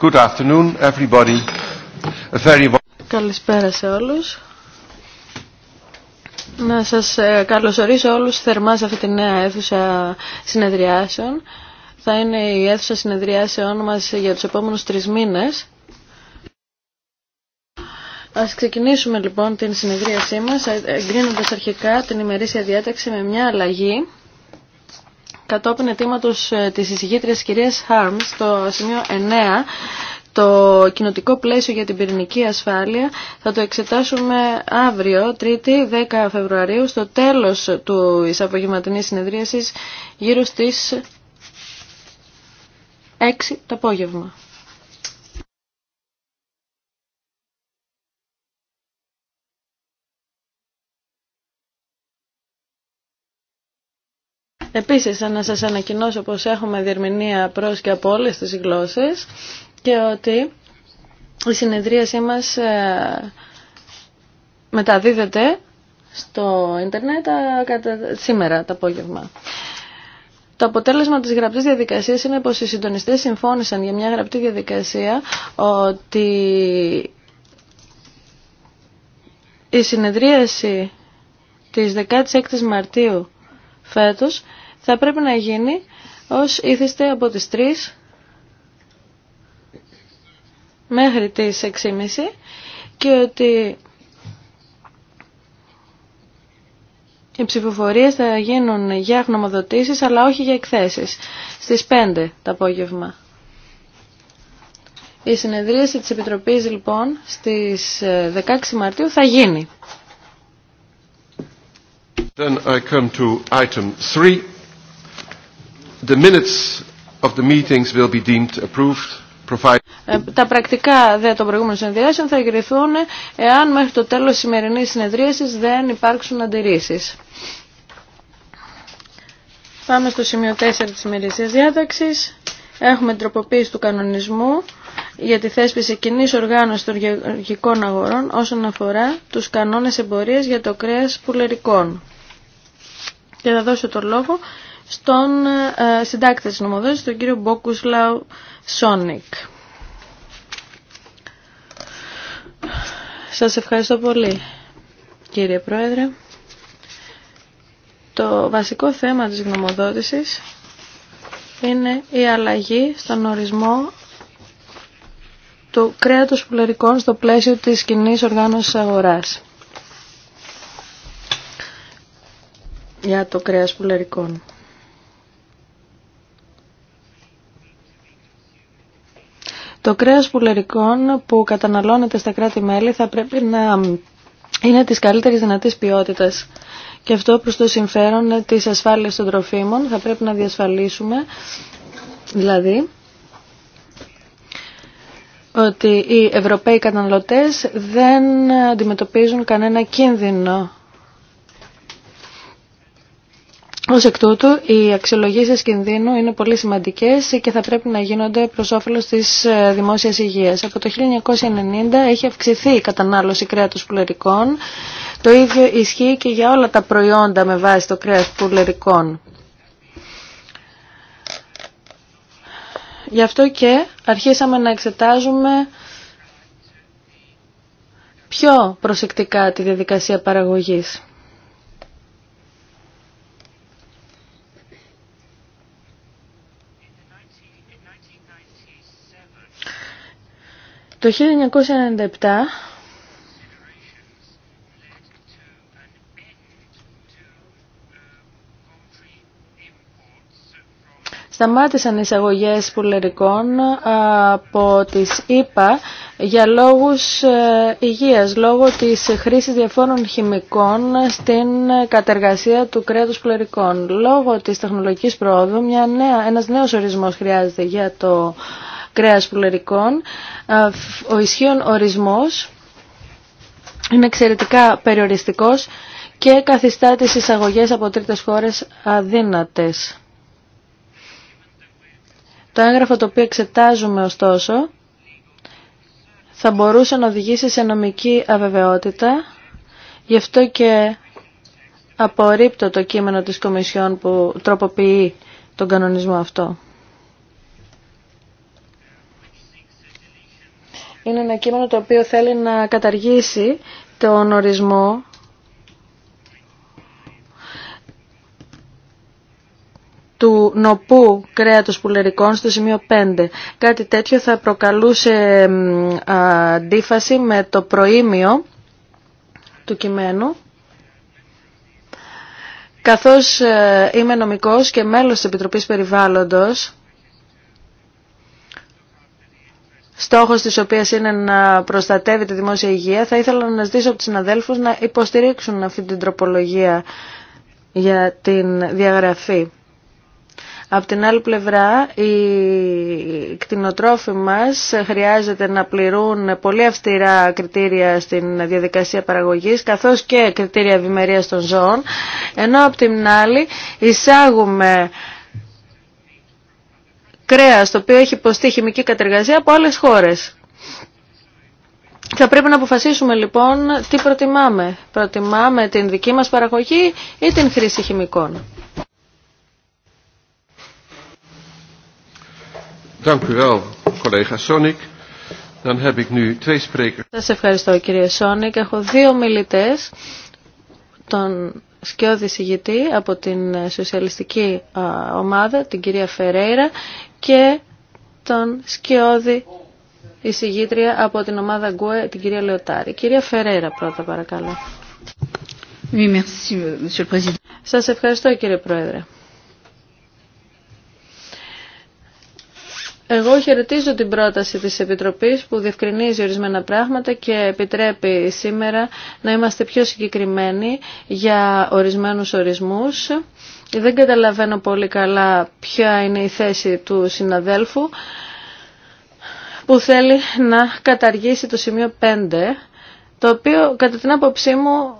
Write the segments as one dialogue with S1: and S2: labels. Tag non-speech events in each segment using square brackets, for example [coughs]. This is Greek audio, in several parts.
S1: Good afternoon, everybody.
S2: Καλησπέρα σε όλους. Να σας ε, καλωσορίσω όλους θερμά σε αυτή τη νέα αίθουσα συνεδριάσεων. Θα είναι η αίθουσα συνεδριάσεων μας για τους επόμενους τρεις μήνες. Ας ξεκινήσουμε λοιπόν την συνεδρίασή μας, εγκρίνοντας αρχικά την ημερήσια διάταξη με μια αλλαγή κατόπιν αιτήματος ε, της εισηγήτριας κυρίας Χάρμ στο σημείο 9 το κοινοτικό πλαίσιο για την πυρηνική ασφάλεια θα το εξετάσουμε αύριο, 3η 10 Φεβρουαρίου, στο τέλος του απογευματινής συνεδρίασης, γύρω στις 6 το απόγευμα. Επίσης, να σας ανακοινώσω πως έχουμε διερμηνία προς και από όλες τις γλώσσες και ότι η συνεδρίασή μας ε, μεταδίδεται στο ίντερνετ ε, σήμερα το απόγευμα. Το αποτέλεσμα της γραπτής διαδικασίας είναι πως οι συντονιστές συμφώνησαν για μια γραπτή διαδικασία ότι η συνεδρίαση της 16 Μαρτίου φέτος θα πρέπει να γίνει ως ήθιστε από τις 3 μέχρι τις 6.30 και ότι οι ψηφοφορίες θα γίνουν για γνωμοδοτήσεις αλλά όχι για εκθέσεις στις 5 το απόγευμα. Η συνεδρίαση της Επιτροπής λοιπόν στις 16 ε, Μαρτίου θα γίνει.
S1: Then I come to item
S2: τα πρακτικά δε των προηγούμενων συνεδριάσεων θα εγκριθούν εάν μέχρι το τέλος της σημερινής συνεδρίασης δεν υπάρξουν αντιρρήσεις. Πάμε στο σημείο 4 της σημερινής διάταξης. Έχουμε τροποποίηση του κανονισμού για τη θέσπιση κοινή οργάνωση των γεωργικών αγορών όσον αφορά τους κανόνες εμπορίας για το κρέας πουλερικών. Και θα δώσω το λόγο στον ε, συντάκτη της νομοδότησης, τον κύριο Μπόκουσλαου Σόνικ. Σας ευχαριστώ πολύ, κύριε Πρόεδρε. Το βασικό θέμα της γνωμοδότησης είναι η αλλαγή στον ορισμό του κρέατος πουλερικών στο πλαίσιο της κοινή οργάνωσης αγοράς. Για το κρέας πουλερικών. Το κρέας πουλερικών που καταναλώνεται στα κράτη-μέλη θα πρέπει να είναι της καλύτερης δυνατής ποιότητας. Και αυτό προς το συμφέρον της ασφάλειας των τροφίμων θα πρέπει να διασφαλίσουμε, δηλαδή, ότι οι Ευρωπαίοι καταναλωτές δεν αντιμετωπίζουν κανένα κίνδυνο Ως εκ τούτου, οι αξιολογήσεις κινδύνου είναι πολύ σημαντικές και θα πρέπει να γίνονται προς όφελος της ε, δημόσιας υγείας. Από το 1990 έχει αυξηθεί η κατανάλωση κρέατος πουλερικών. Το ίδιο ισχύει και για όλα τα προϊόντα με βάση το κρέας πουλερικών. Γι' αυτό και αρχίσαμε να εξετάζουμε πιο προσεκτικά τη διαδικασία παραγωγής. Το 1997 σταμάτησαν οι εισαγωγές πουλερικών ε, από τις ίπα για λόγους ε, υγείας, λόγω της χρήσης διαφόρων χημικών στην κατεργασία του κρέατος πουλερικών. Λόγω της τεχνολογικής πρόοδου μια νέα, ένας νέος ορισμός χρειάζεται για το κρέας πουλερικών. Ε, ο ισχύων ορισμός είναι εξαιρετικά περιοριστικός και καθιστά τις εισαγωγές από τρίτες χώρες αδύνατες. Το έγγραφο το οποίο εξετάζουμε ωστόσο θα μπορούσε να οδηγήσει σε νομική αβεβαιότητα, γι' αυτό και απορρίπτω το κείμενο της Κομισιόν που τροποποιεί τον κανονισμό αυτό. είναι ένα κείμενο το οποίο θέλει να καταργήσει τον ορισμό του νοπού κρέατος πουλερικών στο σημείο 5. Κάτι τέτοιο θα προκαλούσε αντίφαση με το προήμιο του κειμένου. Καθώς ε, είμαι νομικός και μέλος της Επιτροπής Περιβάλλοντος, στόχος της οποίας είναι να προστατεύει τη δημόσια υγεία, θα ήθελα να ζητήσω από τους συναδέλφους να υποστηρίξουν αυτή την τροπολογία για την διαγραφή. Απ' την άλλη πλευρά, οι κτηνοτρόφοι μας χρειάζεται να πληρούν πολύ αυστηρά κριτήρια στην διαδικασία παραγωγής, καθώς και κριτήρια ευημερίας των ζώων, ενώ απ' την άλλη εισάγουμε κρέας το οποίο έχει υποστεί χημική κατεργασία από άλλες χώρες. Θα πρέπει να αποφασίσουμε λοιπόν τι προτιμάμε. Προτιμάμε την δική μας παραγωγή ή την χρήση χημικών. Σας ευχαριστώ κύριε Σόνικ. Έχω δύο μιλητές, τον σκιώδη συγητή από την σοσιαλιστική ομάδα, την κυρία Φερέιρα και τον σκιώδη συγγήτρια από την ομάδα Γκουε, την κυρία Λεωτάρη. Κυρία Φερέιρα πρώτα παρακαλώ. Σας ευχαριστώ κύριε Πρόεδρε. Εγώ χαιρετίζω την πρόταση της Επιτροπής που διευκρινίζει ορισμένα πράγματα και επιτρέπει σήμερα να είμαστε πιο συγκεκριμένοι για ορισμένους ορισμούς. Δεν καταλαβαίνω πολύ καλά ποια είναι η θέση του συναδέλφου που θέλει να καταργήσει το σημείο 5, το οποίο κατά την άποψή μου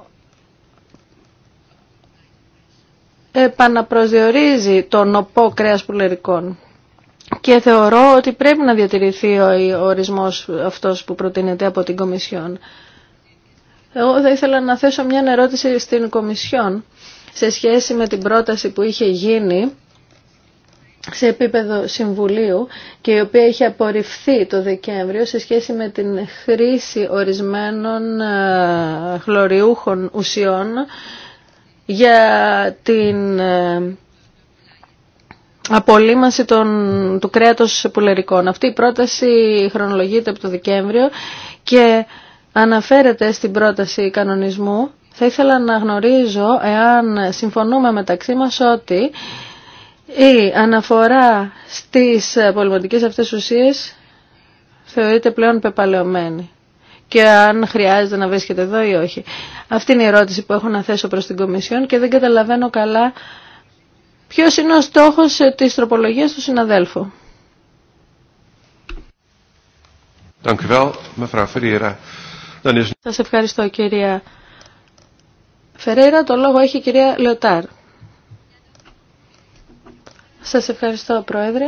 S2: επαναπροσδιορίζει τον οπό κρέας πουλερικών και θεωρώ ότι πρέπει να διατηρηθεί ο ορισμός αυτός που προτείνεται από την Κομισιόν. Εγώ θα ήθελα να θέσω μια ερώτηση στην Κομισιόν σε σχέση με την πρόταση που είχε γίνει σε επίπεδο Συμβουλίου και η οποία είχε απορριφθεί το Δεκέμβριο σε σχέση με την χρήση ορισμένων ε, χλωριούχων ουσιών για την ε, Απολύμαση του κρέατος πουλερικών. Αυτή η πρόταση χρονολογείται από το Δεκέμβριο και αναφέρεται στην πρόταση κανονισμού. Θα ήθελα να γνωρίζω εάν συμφωνούμε μεταξύ μας ότι η αναφορά στις πολυματικές αυτές ουσίες θεωρείται πλέον πεπαλαιωμένη και αν χρειάζεται να βρίσκεται εδώ ή όχι. Αυτή είναι η ερώτηση που έχω να θέσω προς την Κομισιόν και δεν καταλαβαίνω καλά Ποιος είναι ο στόχος ε, της τροπολογίας του συναδέλφου. Σας ευχαριστώ κυρία Φερέρα. Το λόγο έχει η κυρία Λεωτάρ. Σας ευχαριστώ πρόεδρε.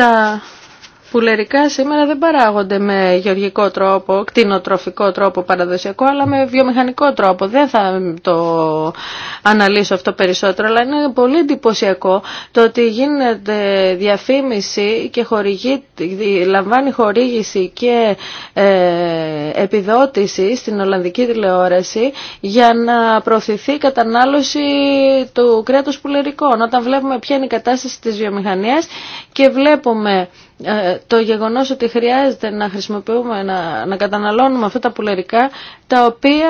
S2: τα πουλερικά σήμερα δεν παράγονται με γεωργικό τρόπο, κτηνοτροφικό τρόπο παραδοσιακό, αλλά με βιομηχανικό τρόπο. Δεν θα το αναλύσω αυτό περισσότερο, αλλά είναι πολύ εντυπωσιακό το ότι γίνεται διαφήμιση και χορηγεί, λαμβάνει χορήγηση και ε, επιδότηση στην Ολλανδική τηλεόραση για να προωθηθεί η κατανάλωση του κρέατος πουλερικών. Όταν βλέπουμε ποια είναι η κατάσταση της βιομηχανίας και βλέπουμε ε, το γεγονός ότι χρειάζεται να χρησιμοποιούμε, να, καταναλώνουμε αυτά τα πουλερικά, τα οποία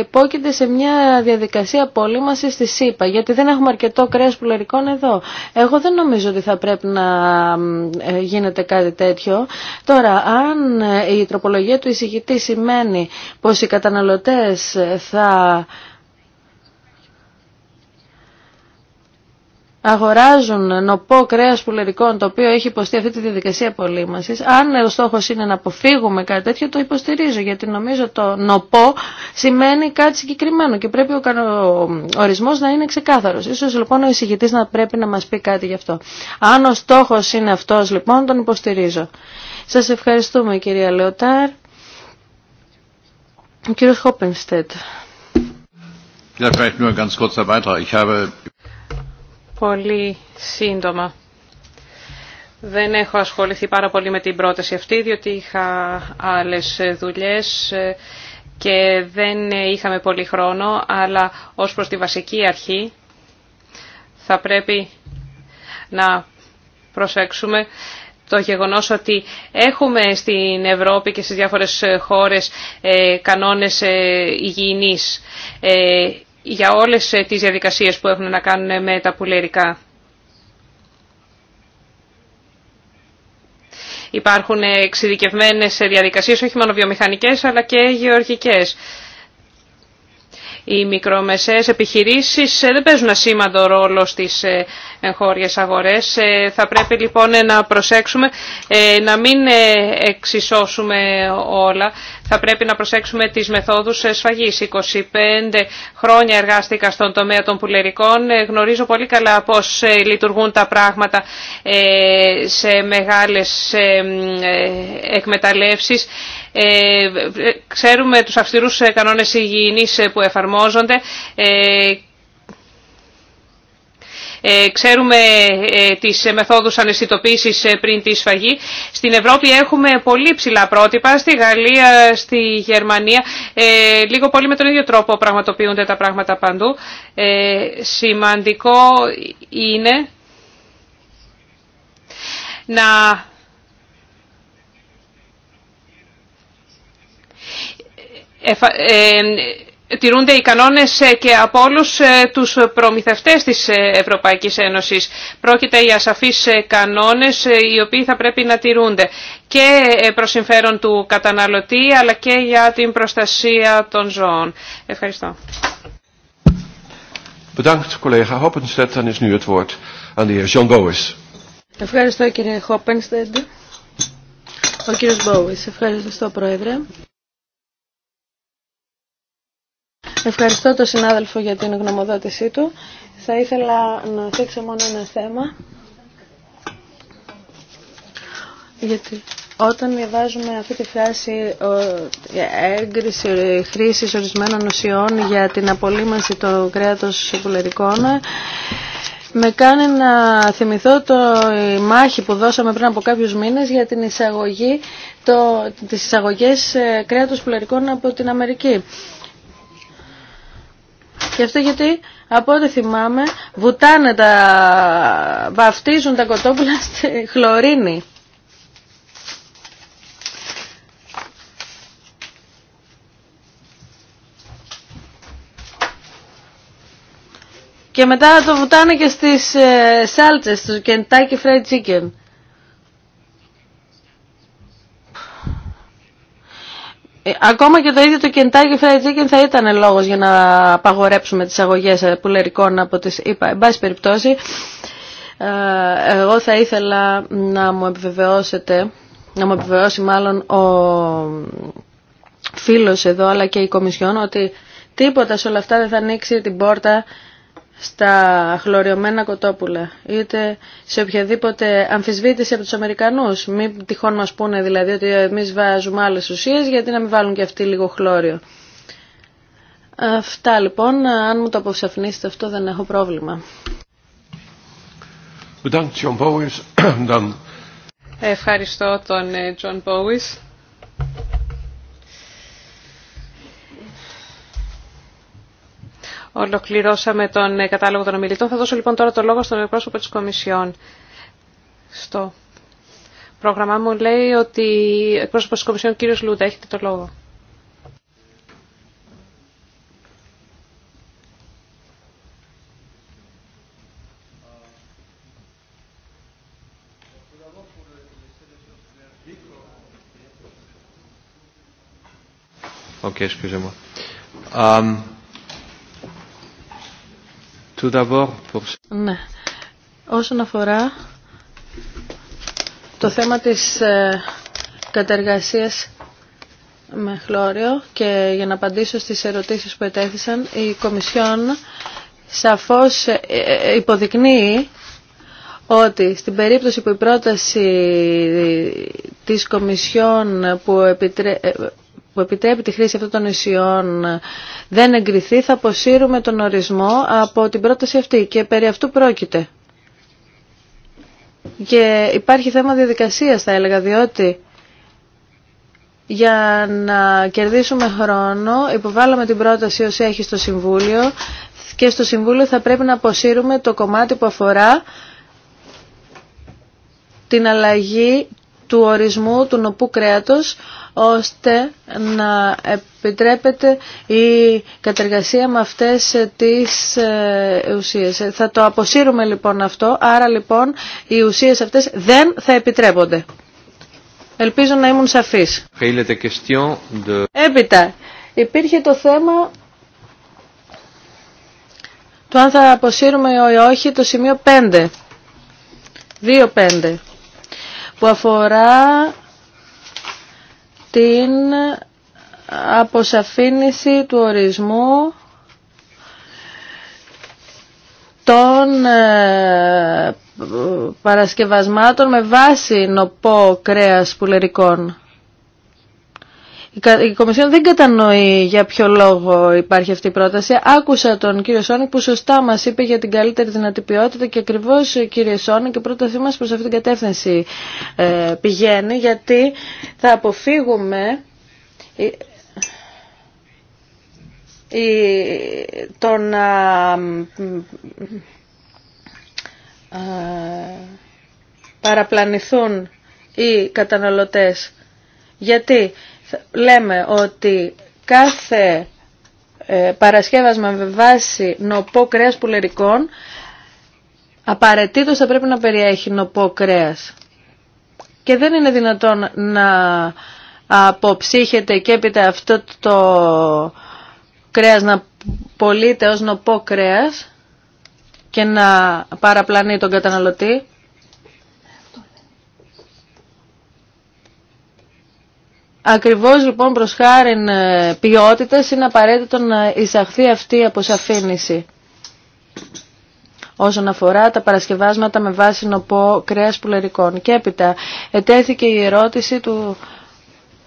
S2: υπόκειται σε μια διαδικασία απολύμασης στη ΣΥΠΑ, γιατί δεν έχουμε αρκετό κρέας πουλερικών εδώ. Εγώ δεν νομίζω ότι θα πρέπει να ε, γίνεται κάτι τέτοιο. Τώρα, αν ε, η τροπολογία του εισηγητή σημαίνει πως οι καταναλωτές θα αγοράζουν νοπό κρέα πουλερικών το οποίο έχει υποστεί αυτή τη διαδικασία απολύμασης αν ο στόχο είναι να αποφύγουμε κάτι τέτοιο το υποστηρίζω γιατί νομίζω το νοπό σημαίνει κάτι συγκεκριμένο και πρέπει ο ορισμό να είναι ξεκάθαρο. σω λοιπόν ο εισηγητή να πρέπει να μα πει κάτι γι' αυτό αν ο στόχο είναι αυτό λοιπόν τον υποστηρίζω Σα ευχαριστούμε κυρία Λεωτάρ ο κύριος Χόπενστέτ
S1: Ja, vielleicht nur ein ganz kurzer Beitrag. Ich habe
S3: Πολύ σύντομα. Δεν έχω ασχοληθεί πάρα πολύ με την πρόταση αυτή, διότι είχα άλλες δουλειές και δεν είχαμε πολύ χρόνο, αλλά ως προς τη βασική αρχή θα πρέπει να προσέξουμε το γεγονός ότι έχουμε στην Ευρώπη και στις διάφορες χώρες ε, κανόνες ε, υγιεινής. Ε, για όλες ε, τις διαδικασίες που έχουν να κάνουν με τα πουλερικά. Υπάρχουν ε, εξειδικευμένες διαδικασίες, όχι μόνο βιομηχανικές, αλλά και γεωργικές. Οι μικρομεσαίες επιχειρήσεις ε, δεν παίζουν ασήμαντο ρόλο στις ε, εγχώριες αγορές. Ε, θα πρέπει λοιπόν να προσέξουμε να μην εξισώσουμε όλα. Θα πρέπει να προσέξουμε τις μεθόδους σφαγής. 25 χρόνια εργάστηκα στον τομέα των πουλερικών. Γνωρίζω πολύ καλά πώς λειτουργούν τα πράγματα σε μεγάλες εκμεταλλεύσεις. Ε, ξέρουμε τους αυστηρούς ε, κανόνες υγιεινής ε, που εφαρμόζονται ξέρουμε τις μεθόδους αναισθητοποίησης πριν τη σφαγή. Στην Ευρώπη έχουμε πολύ ψηλά πρότυπα, στη Γαλλία, στη Γερμανία. λίγο πολύ με τον ίδιο τρόπο πραγματοποιούνται τα πράγματα παντού. σημαντικό είναι να Ε, τηρούνται οι κανόνες ε, και από όλους ε, τους προμηθευτές της Ευρωπαϊκής Ένωσης. Πρόκειται για σαφείς κανόνες οι οποίοι θα πρέπει να τηρούνται και προς συμφέρον του καταναλωτή αλλά και για την προστασία των ζώων.
S2: Ευχαριστώ. Ευχαριστώ κύριε Χόπενστεντ. Ο κύριος Ευχαριστώ πρόεδρε. Ευχαριστώ τον συνάδελφο για την γνωμοδότησή του. Θα ήθελα να θέξω μόνο ένα θέμα. Γιατί όταν διαβάζουμε αυτή τη φράση έγκριση χρήση ορισμένων ουσιών για την απολύμανση των κρέατος πουλερικών, με κάνει να θυμηθώ το μάχη που δώσαμε πριν από κάποιους μήνες για την εισαγωγή, το, τις εισαγωγές ε, κρέατος πουλερικών από την Αμερική. Και αυτό γιατί από ό,τι θυμάμαι βουτάνε τα, βαφτίζουν τα κοτόπουλα [laughs] στη χλωρίνη. Και μετά το βουτάνε και στις ε, σάλτσες του Kentucky Fried Chicken. Ε, ακόμα και το ίδιο το κεντάκι fried chicken θα ήταν λόγος για να απαγορέψουμε τις αγωγές ε, πουλερικών από τις ΗΠΑ. Εν πάση περιπτώσει, ε, εγώ θα ήθελα να μου επιβεβαιώσετε, να μου επιβεβαιώσει μάλλον ο φίλος εδώ αλλά και η Κομισιόν ότι τίποτα σε όλα αυτά δεν θα ανοίξει την πόρτα στα χλωριωμένα κοτόπουλα, είτε σε οποιαδήποτε αμφισβήτηση από τους Αμερικανούς. Μην τυχόν μας πούνε δηλαδή ότι εμείς βάζουμε άλλες ουσίες, γιατί να μην βάλουν και αυτοί λίγο χλώριο. Αυτά λοιπόν, αν μου το αποψαφνίσετε αυτό δεν έχω πρόβλημα. [clears throat] Ευχαριστώ τον Τζον ε,
S3: Πόουις Ολοκληρώσαμε τον ε, κατάλογο των ομιλητών. Θα δώσω λοιπόν τώρα το λόγο στον εκπρόσωπο της Κομισιόν. Στο πρόγραμμά μου λέει ότι εκπρόσωπος της Κομισιόν, κύριος Λούντα, έχετε το λόγο.
S1: Okay, excusez Um...
S2: Ναι. Όσον αφορά το θέμα της ε, κατεργασίας με χλώριο και για να απαντήσω στις ερωτήσεις που ετέθησαν, η Κομισιόν σαφώς ε, ε, υποδεικνύει ότι στην περίπτωση που η πρόταση της Κομισιόν που, επιτρέ που επιτρέπει τη χρήση αυτών των νησιών δεν εγκριθεί, θα αποσύρουμε τον ορισμό από την πρόταση αυτή και περί αυτού πρόκειται. Και υπάρχει θέμα διαδικασίας θα έλεγα, διότι για να κερδίσουμε χρόνο υποβάλαμε την πρόταση όσοι έχει στο Συμβούλιο και στο Συμβούλιο θα πρέπει να αποσύρουμε το κομμάτι που αφορά την αλλαγή του ορισμού του νοπού κρέατος ώστε να επιτρέπεται η κατεργασία με αυτές τις ε, ουσίες. Ε, θα το αποσύρουμε λοιπόν αυτό, άρα λοιπόν οι ουσίες αυτές δεν θα επιτρέπονται. Ελπίζω να ήμουν σαφής. Έπειτα, υπήρχε το θέμα το αν θα αποσύρουμε ή όχι το σημείο 5. 2-5 που αφορά την αποσαφήνιση του ορισμού των ε, παρασκευασμάτων με βάση νοπό κρέας πουλερικών. Η Κομισιόν δεν κατανοεί για ποιο λόγο υπάρχει αυτή η πρόταση. Άκουσα τον κύριο Σόνικ που σωστά μα είπε για την καλύτερη δυνατή ποιότητα και ακριβώ κύριε Σόνικ η πρότασή μα προ αυτήν την κατεύθυνση ε, πηγαίνει γιατί θα αποφύγουμε τον παραπλανηθούν οι καταναλωτές. Γιατί λέμε ότι κάθε ε, παρασκεύασμα με βάση νοπό κρέας πουλερικών απαραίτητο θα πρέπει να περιέχει νοπό κρέας. Και δεν είναι δυνατόν να αποψύχεται και έπειτα αυτό το κρέας να πωλείται ως νοπό κρέας και να παραπλανεί τον καταναλωτή. Ακριβώς λοιπόν προς χάρη ε, ποιότητας είναι απαραίτητο να εισαχθεί αυτή η αποσαφήνιση όσον αφορά τα παρασκευάσματα με βάση νοπό κρέας πουλερικών. Και έπειτα ετέθηκε η ερώτηση του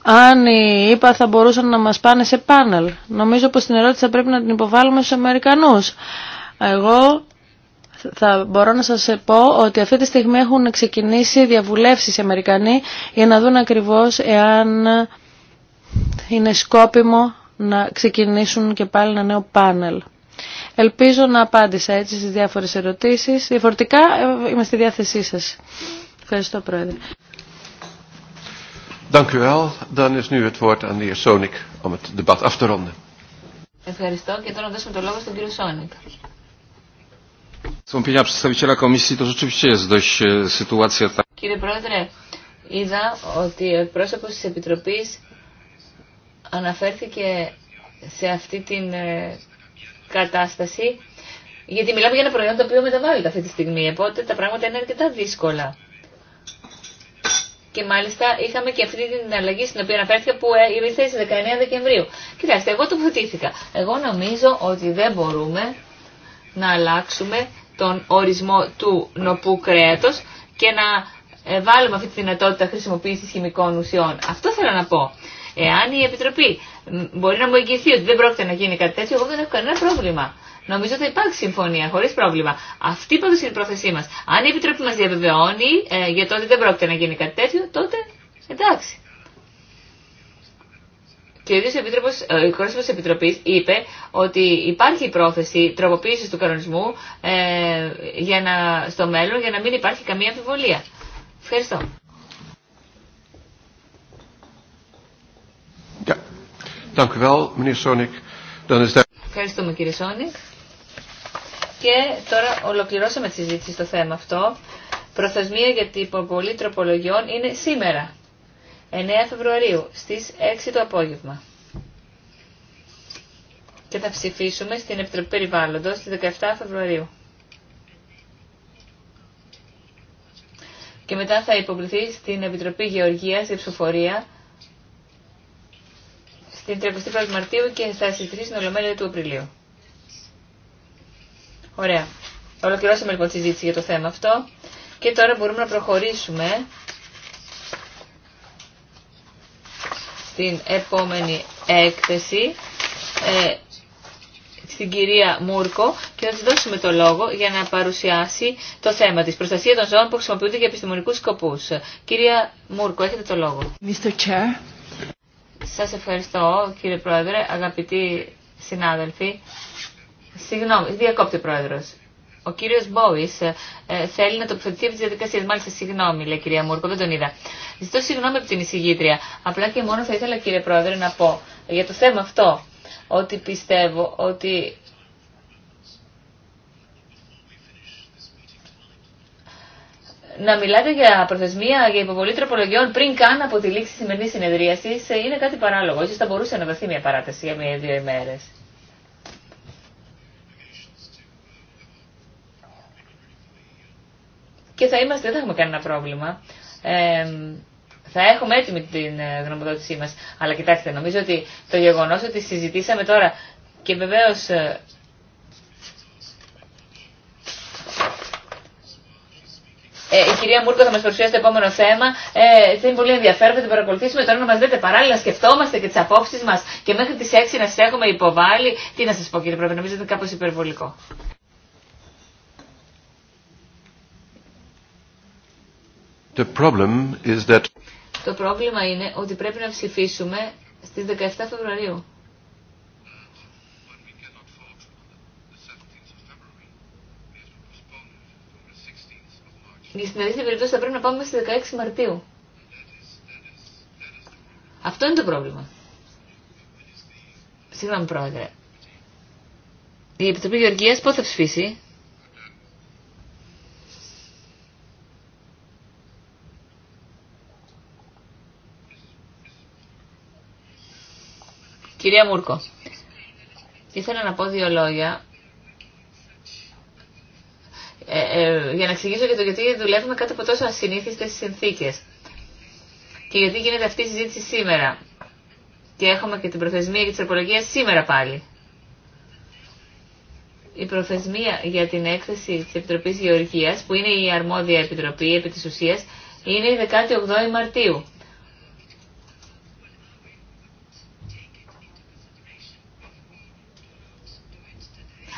S2: αν οι θα μπορούσαν να μας πάνε σε πάνελ. Νομίζω πως την ερώτηση θα πρέπει να την υποβάλουμε στους Αμερικανούς. Εγώ θα μπορώ να σας πω ότι αυτή τη στιγμή έχουν ξεκινήσει διαβουλεύσεις οι Αμερικανοί για να δουν ακριβώς εάν είναι σκόπιμο να ξεκινήσουν και πάλι ένα νέο πάνελ. Ελπίζω να απάντησα έτσι στις διάφορες ερωτήσεις. Διαφορετικά ε, είμαι στη διάθεσή σας. Ευχαριστώ Πρόεδρε.
S4: Ευχαριστώ και τώρα δώσουμε το λόγο στον κύριο Σόνικ. E, Κύριε Πρόεδρε, είδα ότι ο πρόσωπο τη Επιτροπή αναφέρθηκε σε αυτή την ε, κατάσταση, γιατί μιλάμε για ένα προϊόν το οποίο μεταβάλλεται αυτή τη στιγμή, οπότε τα πράγματα είναι αρκετά δύσκολα. Και μάλιστα είχαμε και αυτή την αλλαγή στην οποία αναφέρθηκα που ε, ήρθε στις 19 Δεκεμβρίου. Κοιτάξτε, εγώ τοποθετήθηκα. Εγώ νομίζω ότι δεν μπορούμε να αλλάξουμε τον ορισμό του νοπού κρέατος και να ε, βάλουμε αυτή τη δυνατότητα χρησιμοποίησης χημικών ουσιών. Αυτό θέλω να πω. Εάν η Επιτροπή μπορεί να μου εγγυηθεί ότι δεν πρόκειται να γίνει κάτι τέτοιο, εγώ δεν έχω κανένα πρόβλημα. Νομίζω ότι υπάρχει συμφωνία, χωρί πρόβλημα. Αυτή πάντω είναι η πρόθεσή μα. Αν η Επιτροπή μα διαβεβαιώνει ε, για το ότι δεν πρόκειται να γίνει κάτι τέτοιο, τότε εντάξει. Και ο ίδιο ε, ο εκπρόσωπο τη Επιτροπή είπε ότι υπάρχει πρόθεση τροποποίηση του κανονισμού ε, για να, στο μέλλον για να μην υπάρχει καμία αμφιβολία. Ευχαριστώ. Ευχαριστούμε κύριε Σόνικ. Και τώρα ολοκληρώσαμε τη συζήτηση στο θέμα αυτό. Προθεσμία για την υποβολή τροπολογιών είναι σήμερα. 9 Φεβρουαρίου στις 6 το απόγευμα. Και θα ψηφίσουμε στην Επιτροπή Περιβάλλοντος στις 17 Φεβρουαρίου. Και μετά θα υποβληθεί στην Επιτροπή Γεωργίας η ψηφοφορία στην 31η Μαρτίου και θα συζητηθεί στην Ολομέλεια του Απριλίου. Ωραία. Ολοκληρώσαμε λοιπόν τη συζήτηση για το θέμα αυτό και τώρα μπορούμε να προχωρήσουμε στην επόμενη έκθεση ε, στην κυρία Μούρκο και θα της δώσουμε το λόγο για να παρουσιάσει το θέμα της προστασία των ζώων που χρησιμοποιούνται για επιστημονικούς σκοπούς. Κυρία Μούρκο, έχετε το λόγο. Mr. Chair. Σας ευχαριστώ κύριε Πρόεδρε, αγαπητοί συνάδελφοι. Συγγνώμη, διακόπτη Πρόεδρος. Ο κύριος Μπόης ε, ε, θέλει να τοποθετηθεί από τι διαδικασίε. Μάλιστα, συγγνώμη, λέει κυρία Μούρκο, δεν τον είδα. Ζητώ συγγνώμη από την εισηγήτρια. Απλά και μόνο θα ήθελα, κύριε Πρόεδρε, να πω για το θέμα αυτό, ότι πιστεύω ότι να μιλάτε για προθεσμία για υποβολή τροπολογιών πριν καν από τη λήξη τη σημερινή συνεδρίαση ε, είναι κάτι παράλογο. σω θα μπορούσε να δοθεί μια παράταση για μία-δύο ημέρε. και θα είμαστε, δεν θα έχουμε κανένα πρόβλημα. Ε, θα έχουμε έτοιμη την ε, γνωμοδότησή μας. Αλλά κοιτάξτε, νομίζω ότι το γεγονός ότι συζητήσαμε τώρα και βεβαίως Ε, ε η κυρία Μούρκο θα μα παρουσιάσει το επόμενο θέμα. Ε, θα είναι πολύ ενδιαφέρον, θα την παρακολουθήσουμε. Τώρα να μα δείτε παράλληλα, να σκεφτόμαστε και τι απόψει μα και μέχρι τι 6 να σα έχουμε υποβάλει. Τι να σα πω, κύριε Πρόεδρε, νομίζω ότι είναι κάπω υπερβολικό. Το πρόβλημα είναι ότι πρέπει να ψηφίσουμε στις 17 Φεβρουαρίου. Στην αντίθετη περίπτωση θα πρέπει να πάμε στις 16 Μαρτίου. Αυτό είναι το πρόβλημα. Συγγνώμη, Πρόεδρε. Η Επιτροπή Γεωργίας πότε θα ψηφίσει? Κυρία Μούρκο, ήθελα να πω δύο λόγια ε, ε, για να εξηγήσω και το γιατί δουλεύουμε κάτω από τόσο ασυνήθιστες συνθήκες και γιατί γίνεται αυτή η συζήτηση σήμερα. Και έχουμε και την προθεσμία και τις ερπολογίες σήμερα πάλι. Η προθεσμία για την έκθεση της Επιτροπής Γεωργίας, που είναι η αρμόδια επιτροπή επί της ουσίας, είναι η 18η Μαρτίου.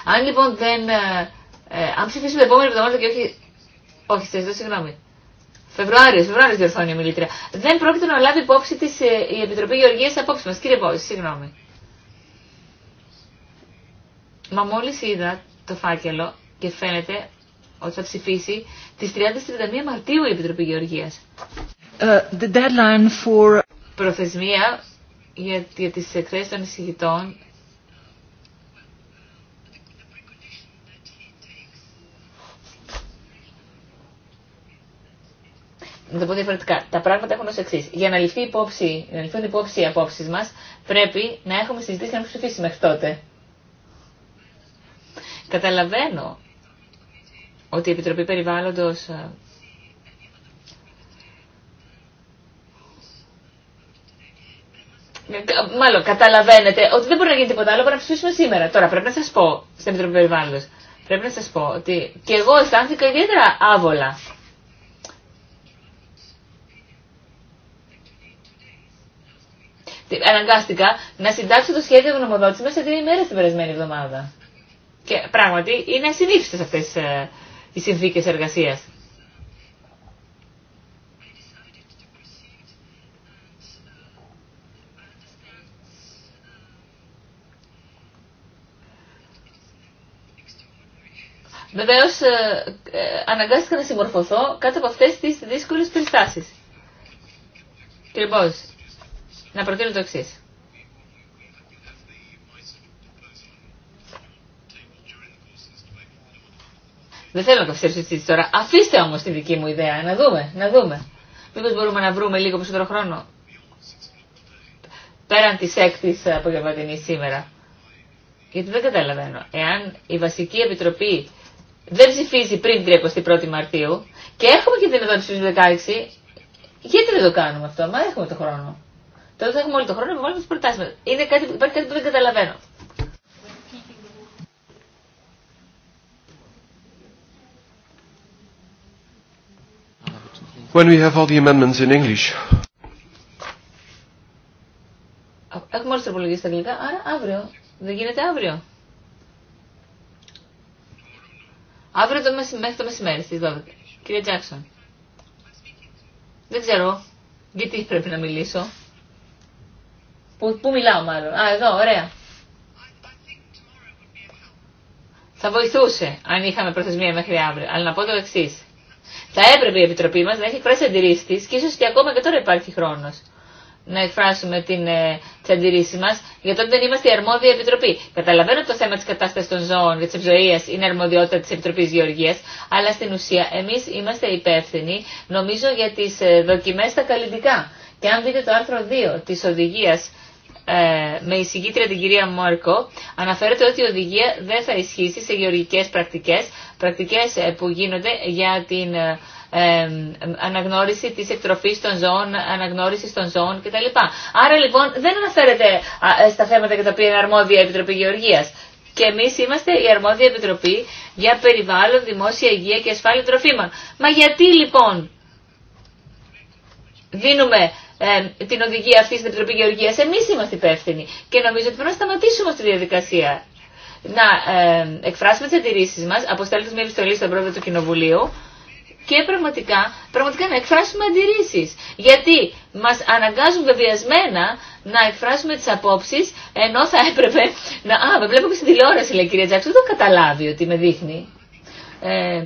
S4: Αν λοιπόν δεν. Ε, ε, αν ψηφίσουμε την επόμενη εβδομάδα και όχι. Όχι, σα συγγνώμη. Φεβρουάριο, Φεβρουάριο διορθώνει η μιλήτρια. Δεν πρόκειται να λάβει υπόψη τη ε, η Επιτροπή Γεωργία απόψη μα. Κύριε Πόση, συγγνώμη. Μα μόλι είδα το φάκελο και φαίνεται ότι θα ψηφίσει τι 30-31 Μαρτίου η Επιτροπή Γεωργία. Uh, ε, for... Προθεσμία για, για τις εκθέσει των εισηγητών να το πω διαφορετικά. Τα πράγματα έχουν ω εξή. Για να, ληφθεί υπόψη, να ληφθούν υπόψη οι απόψει μα, πρέπει να έχουμε συζητήσει και να έχουμε μέχρι τότε. Καταλαβαίνω ότι η Επιτροπή περιβάλλοντο. Ε, μάλλον καταλαβαίνετε ότι δεν μπορεί να γίνει τίποτα άλλο παρά να ψηφίσουμε σήμερα. Τώρα πρέπει να σα πω στην Επιτροπή Περιβάλλοντο. Πρέπει να σα πω ότι και εγώ αισθάνθηκα ιδιαίτερα άβολα αναγκάστηκα να συντάξω το σχέδιο γνωμοδότηση μέσα σε δύο ημέρε την περασμένη εβδομάδα. Και πράγματι είναι ασυνήθιστε αυτέ ε, οι συνθήκε εργασία. Βεβαίω ε, ε, αναγκάστηκα να συμμορφωθώ κάτω από αυτέ τι δύσκολε περιστάσει. Λοιπόν, να προτείνω το εξή. Δεν θέλω να καθυστερήσω τη τώρα. Αφήστε όμω τη δική μου ιδέα. Να δούμε, να δούμε. Μήπω μπορούμε να βρούμε λίγο περισσότερο χρόνο. Πέραν τη έκτη απογευματινή σήμερα. Γιατί δεν καταλαβαίνω. Εάν η βασική επιτροπή δεν ψηφίζει πριν την 31 η Μαρτίου και έχουμε και την εδώ ψηφίσει 16, γιατί δεν το κάνουμε αυτό, μα έχουμε το χρόνο. Τώρα θα έχουμε όλο τον χρόνο να βάλουμε τι προτάσει μα. Υπάρχει κάτι που δεν καταλαβαίνω.
S1: When we have all the amendments in English.
S4: Έχουμε όλες τις απολογίες στα αγγλικά, άρα αύριο. Δεν γίνεται αύριο. Αύριο το μέχρι το μεσημέρι στις 12. Κύριε Τζάξον. Δεν ξέρω γιατί πρέπει να μιλήσω. Πού, πού μιλάω μάλλον. Α, εδώ, ωραία. Θα βοηθούσε αν είχαμε προθεσμία μέχρι αύριο. Αλλά να πω το εξή. Θα έπρεπε η Επιτροπή μα να έχει εκφράσει αντιρρήσει τη και ίσω και ακόμα και τώρα υπάρχει χρόνο να εκφράσουμε ε, τι αντιρρήσει μα, γιατί δεν είμαστε η αρμόδια επιτροπή. Καταλαβαίνω ότι το θέμα τη κατάσταση των ζώων και τη ευζοία είναι αρμοδιότητα τη Επιτροπή Γεωργία, αλλά στην ουσία εμεί είμαστε υπεύθυνοι, νομίζω, για τι ε, δοκιμέ στα καλλιντικά. Και αν δείτε το άρθρο 2 τη οδηγία ε, με εισηγήτρια την κυρία Μόρκο αναφέρεται ότι η οδηγία δεν θα ισχύσει σε γεωργικές πρακτικές, πρακτικές ε, που γίνονται για την ε, ε, αναγνώριση της εκτροφής των ζώων, αναγνώριση των ζώων κτλ. Άρα λοιπόν δεν αναφέρεται στα θέματα για τα οποία είναι αρμόδια η Επιτροπή Γεωργίας. Και εμεί είμαστε η αρμόδια επιτροπή για περιβάλλον, δημόσια υγεία και ασφάλεια τροφίμων. Μα γιατί λοιπόν δίνουμε ε, την οδηγία αυτή στην Επιτροπή Γεωργία. Εμεί είμαστε υπεύθυνοι και νομίζω ότι πρέπει να σταματήσουμε αυτή τη διαδικασία. Να εκφράσουμε τι αντιρρήσει μα, αποστέλετε μια επιστολή στον πρόεδρο του Κοινοβουλίου και πραγματικά, πραγματικά να εκφράσουμε αντιρρήσεις. Γιατί μα αναγκάζουν βεβαιασμένα να εκφράσουμε τι απόψει ενώ θα έπρεπε να... Α, με βλέπω και στην τηλεόραση, λέει η κυρία Τζάξο, δεν το καταλάβει ότι με δείχνει. Ε,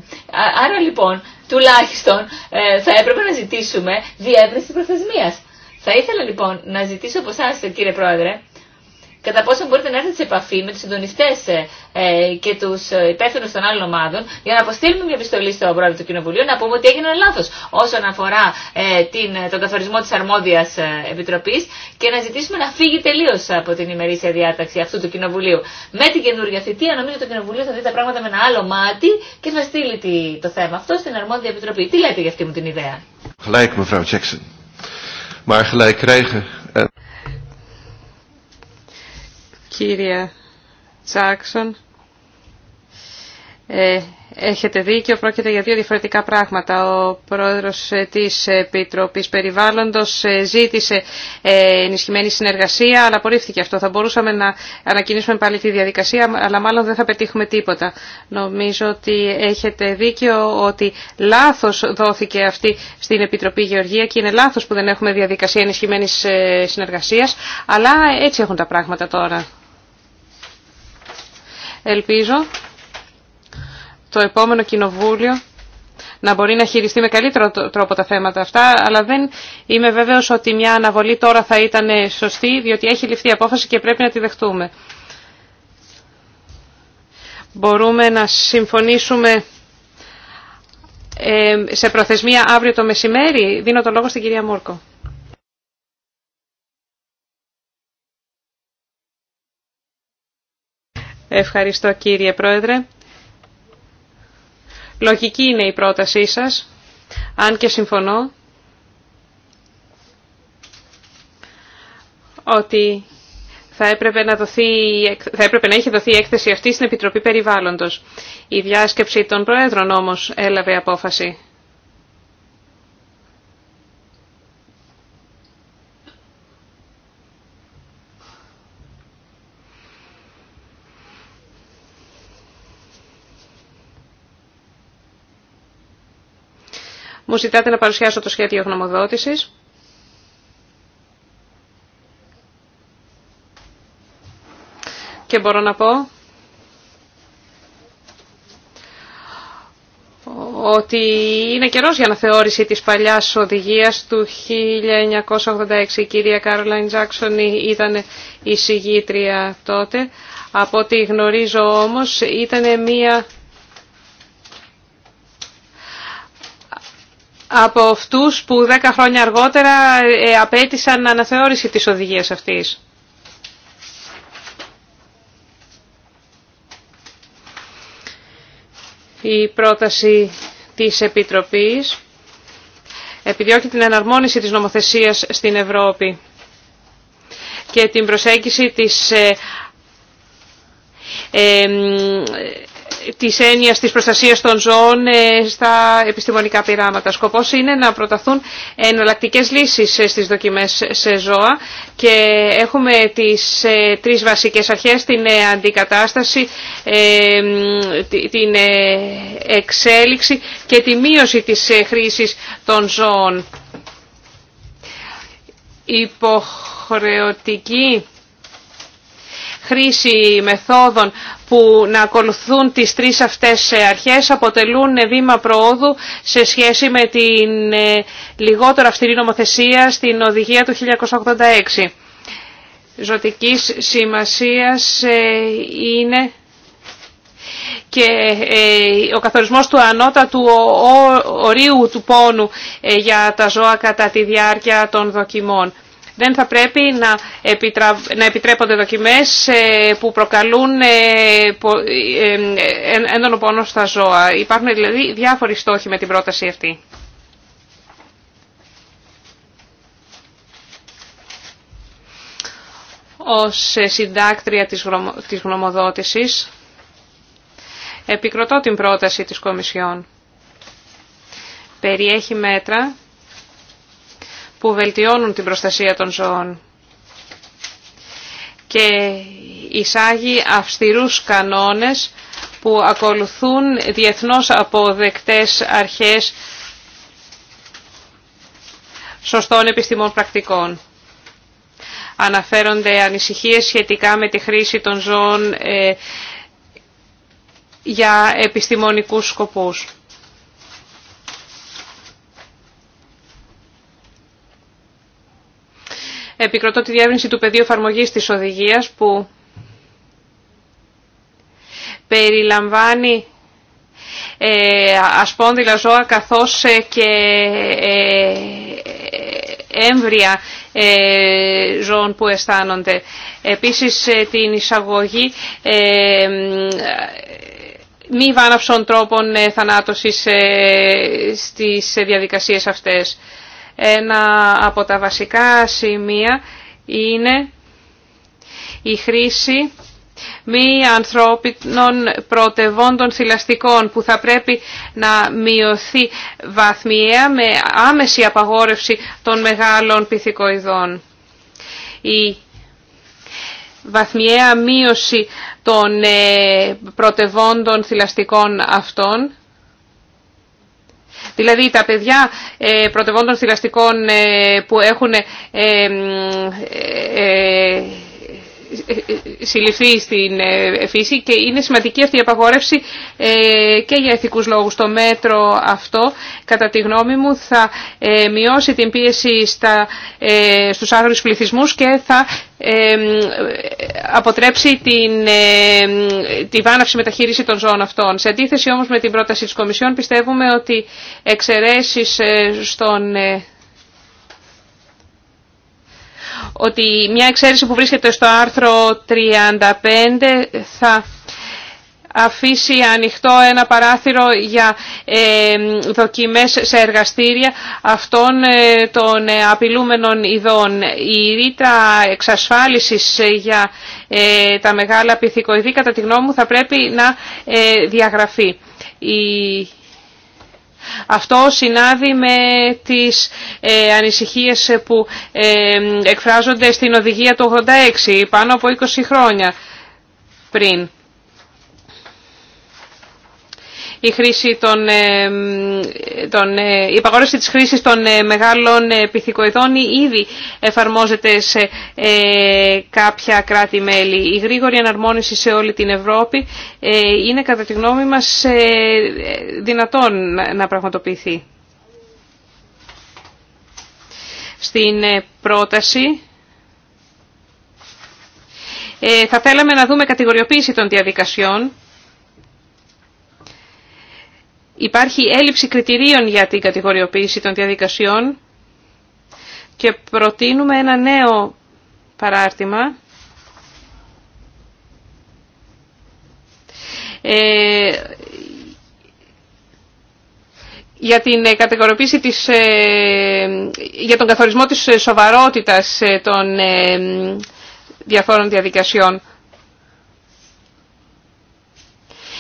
S4: άρα λοιπόν, τουλάχιστον ε, θα έπρεπε να ζητήσουμε διεύρυνση προθεσμίας. Θα ήθελα λοιπόν να ζητήσω από εσά, κύριε Πρόεδρε, κατά πόσο μπορείτε να έρθετε σε επαφή με του συντονιστέ ε, ε, και τους ε, υπεύθυνου των άλλων ομάδων για να αποστείλουμε μια επιστολή στο πρόεδρο του Κοινοβουλίου να πούμε ότι έγινε λάθος όσον αφορά την, τον καθορισμό τη αρμόδια επιτροπής και να ζητήσουμε να φύγει τελείω από την ημερήσια διάταξη αυτού του Κοινοβουλίου. Με την καινούργια θητεία, νομίζω το Κοινοβουλίο θα δει τα πράγματα με ένα άλλο μάτι και θα στείλει το θέμα αυτό στην αρμόδια επιτροπή. Τι λέτε για αυτή μου την ιδέα.
S1: Jackson. Maar gelijk krijgen
S4: κύριε
S3: Τσάξον, ε, έχετε δίκιο, πρόκειται για δύο διαφορετικά πράγματα. Ο πρόεδρος ε, της Επιτροπής Περιβάλλοντος ε, ζήτησε ενισχυμένη συνεργασία, αλλά απορρίφθηκε αυτό. Θα μπορούσαμε να ανακοινήσουμε πάλι τη διαδικασία, αλλά μάλλον δεν θα πετύχουμε τίποτα. Νομίζω ότι έχετε δίκιο ότι λάθος δόθηκε αυτή στην Επιτροπή Γεωργία και είναι λάθος που δεν έχουμε διαδικασία ενισχυμένης συνεργασίας, αλλά έτσι έχουν τα πράγματα τώρα. Ελπίζω το επόμενο κοινοβούλιο να μπορεί να χειριστεί με καλύτερο τρόπο τα θέματα αυτά, αλλά δεν είμαι βέβαιος ότι μια αναβολή τώρα θα ήταν σωστή, διότι έχει ληφθεί απόφαση και πρέπει να τη δεχτούμε. Μπορούμε να συμφωνήσουμε ε, σε προθεσμία αύριο το μεσημέρι. Δίνω το λόγο στην κυρία Μούρκο. Ευχαριστώ κύριε Πρόεδρε. Λογική είναι η πρότασή σας, αν και συμφωνώ ότι θα έπρεπε να, δοθεί, θα έπρεπε να έχει δοθεί έκθεση αυτή στην Επιτροπή Περιβάλλοντος. Η διάσκεψη των Προέδρων όμως έλαβε απόφαση. Μου ζητάτε να παρουσιάσω το σχέδιο γνωμοδότησης. Και μπορώ να πω ότι είναι καιρός για αναθεώρηση της παλιάς οδηγίας του 1986. Η κυρία Κάρολαϊν Τζάκσον ήταν η συγγήτρια τότε. Από ό,τι γνωρίζω όμως ήταν μια από αυτούς που 10 χρόνια αργότερα ε, απέτησαν αναθεώρηση της οδηγίας αυτής. Η πρόταση της Επιτροπής επιδιώκει την εναρμόνιση της νομοθεσίας στην Ευρώπη και την προσέγγιση της ε, ε, της έννοιας της προστασίας των ζώων ε, στα επιστημονικά πειράματα. Σκοπός είναι να προταθούν εναλλακτικές λύσεις ε, στις δοκιμές σε ζώα και έχουμε τις ε, τρεις βασικές αρχές, την αντικατάσταση, την εξέλιξη και τη μείωση της χρήσης των ζώων. Υποχρεωτική χρήση μεθόδων που να ακολουθούν τις τρεις αυτές αρχές αποτελούν βήμα προόδου σε σχέση με την ε, λιγότερο αυστηρή νομοθεσία στην οδηγία του 1986. Ζωτικής σημασίας ε, είναι και ε, ο καθορισμός του ανώτατου ορίου του πόνου για τα ζώα κατά τη διάρκεια των δοκιμών. Δεν θα πρέπει να, να επιτρέπονται δοκιμές ε, που προκαλούν ε, ε, έντονο πόνο στα ζώα. Υπάρχουν δηλαδή διάφοροι στόχοι με την πρόταση αυτή. Ως συντάκτρια της γνωμοδότησης, επικροτώ την πρόταση της Κομισιόν. Περιέχει μέτρα που βελτιώνουν την προστασία των ζώων και εισάγει αυστηρούς κανόνες που ακολουθούν διεθνώς αποδεκτές αρχές σωστών επιστημών πρακτικών. Αναφέρονται ανησυχίες σχετικά με τη χρήση των ζώων ε, για επιστημονικούς σκοπούς. επικροτώ τη διεύρυνση του πεδίου εφαρμογή της οδηγίας που περιλαμβάνει ε, ασπόνδυλα ζώα καθώς ε, και ε, ε, έμβρια ζώων που αισθάνονται. Επίσης την εισαγωγή μη βάναυσων τρόπων θανάτωσης στις διαδικασίες αυτές. Ένα από τα βασικά σημεία είναι η χρήση μη ανθρώπινων πρωτευόντων θηλαστικών που θα πρέπει να μειωθεί βαθμιαία με άμεση απαγόρευση των μεγάλων πυθικοειδών. Η βαθμιαία μείωση των ε, πρωτευόντων θηλαστικών αυτών Δηλαδή τα παιδιά ε, πρωτευόντων θηλαστικών ε, που έχουν ε, ε, συλληφθεί στην ε, φύση και είναι σημαντική αυτή η απαγόρευση ε, και για ηθικούς λόγους. Το μέτρο αυτό, κατά τη γνώμη μου, θα ε, μειώσει την πίεση στα, στους άγριους πληθυσμούς και θα αποτρέψει την, τη βάναυση μεταχείριση των ζώων αυτών. Σε αντίθεση όμως με την πρόταση της Κομισιόν πιστεύουμε ότι εξαιρέσεις στον ότι μια εξαίρεση που βρίσκεται στο άρθρο 35 θα αφήσει ανοιχτό ένα παράθυρο για ε, δοκιμές σε εργαστήρια αυτών ε, των ε, απειλούμενων ειδών. Η ρήτρα εξασφάλισης για τα μεγάλα πυθικοειδή κατά τη γνώμη μου θα πρέπει να διαγραφεί. Η αυτό συνάδει με τις ε, ανησυχίες που ε, εκφράζονται στην οδηγία του 86, πάνω από 20 χρόνια πριν η, χρήση των, ε, των, ε, η υπαγόρευση της χρήσης των ε, μεγάλων πυθικοειδών ήδη εφαρμόζεται σε κάποια κράτη-μέλη. Η γρήγορη αναρμόνιση σε όλη την Ευρώπη είναι κατά τη γνώμη μας δυνατόν να πραγματοποιηθεί. Στην πρόταση θα θέλαμε να δούμε κατηγοριοποίηση των διαδικασιών Υπάρχει έλλειψη κριτηρίων για την κατηγοριοποίηση των διαδικασιών και προτείνουμε ένα νέο παράρτημα ε, για την ε, κατηγοριοποίηση της, ε, για τον καθορισμό της ε, σοβαρότητας των διαφόρων διαδικασιών.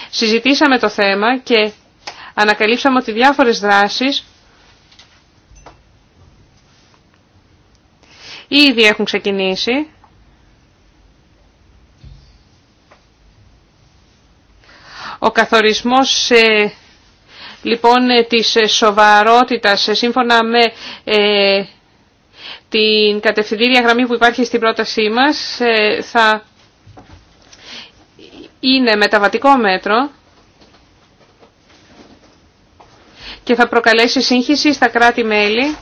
S3: Συζητήσαμε το θέμα και ανακαλύψαμε ότι διάφορες δράσεις ήδη έχουν ξεκινήσει. Ο καθορισμός ε, λοιπόν ε, της ε, σοβαρότητας σύμφωνα με την κατευθυντήρια γραμμή που υπάρχει στην πρότασή μας θα είναι μεταβατικό μέτρο και θα προκαλέσει σύγχυση στα κράτη-μέλη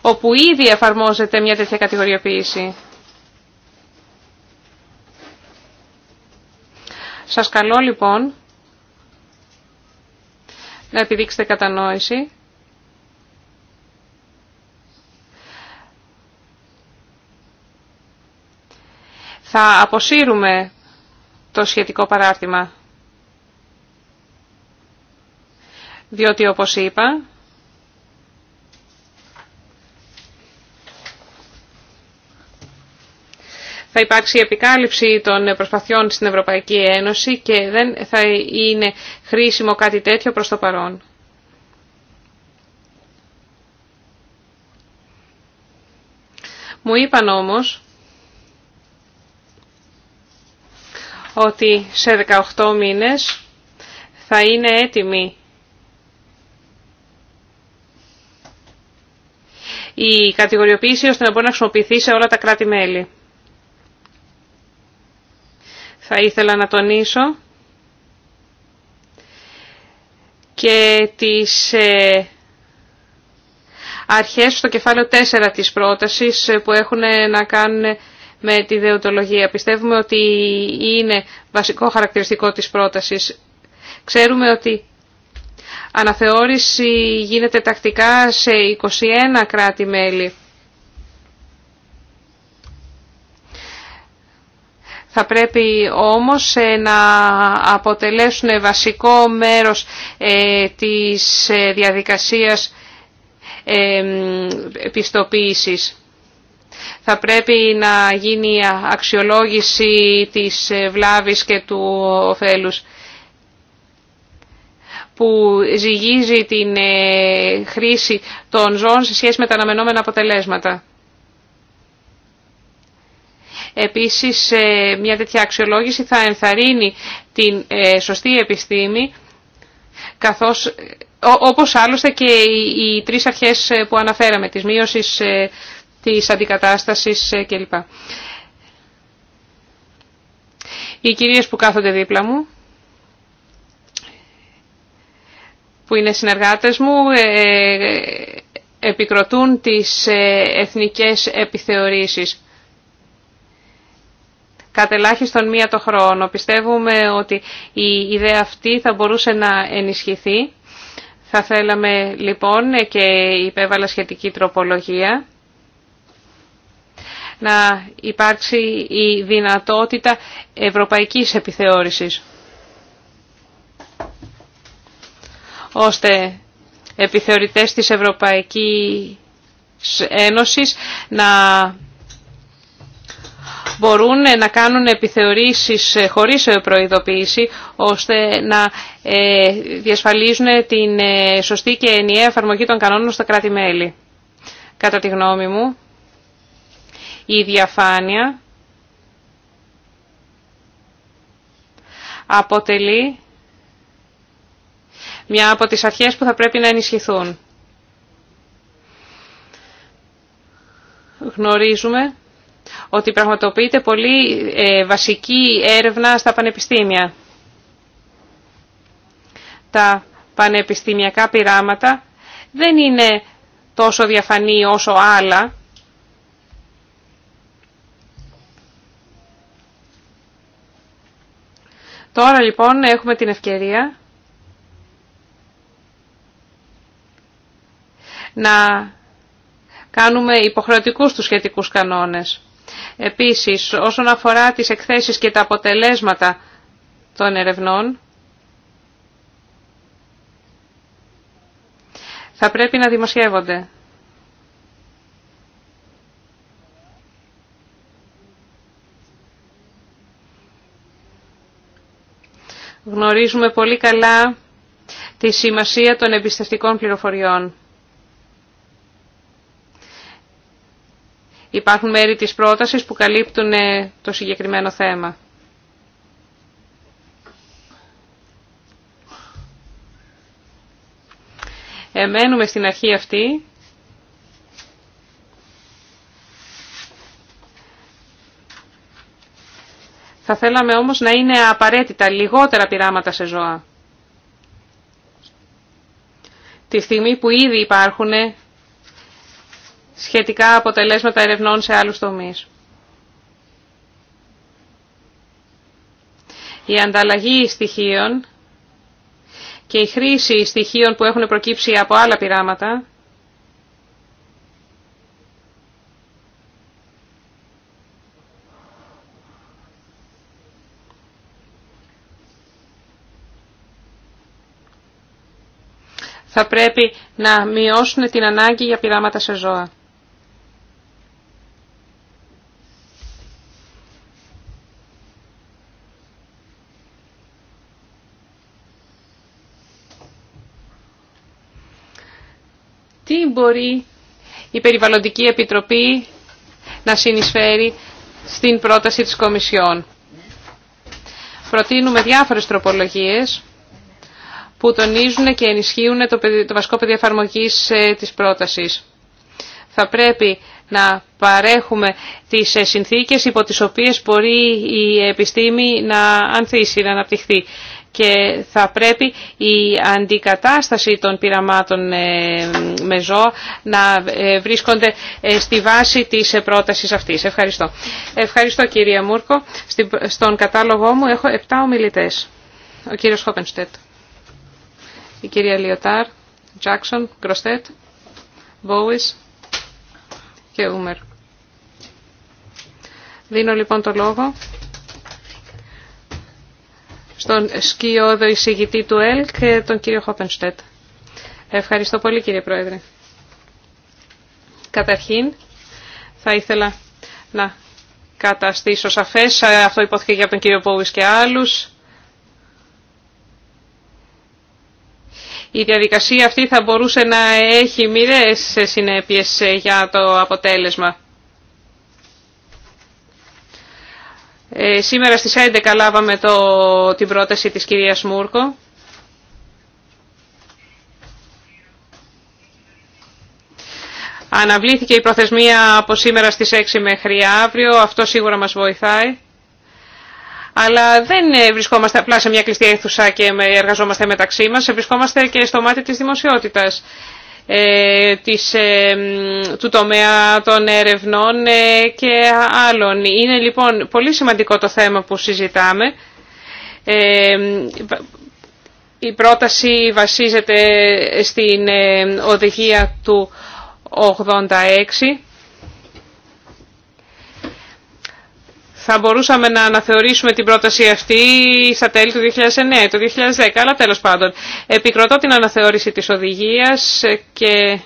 S3: όπου ήδη εφαρμόζεται μια τέτοια κατηγοριοποίηση. Σας καλώ λοιπόν να επιδείξετε κατανόηση. Θα αποσύρουμε το σχετικό παράρτημα. διότι όπως είπα, θα υπάρξει επικάλυψη των προσπαθειών στην Ευρωπαϊκή Ένωση και δεν θα είναι χρήσιμο κάτι τέτοιο προς το παρόν. Μου είπαν όμως ότι σε 18 μήνες θα είναι έτοιμη η κατηγοριοποίηση ώστε να μπορεί να χρησιμοποιηθεί σε όλα τα κράτη-μέλη. Θα ήθελα να τονίσω και τις ε, αρχές στο κεφάλαιο 4 της πρότασης που έχουν να κάνουν με τη δεοντολογία. Πιστεύουμε ότι είναι βασικό χαρακτηριστικό της πρότασης. Ξέρουμε ότι Αναθεώρηση γίνεται τακτικά σε 21 κράτη-μέλη. Θα πρέπει όμως ε, να αποτελέσουν βασικό μέρος ε, της ε, διαδικασίας πιστοποίησης. Θα πρέπει να γίνει αξιολόγηση της βλάβης και του ωφέλους που ζυγίζει την ε, χρήση των ζώων σε σχέση με τα αναμενόμενα αποτελέσματα. Επίσης, ε, μια τέτοια αξιολόγηση θα ενθαρρύνει την ε, σωστή επιστήμη, καθώς, όπως άλλωστε και οι τρεις αρχές που αναφέραμε, της μείωσης, της αντικατάστασης κλπ. Οι κυρίες που κάθονται δίπλα μου που είναι συνεργάτες μου ε, ε, επικροτούν τις ε, εθνικές επιθεωρήσεις. Κατ' ελάχιστον μία το χρόνο. Πιστεύουμε ότι η ιδέα αυτή θα μπορούσε να ενισχυθεί. Θα θέλαμε λοιπόν και υπέβαλα σχετική τροπολογία να υπάρξει η δυνατότητα ευρωπαϊκής επιθεώρησης ώστε επιθεωρητές της Ευρωπαϊκής Ένωσης να μπορούν να κάνουν επιθεωρήσεις χωρίς προειδοποίηση, ώστε να ε, διασφαλίζουν την ε, σωστή και ενιαία εφαρμογή των κανόνων στα κράτη-μέλη. Κατά τη γνώμη μου, η διαφάνεια αποτελεί μια από τις αρχές που θα πρέπει να ενισχυθούν. Γνωρίζουμε ότι πραγματοποιείται πολύ ε, βασική έρευνα στα πανεπιστήμια. Τα πανεπιστημιακά πειράματα δεν είναι τόσο διαφανή όσο άλλα. Τώρα λοιπόν έχουμε την ευκαιρία να κάνουμε υποχρεωτικούς τους σχετικούς κανόνες. Επίσης, όσον αφορά τις εκθέσεις και τα αποτελέσματα των ερευνών, θα πρέπει να δημοσιεύονται. Γνωρίζουμε πολύ καλά τη σημασία των εμπιστευτικών πληροφοριών. Υπάρχουν μέρη της πρότασης που καλύπτουν ε, το συγκεκριμένο θέμα. Εμένουμε στην αρχή αυτή. Θα θέλαμε όμως να είναι απαραίτητα λιγότερα πειράματα σε ζώα. Τη στιγμή που ήδη υπάρχουν σχετικά αποτελέσματα ερευνών σε άλλους τομείς. Η ανταλλαγή στοιχείων και η χρήση στοιχείων που έχουν προκύψει από άλλα πειράματα θα πρέπει να μειώσουν την ανάγκη για πειράματα σε ζώα. μπορεί η Περιβαλλοντική Επιτροπή να συνεισφέρει στην πρόταση της Κομισιόν. Προτείνουμε διάφορες τροπολογίες που τονίζουν και ενισχύουν το, το βασικό πεδίο εφαρμογή ε, της πρότασης. Θα πρέπει να παρέχουμε τις ε, συνθήκες υπό τις οποίες μπορεί η επιστήμη να ανθίσει, να αναπτυχθεί και θα πρέπει η αντικατάσταση των πειραμάτων ε, με ζώα να ε, βρίσκονται ε, στη βάση της πρότασης αυτής. Ευχαριστώ. Ευχαριστώ κυρία Μούρκο. Στον κατάλογό μου έχω 7 ομιλητές. Ο κύριος Χόπενστέτ, η κυρία Λιωτάρ, Τζάκσον, Γκροστέτ, και Ούμερ. Δίνω λοιπόν το λόγο στον σκιώδο εισηγητή του ΕΛΚ, τον κύριο Χόπενστέτ. Ευχαριστώ πολύ κύριε Πρόεδρε. Καταρχήν, θα ήθελα να καταστήσω σαφές, ε, αυτό υπόθηκε για τον κύριο Πόβης και άλλους, η διαδικασία αυτή θα μπορούσε να έχει μοιραίες συνέπειες ε, για το αποτέλεσμα. Ε, σήμερα στις 11 λάβαμε το, την πρόταση της κυρίας Μούρκο. Αναβλήθηκε η προθεσμία από σήμερα στις 6 μέχρι αύριο. Αυτό σίγουρα μας βοηθάει. Αλλά δεν ε, βρισκόμαστε απλά σε μια κλειστή αίθουσα και εργαζόμαστε μεταξύ μας. Ε, βρισκόμαστε και στο μάτι της δημοσιότητας. Ε, της, ε, του τομέα των ερευνών ε, και άλλων. Είναι λοιπόν πολύ σημαντικό το θέμα που συζητάμε. Η πρόταση βασίζεται στην οδηγία του 86 θα μπορούσαμε να αναθεωρήσουμε την πρόταση αυτή στα τέλη του 2009, το 2010, αλλά τέλος πάντων. Επικροτώ την αναθεώρηση της οδηγίας και...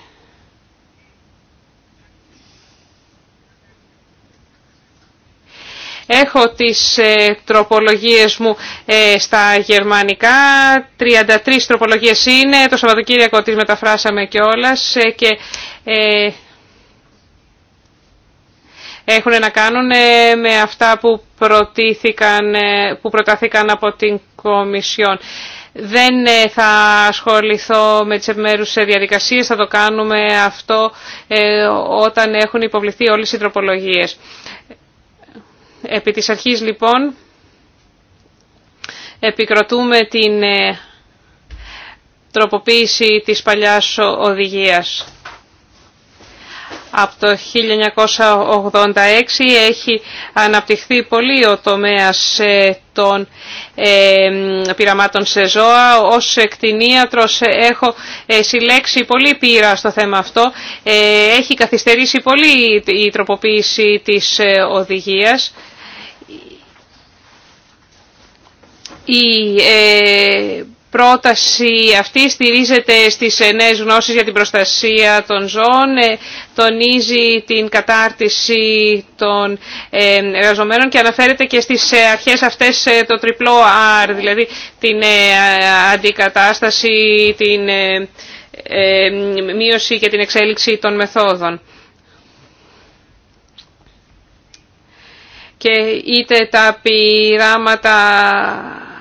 S3: Έχω τις ε, τροπολογίες μου ε, στα γερμανικά, 33 τροπολογίες είναι, το Σαββατοκύριακο τις μεταφράσαμε κιόλας ε, και ε, έχουν να κάνουν ε, με αυτά που, ε, που προτάθηκαν από την Κομισιόν. Δεν ε, θα ασχοληθώ με τις επιμέρους διαδικασίες, θα το κάνουμε αυτό όταν έχουν υποβληθεί όλες οι τροπολογίες. Επί της αρχής λοιπόν επικροτούμε την τροποποίηση της παλιάς οδηγίας. Από το 1986 έχει αναπτυχθεί πολύ ο τομέας ε, των ε, πειραμάτων σε ζώα. Ως εκτινίατρος έχω ε, συλλέξει πολύ πείρα στο θέμα αυτό. Έχει καθυστερήσει πολύ η τροποποίηση της οδηγίας πρόταση αυτή στηρίζεται στις νέες γνώσεις για την προστασία των ζώων, ε, τονίζει την κατάρτιση των ε, εργαζομένων και αναφέρεται και στις ε, αρχές αυτές το τριπλό R, δηλαδή την αντικατάσταση, την μείωση και την εξέλιξη των μεθόδων. Και είτε τα πειράματα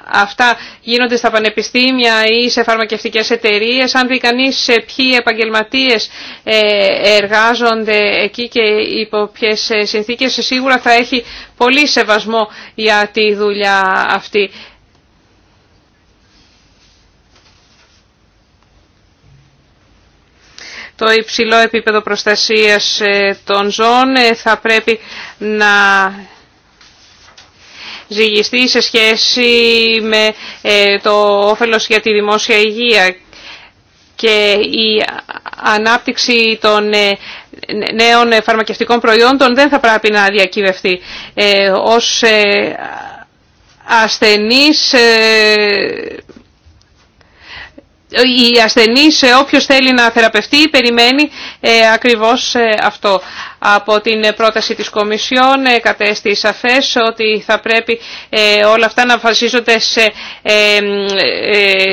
S3: αυτά γίνονται στα πανεπιστήμια ή σε φαρμακευτικές εταιρείες. Αν δει κανείς σε ποιοι επαγγελματίες ε, εργάζονται εκεί και υπό ποιες ε, συνθήκες, σίγουρα θα έχει πολύ σεβασμό για τη δουλειά αυτή. Το υψηλό επίπεδο προστασίας ε, των ζώων θα πρέπει να ζυγιστεί σε σχέση με ε, το όφελος για τη δημόσια υγεία και η ανάπτυξη των ε, νέων φαρμακευτικών προϊόντων δεν θα πρέπει να διακυβευτεί. Ε, ως ασθενείς οι ασθενείς, όποιος θέλει να θεραπευτεί, περιμένει ε, ακριβώς ε, αυτό. Από την πρόταση της Κομισιόν ε, κατέστη σαφές ότι θα πρέπει όλα αυτά να βασίζονται σε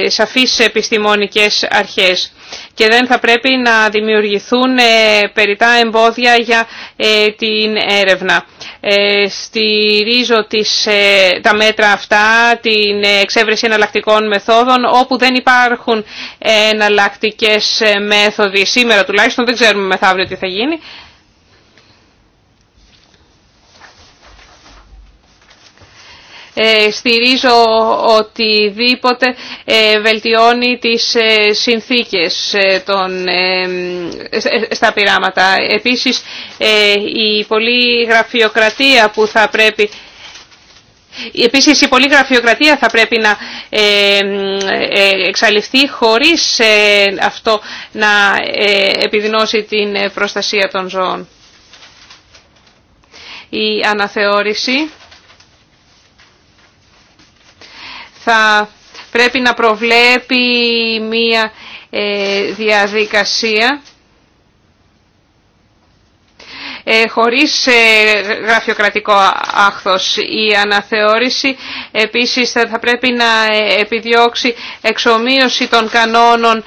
S3: σαφείς επιστημονικές αρχές και δεν θα πρέπει να δημιουργηθούν ε, περιτά εμπόδια για ε, την έρευνα. Ε, στηρίζω τις, τα μέτρα αυτά, την εξέβρεση εναλλακτικών μεθόδων όπου δεν υπάρχουν εναλλακτικέ μέθοδοι σήμερα τουλάχιστον, δεν ξέρουμε μεθαύριο τι θα γίνει. Ε, στηρίζω οτιδήποτε ε, βελτιώνει τις ε, συνθήκες των, στα πειράματα. Επίσης, η πολλή γραφειοκρατία που θα πρέπει Επίσης η πολλή γραφειοκρατία θα πρέπει να εξαλειφθεί χωρίς αυτό να επιδεινώσει την προστασία των ζώων. Η αναθεώρηση θα πρέπει να προβλέπει μία ε, διαδικασία ε, χωρίς ε, γραφειοκρατικό άχθος. Η αναθεώρηση επίσης θα πρέπει να ε, επιδιώξει εξομοίωση των κανόνων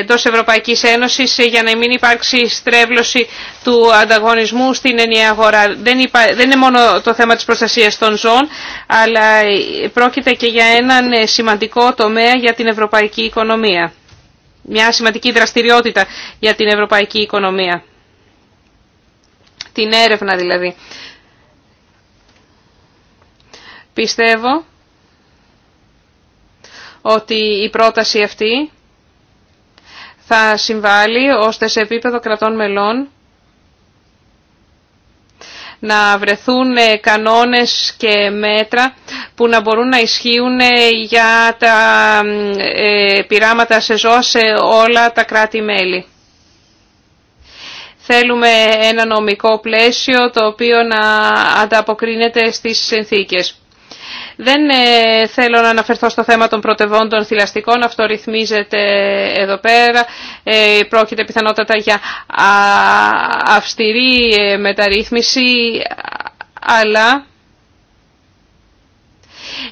S3: εντό Ευρωπαϊκής Ένωσης για να μην υπάρξει στρέβλωση του ανταγωνισμού στην ενιαία αγορά. Δεν είναι μόνο το θέμα της προστασίας των ζώων, αλλά πρόκειται και για έναν σημαντικό τομέα για την ευρωπαϊκή οικονομία. Μια σημαντική δραστηριότητα για την ευρωπαϊκή οικονομία την έρευνα δηλαδή. Πιστεύω ότι η πρόταση αυτή θα συμβάλλει ώστε σε επίπεδο κρατών μελών να βρεθούν ε, κανόνες και μέτρα που να μπορούν να ισχύουν ε, για τα ε, πειράματα σε ζώα σε όλα τα κράτη-μέλη. Θέλουμε ένα νομικό πλαίσιο το οποίο να ανταποκρίνεται στις συνθήκες. Δεν ε, θέλω να αναφερθώ στο θέμα των πρωτευόντων θηλαστικών. Αυτό ρυθμίζεται εδώ πέρα. Ε, πρόκειται πιθανότατα για αυστηρή ε, μεταρρύθμιση αλλά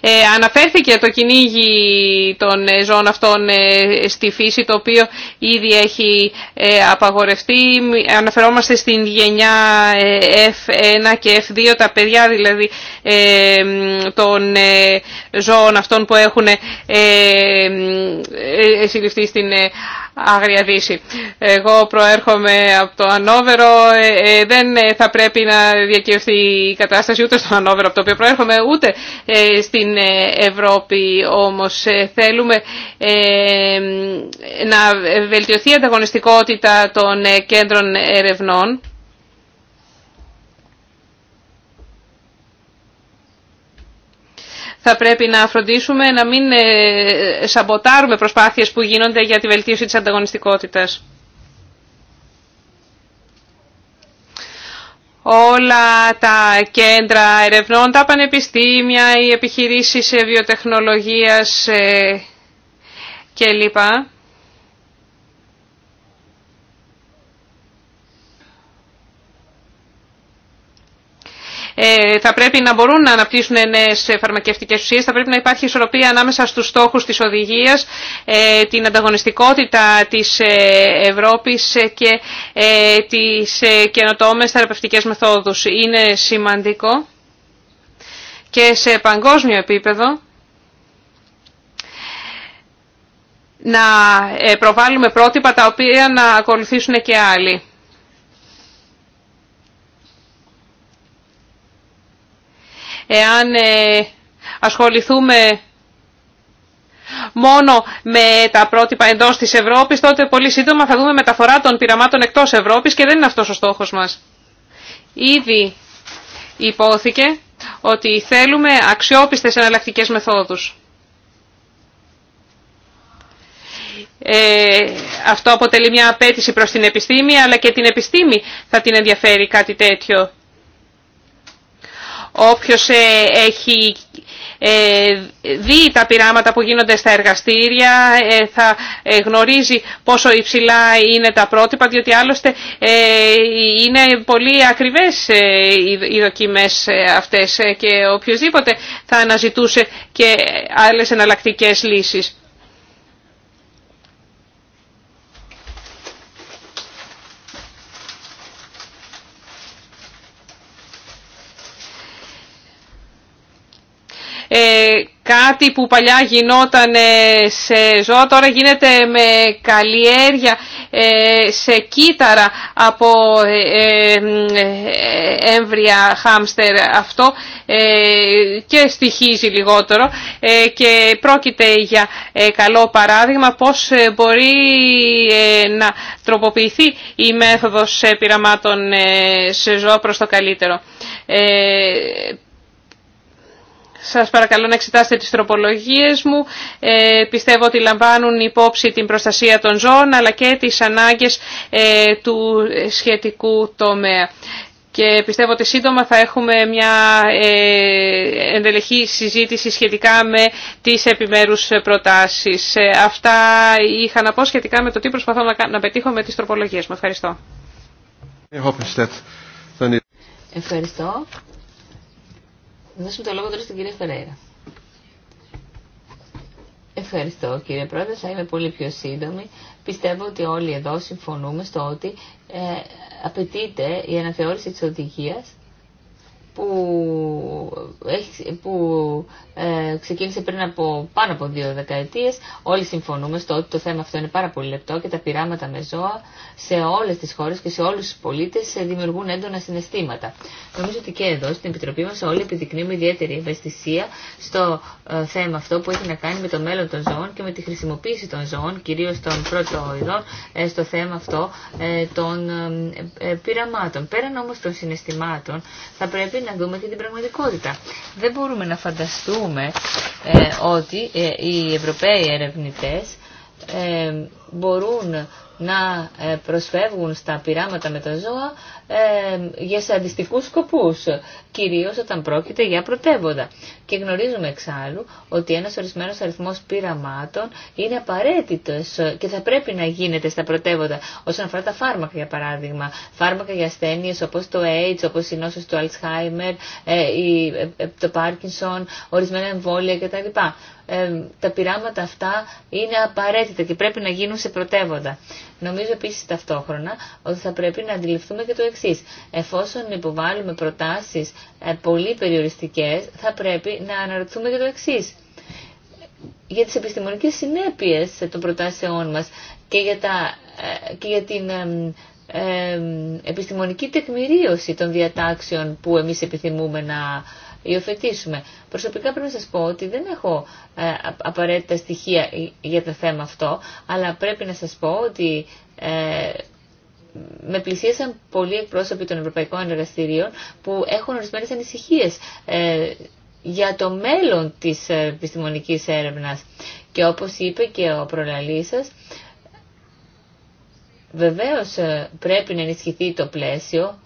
S3: ε, αναφέρθηκε το κυνήγι των ε, ζώων αυτών ε, στη φύση, το οποίο ήδη έχει απαγορευτεί. Αναφερόμαστε στην γενιά F1 και F2, τα παιδιά δηλαδή των ζώων αυτών που έχουν συλληφθεί στην Δύση. Εγώ προέρχομαι από το Ανόβερο, ε, ε, δεν ε, θα πρέπει να διακυρωθεί η κατάσταση ούτε στο Ανόβερο από το οποίο προέρχομαι, ούτε στην Ευρώπη όμως θέλουμε να βελτιωθεί η ανταγωνιστικότητα των κέντρων ερευνών θα πρέπει να φροντίσουμε να μην ε, σαμποτάρουμε προσπάθειες που γίνονται για τη βελτίωση της ανταγωνιστικότητας. Όλα τα κέντρα ερευνών, τα πανεπιστήμια, οι επιχειρήσεις ε, βιοτεχνολογίας ε, κλπ. Ε, θα πρέπει να μπορούν να αναπτύσσουν νέε φαρμακευτικές ουσίε. Θα πρέπει να υπάρχει ισορροπία ανάμεσα στου στόχου τη οδηγία, ε, την ανταγωνιστικότητα τη ε, Ευρώπη και τι καινοτόμε θεραπευτικέ μεθόδου. Είναι σημαντικό και σε παγκόσμιο επίπεδο να προβάλλουμε πρότυπα τα οποία να ακολουθήσουν και άλλοι. Εάν ε, ασχοληθούμε μόνο με τα πρότυπα εντός της Ευρώπης, τότε πολύ σύντομα θα δούμε μεταφορά των πειραμάτων εκτός Ευρώπης και δεν είναι αυτός ο στόχος μας. Ήδη υπόθηκε ότι θέλουμε αξιόπιστες εναλλακτικές μεθόδους. Ε, αυτό αποτελεί μια απέτηση προς την επιστήμη, αλλά και την επιστήμη θα την ενδιαφέρει κάτι τέτοιο. Όποιος ε, έχει ε, δει τα πειράματα που γίνονται στα εργαστήρια, ε, θα γνωρίζει πόσο υψηλά είναι τα πρότυπα, διότι άλλωστε είναι πολύ ακριβές οι δοκιμές αυτές και οποιοδήποτε θα αναζητούσε και άλλες εναλλακτικές λύσεις. Ε, κάτι που παλιά γινόταν σε ζώα τώρα γίνεται με καλλιέργεια ε, σε κύτταρα από ε, έμβρια χάμστερ αυτό και στοιχίζει λιγότερο και πρόκειται για καλό παράδειγμα πώς μπορεί να τροποποιηθεί η μέθοδος πειραμάτων σε ζώα προς το καλύτερο. Σας παρακαλώ να εξετάσετε τις τροπολογίες μου. Ε, πιστεύω ότι λαμβάνουν υπόψη την προστασία των ζώων αλλά και τις ανάγκες ε, του σχετικού τομέα. Και πιστεύω ότι σύντομα θα έχουμε μια ε, εντελεχή συζήτηση σχετικά με τις επιμέρους προτάσεις. Ε, αυτά είχα να πω σχετικά με το τι προσπαθώ να, να πετύχω με τις τροπολογίες μου. Ευχαριστώ.
S4: Ευχαριστώ δώσουμε το λόγο τώρα στην κυρία Φεραίρα. Ευχαριστώ κύριε Πρόεδρε, θα είμαι πολύ πιο σύντομη. Πιστεύω ότι όλοι εδώ συμφωνούμε στο ότι ε, απαιτείται η αναθεώρηση της οδηγίας που, έχει, που ε, ξεκίνησε πριν από πάνω από δύο δεκαετίες. Όλοι συμφωνούμε στο ότι το θέμα αυτό είναι πάρα πολύ λεπτό και τα πειράματα με ζώα σε όλες τις χώρες και σε όλους τους πολίτες ε, δημιουργούν έντονα συναισθήματα. Νομίζω ότι και εδώ στην Επιτροπή μας όλοι επιδεικνύουμε ιδιαίτερη ευαισθησία στο ε, θέμα αυτό που έχει να κάνει με το μέλλον των ζώων και με τη χρησιμοποίηση των ζώων, κυρίως των πρώτων ε, στο θέμα αυτό των πειραμάτων. Πέραν όμως των συναισθημάτων θα πρέπει να δούμε και την πραγματικότητα. Δεν μπορούμε να φανταστούμε ε, ότι ε, οι Ευρωπαίοι ερευνητές ε, μπορούν να ε, προσφεύγουν στα πειράματα με τα ζώα ε, για σαντιστικούς σκοπούς, κυρίως όταν πρόκειται για πρωτεύοντα. Και γνωρίζουμε εξάλλου ότι ένας ορισμένος αριθμός πειραμάτων είναι απαραίτητος και θα πρέπει να γίνεται στα πρωτεύοντα όσον αφορά τα φάρμακα για παράδειγμα. Φάρμακα για ασθένειες όπως το AIDS, όπως η νόσος του Alzheimer, ε, η, το Parkinson, ορισμένα εμβόλια κτλ τα πειράματα αυτά είναι απαραίτητα και πρέπει να γίνουν σε πρωτεύοντα. Νομίζω επίσης ταυτόχρονα ότι θα πρέπει να αντιληφθούμε και το εξής. Εφόσον υποβάλλουμε προτάσεις ε, πολύ περιοριστικές, θα πρέπει να αναρωτηθούμε και το εξής για τις επιστημονικές συνέπειες ε, των προτάσεών μας και για, ε, την ε, επιστημονική τεκμηρίωση των διατάξεων που εμείς επιθυμούμε να υιοθετήσουμε. Προσωπικά πρέπει να σας πω ότι δεν έχω ε, απαραίτητα στοιχεία για το θέμα αυτό, αλλά πρέπει να σας πω ότι ε, με πλησίασαν πολλοί εκπρόσωποι των Ευρωπαϊκών Εργαστηρίων που έχουν ορισμένες ανησυχίες ε, για το μέλλον της ε, επιστημονικής έρευνας. Και όπως είπε και ο προλαλής σας, βεβαίως ε, πρέπει να ενισχυθεί το πλαίσιο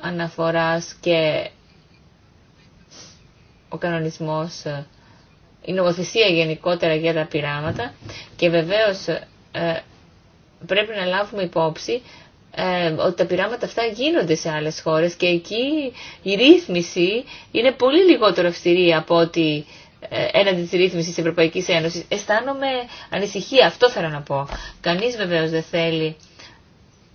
S4: αναφοράς και ο κανονισμός, ε, η νομοθεσία γενικότερα για τα πειράματα και βεβαίως ε, πρέπει να λάβουμε υπόψη ε, ότι τα πειράματα αυτά γίνονται σε άλλες χώρες και εκεί η ρύθμιση είναι πολύ λιγότερο αυστηρή από ότι έναντι τη ρύθμιση τη Ευρωπαϊκή Ένωση. Αισθάνομαι ανησυχία, αυτό θέλω να πω. Κανείς βεβαίως δεν θέλει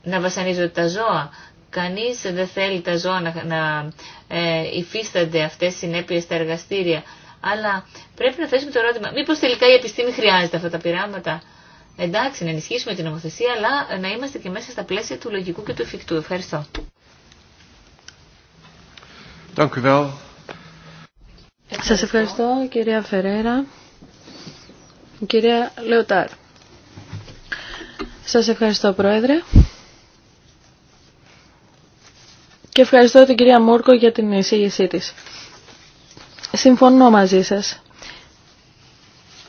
S4: να βασανίζονται τα ζώα, Κανείς δεν θέλει τα ζώα να, να ε, υφίστανται αυτές τις συνέπειες στα εργαστήρια. Αλλά πρέπει να θέσουμε το ερώτημα, μήπως τελικά η επιστήμη χρειάζεται αυτά τα πειράματα. Εντάξει, να ενισχύσουμε την νομοθεσία, αλλά να είμαστε και μέσα στα πλαίσια του λογικού και του εφικτού. Ευχαριστώ.
S2: Σας ευχαριστώ κυρία Φερέρα, κυρία Λεωτάρ. Σας ευχαριστώ Πρόεδρε. και ευχαριστώ την κυρία Μούρκο για την εισήγησή της. Συμφωνώ μαζί σας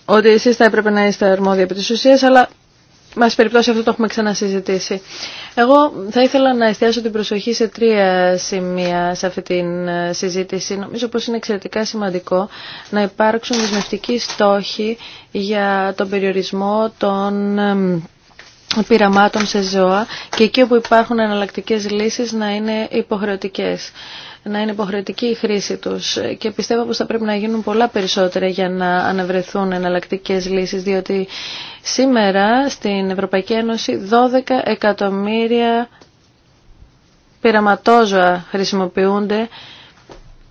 S2: ότι εσείς θα έπρεπε να είστε αρμόδια από της ουσίας, αλλά μας περιπτώσει αυτό το έχουμε ξανασυζητήσει. Εγώ θα ήθελα να εστιάσω την προσοχή σε τρία σημεία σε αυτή τη συζήτηση. Νομίζω πως είναι εξαιρετικά σημαντικό να υπάρξουν δεσμευτικοί στόχοι για τον περιορισμό των πειραμάτων σε ζώα και εκεί όπου υπάρχουν εναλλακτικές λύσεις να είναι υποχρεωτικές να είναι υποχρεωτική η χρήση τους και πιστεύω πως θα πρέπει να γίνουν πολλά περισσότερα για να αναβρεθούν εναλλακτικέ λύσεις διότι σήμερα στην Ευρωπαϊκή Ένωση 12 εκατομμύρια πειραματόζωα χρησιμοποιούνται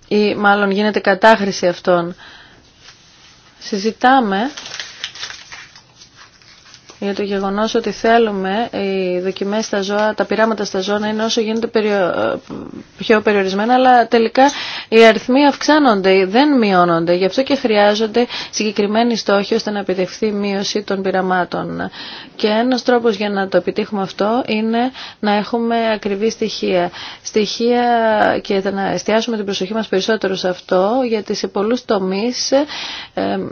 S2: ή μάλλον γίνεται κατάχρηση αυτών. Συζητάμε για το γεγονός ότι θέλουμε οι δοκιμές στα ζώα, τα πειράματα στα ζώα να είναι όσο γίνεται πιο περιορισμένα, αλλά τελικά οι αριθμοί αυξάνονται, δεν μειώνονται. Γι' αυτό και χρειάζονται συγκεκριμένοι στόχοι ώστε να επιτευχθεί μείωση των πειραμάτων. Και ένας τρόπος για να το επιτύχουμε αυτό είναι να έχουμε ακριβή στοιχεία. Στοιχεία και να εστιάσουμε την προσοχή μα περισσότερο σε αυτό, γιατί σε πολλούς τομείς ε,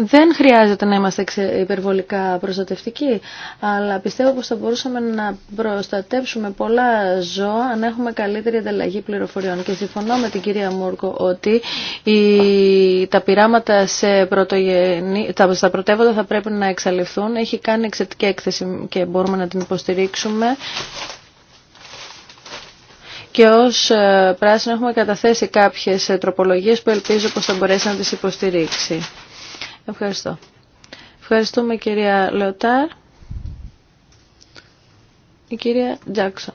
S2: δεν χρειάζεται να είμαστε υπερβολικά προστατευτικοί, αλλά πιστεύω πως θα μπορούσαμε να προστατέψουμε πολλά ζώα αν έχουμε καλύτερη ανταλλαγή πληροφοριών. Και συμφωνώ με την κυρία Μούρκο ότι τα πειράματα σε πρωτογενή, τα, στα πρωτεύοντα θα πρέπει να εξαλειφθούν. Έχει κάνει εξαιρετική έκθεση και μπορούμε να την υποστηρίξουμε. Και ως ε, πράσινο έχουμε καταθέσει κάποιες ε, τροπολογίες που ελπίζω πως θα μπορέσει να τις υποστηρίξει. Ευχαριστώ. Ευχαριστούμε κυρία Λεωτάρ. Η κυρία Τζάκσον.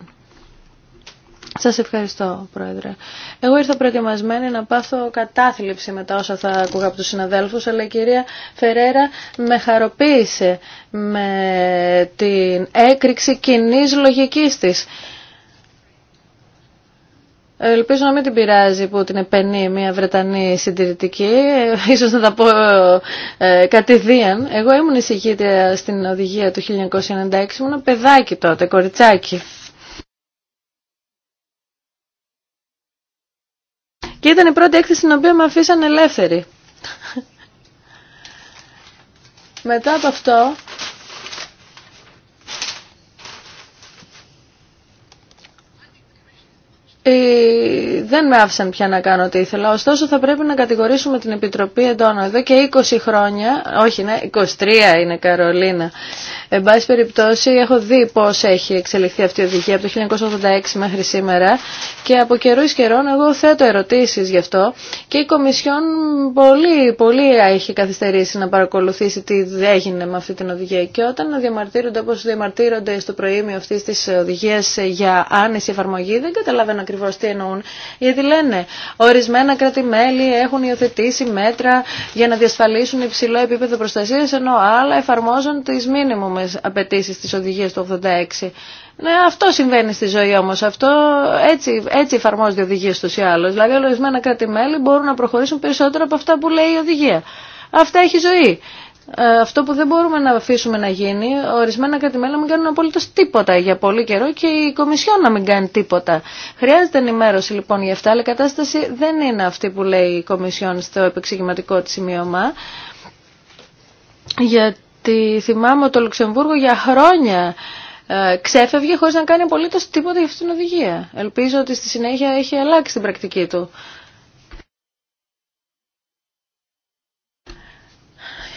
S2: Σα ευχαριστώ, Πρόεδρε. Εγώ ήρθα προετοιμασμένη να πάθω κατάθλιψη μετά όσα θα ακούγα από του συναδέλφου. αλλά η κυρία Φερέρα με χαροποίησε με την έκρηξη κοινή λογική της. Ελπίζω να μην την πειράζει που την επενεί μια Βρετανή συντηρητική, ε, ίσως να τα πω ε, κατηδίαν. Εγώ ήμουν εισηγήτρια στην οδηγία του 1996, ήμουν παιδάκι τότε, κοριτσάκι. Και ήταν η πρώτη έκθεση στην οποία με αφήσαν ελεύθερη. [laughs] Μετά από αυτό Ε δεν με άφησαν πια να κάνω τι ήθελα. Ωστόσο θα πρέπει να κατηγορήσουμε την Επιτροπή εντόνω εδώ και 20 χρόνια, όχι ναι, 23 είναι Καρολίνα. Εν πάση περιπτώσει έχω δει πώς έχει εξελιχθεί αυτή η οδηγία από το 1986 μέχρι σήμερα και από καιρού καιρών εγώ θέτω ερωτήσεις γι' αυτό και η Κομισιόν πολύ, πολύ έχει καθυστερήσει να παρακολουθήσει τι έγινε με αυτή την οδηγία και όταν διαμαρτύρονται όπως διαμαρτύρονται στο προήμιο αυτή τη οδηγία για άνεση εφαρμογή δεν καταλαβαίνω ακριβώ τι εννοούν γιατί λένε, ορισμένα κράτη-μέλη έχουν υιοθετήσει μέτρα για να διασφαλίσουν υψηλό επίπεδο προστασία, ενώ άλλα εφαρμόζουν τι μήνυμε απαιτήσει τη οδηγία του 86. Ναι, αυτό συμβαίνει στη ζωή όμω. Αυτό έτσι, έτσι εφαρμόζονται οι οδηγίε του ή άλλω. Δηλαδή, ορισμένα κράτη-μέλη μπορούν να προχωρήσουν περισσότερο από αυτά που λέει η οδηγία. Αυτά έχει ζωή. Ε, αυτό που δεν μπορούμε να αφήσουμε να γίνει, ορισμένα κρατημένα μην κάνουν απολύτω τίποτα για πολύ καιρό και η Κομισιόν να μην κάνει τίποτα. Χρειάζεται ενημέρωση λοιπόν για αυτά, αλλά η κατάσταση δεν είναι αυτή που λέει η Κομισιόν στο επεξηγηματικό τη σημείωμα. Γιατί θυμάμαι ότι το Λουξεμβούργο για χρόνια ε, ξέφευγε χωρίς να κάνει απολύτω τίποτα για αυτήν την οδηγία. Ελπίζω ότι στη συνέχεια έχει αλλάξει την πρακτική του.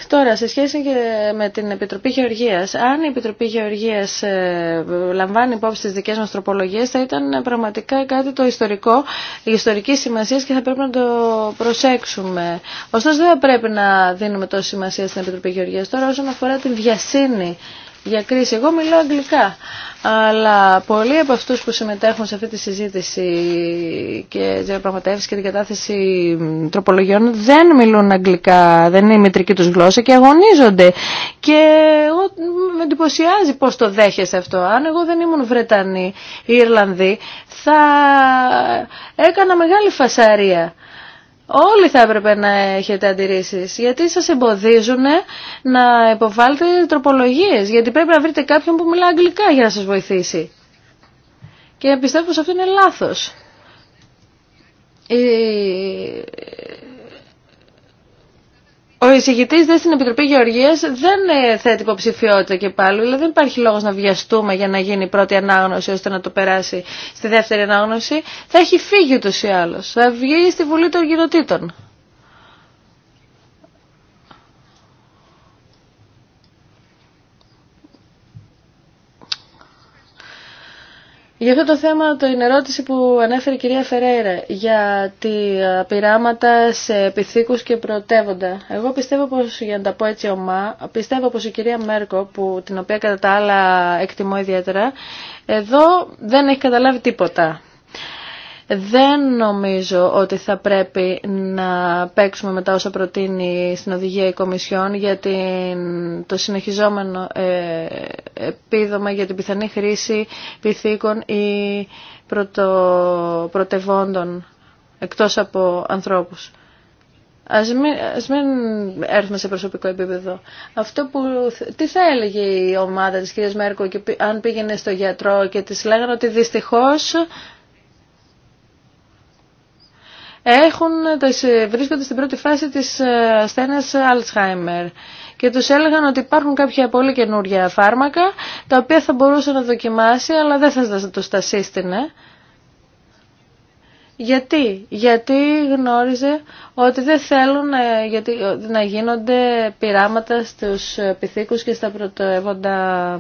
S2: Τώρα, σε σχέση και με την Επιτροπή Γεωργίας, αν η Επιτροπή Γεωργίας ε, λαμβάνει υπόψη τις δικές μας τροπολογίες, θα ήταν πραγματικά κάτι το ιστορικό, η ιστορική σημασία και θα πρέπει να το προσέξουμε. Ωστόσο, δεν θα πρέπει να δίνουμε τόση σημασία στην Επιτροπή Γεωργίας. Τώρα, όσον αφορά τη βιασύνη για κρίση. Εγώ μιλάω αγγλικά, αλλά πολλοί από αυτούς που συμμετέχουν σε αυτή τη συζήτηση και διαπραγματεύσει και την κατάθεση τροπολογιών δεν μιλούν αγγλικά, δεν είναι η μητρική τους γλώσσα και αγωνίζονται. Και με εντυπωσιάζει πώς το δέχεσαι αυτό. Αν εγώ δεν ήμουν Βρετανή ή Ιρλανδή θα έκανα μεγάλη φασαρία. Όλοι θα έπρεπε να έχετε αντιρρήσεις, γιατί σας εμποδίζουν να υποβάλλετε τροπολογίες, γιατί πρέπει να βρείτε κάποιον που μιλά αγγλικά για να σας βοηθήσει. Και πιστεύω πως αυτό είναι λάθος. Ο εισηγητή δεν στην Επιτροπή Γεωργία δεν ε, θέτει υποψηφιότητα και πάλι. Δηλαδή δεν υπάρχει λόγο να βιαστούμε για να γίνει η πρώτη ανάγνωση ώστε να το περάσει στη δεύτερη ανάγνωση. Θα έχει φύγει ούτω ή άλλω. Θα βγει στη Βουλή των γυρωτήτων. Για αυτό το θέμα, το είναι ερώτηση που ανέφερε η κυρία Φερέιρα για τη ε, πειράματα σε επιθήκους και πρωτεύοντα. Εγώ πιστεύω πως, για να τα πω έτσι ομά, πιστεύω πως η κυρία Μέρκο, που, την οποία κατά τα άλλα εκτιμώ ιδιαίτερα, εδώ δεν έχει καταλάβει τίποτα. Δεν νομίζω ότι θα πρέπει να παίξουμε μετά όσα προτείνει στην οδηγία η Κομισιόν για το συνεχιζόμενο ε, επίδομα για την πιθανή χρήση πυθίκων ή πρωτο, πρωτευόντων εκτός από ανθρώπους. Ας μην, ας μην έρθουμε σε προσωπικό επίπεδο. Αυτό που, τι θα έλεγε η ομάδα της κυρίας Μέρκο και, αν πήγαινε στο γιατρό και της λέγανε ότι δυστυχώς έχουν, βρίσκονται στην πρώτη φάση της ε, ασθένειας Alzheimer και τους έλεγαν ότι υπάρχουν κάποια πολύ καινούργια φάρμακα τα οποία θα μπορούσε να δοκιμάσει αλλά δεν θα το τα σύστηνε. Γιατί, γιατί γνώριζε ότι δεν θέλουν να, ε, γιατί, ε, να γίνονται πειράματα στους πυθίκους και στα πρωτεύοντα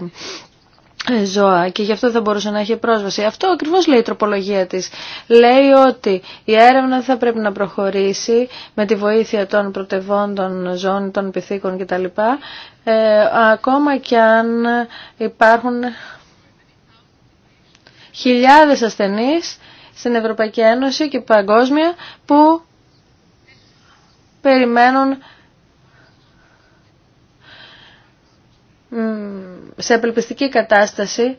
S2: ε, ζώα και γι' αυτό δεν μπορούσε να έχει πρόσβαση. Αυτό ακριβώς λέει η τροπολογία της. Λέει ότι η έρευνα θα πρέπει να προχωρήσει με τη βοήθεια των πρωτευών, των ζώων, των πυθίκων κτλ. Ε, ακόμα και αν υπάρχουν χιλιάδες ασθενείς στην Ευρωπαϊκή Ένωση και παγκόσμια που περιμένουν σε απελπιστική κατάσταση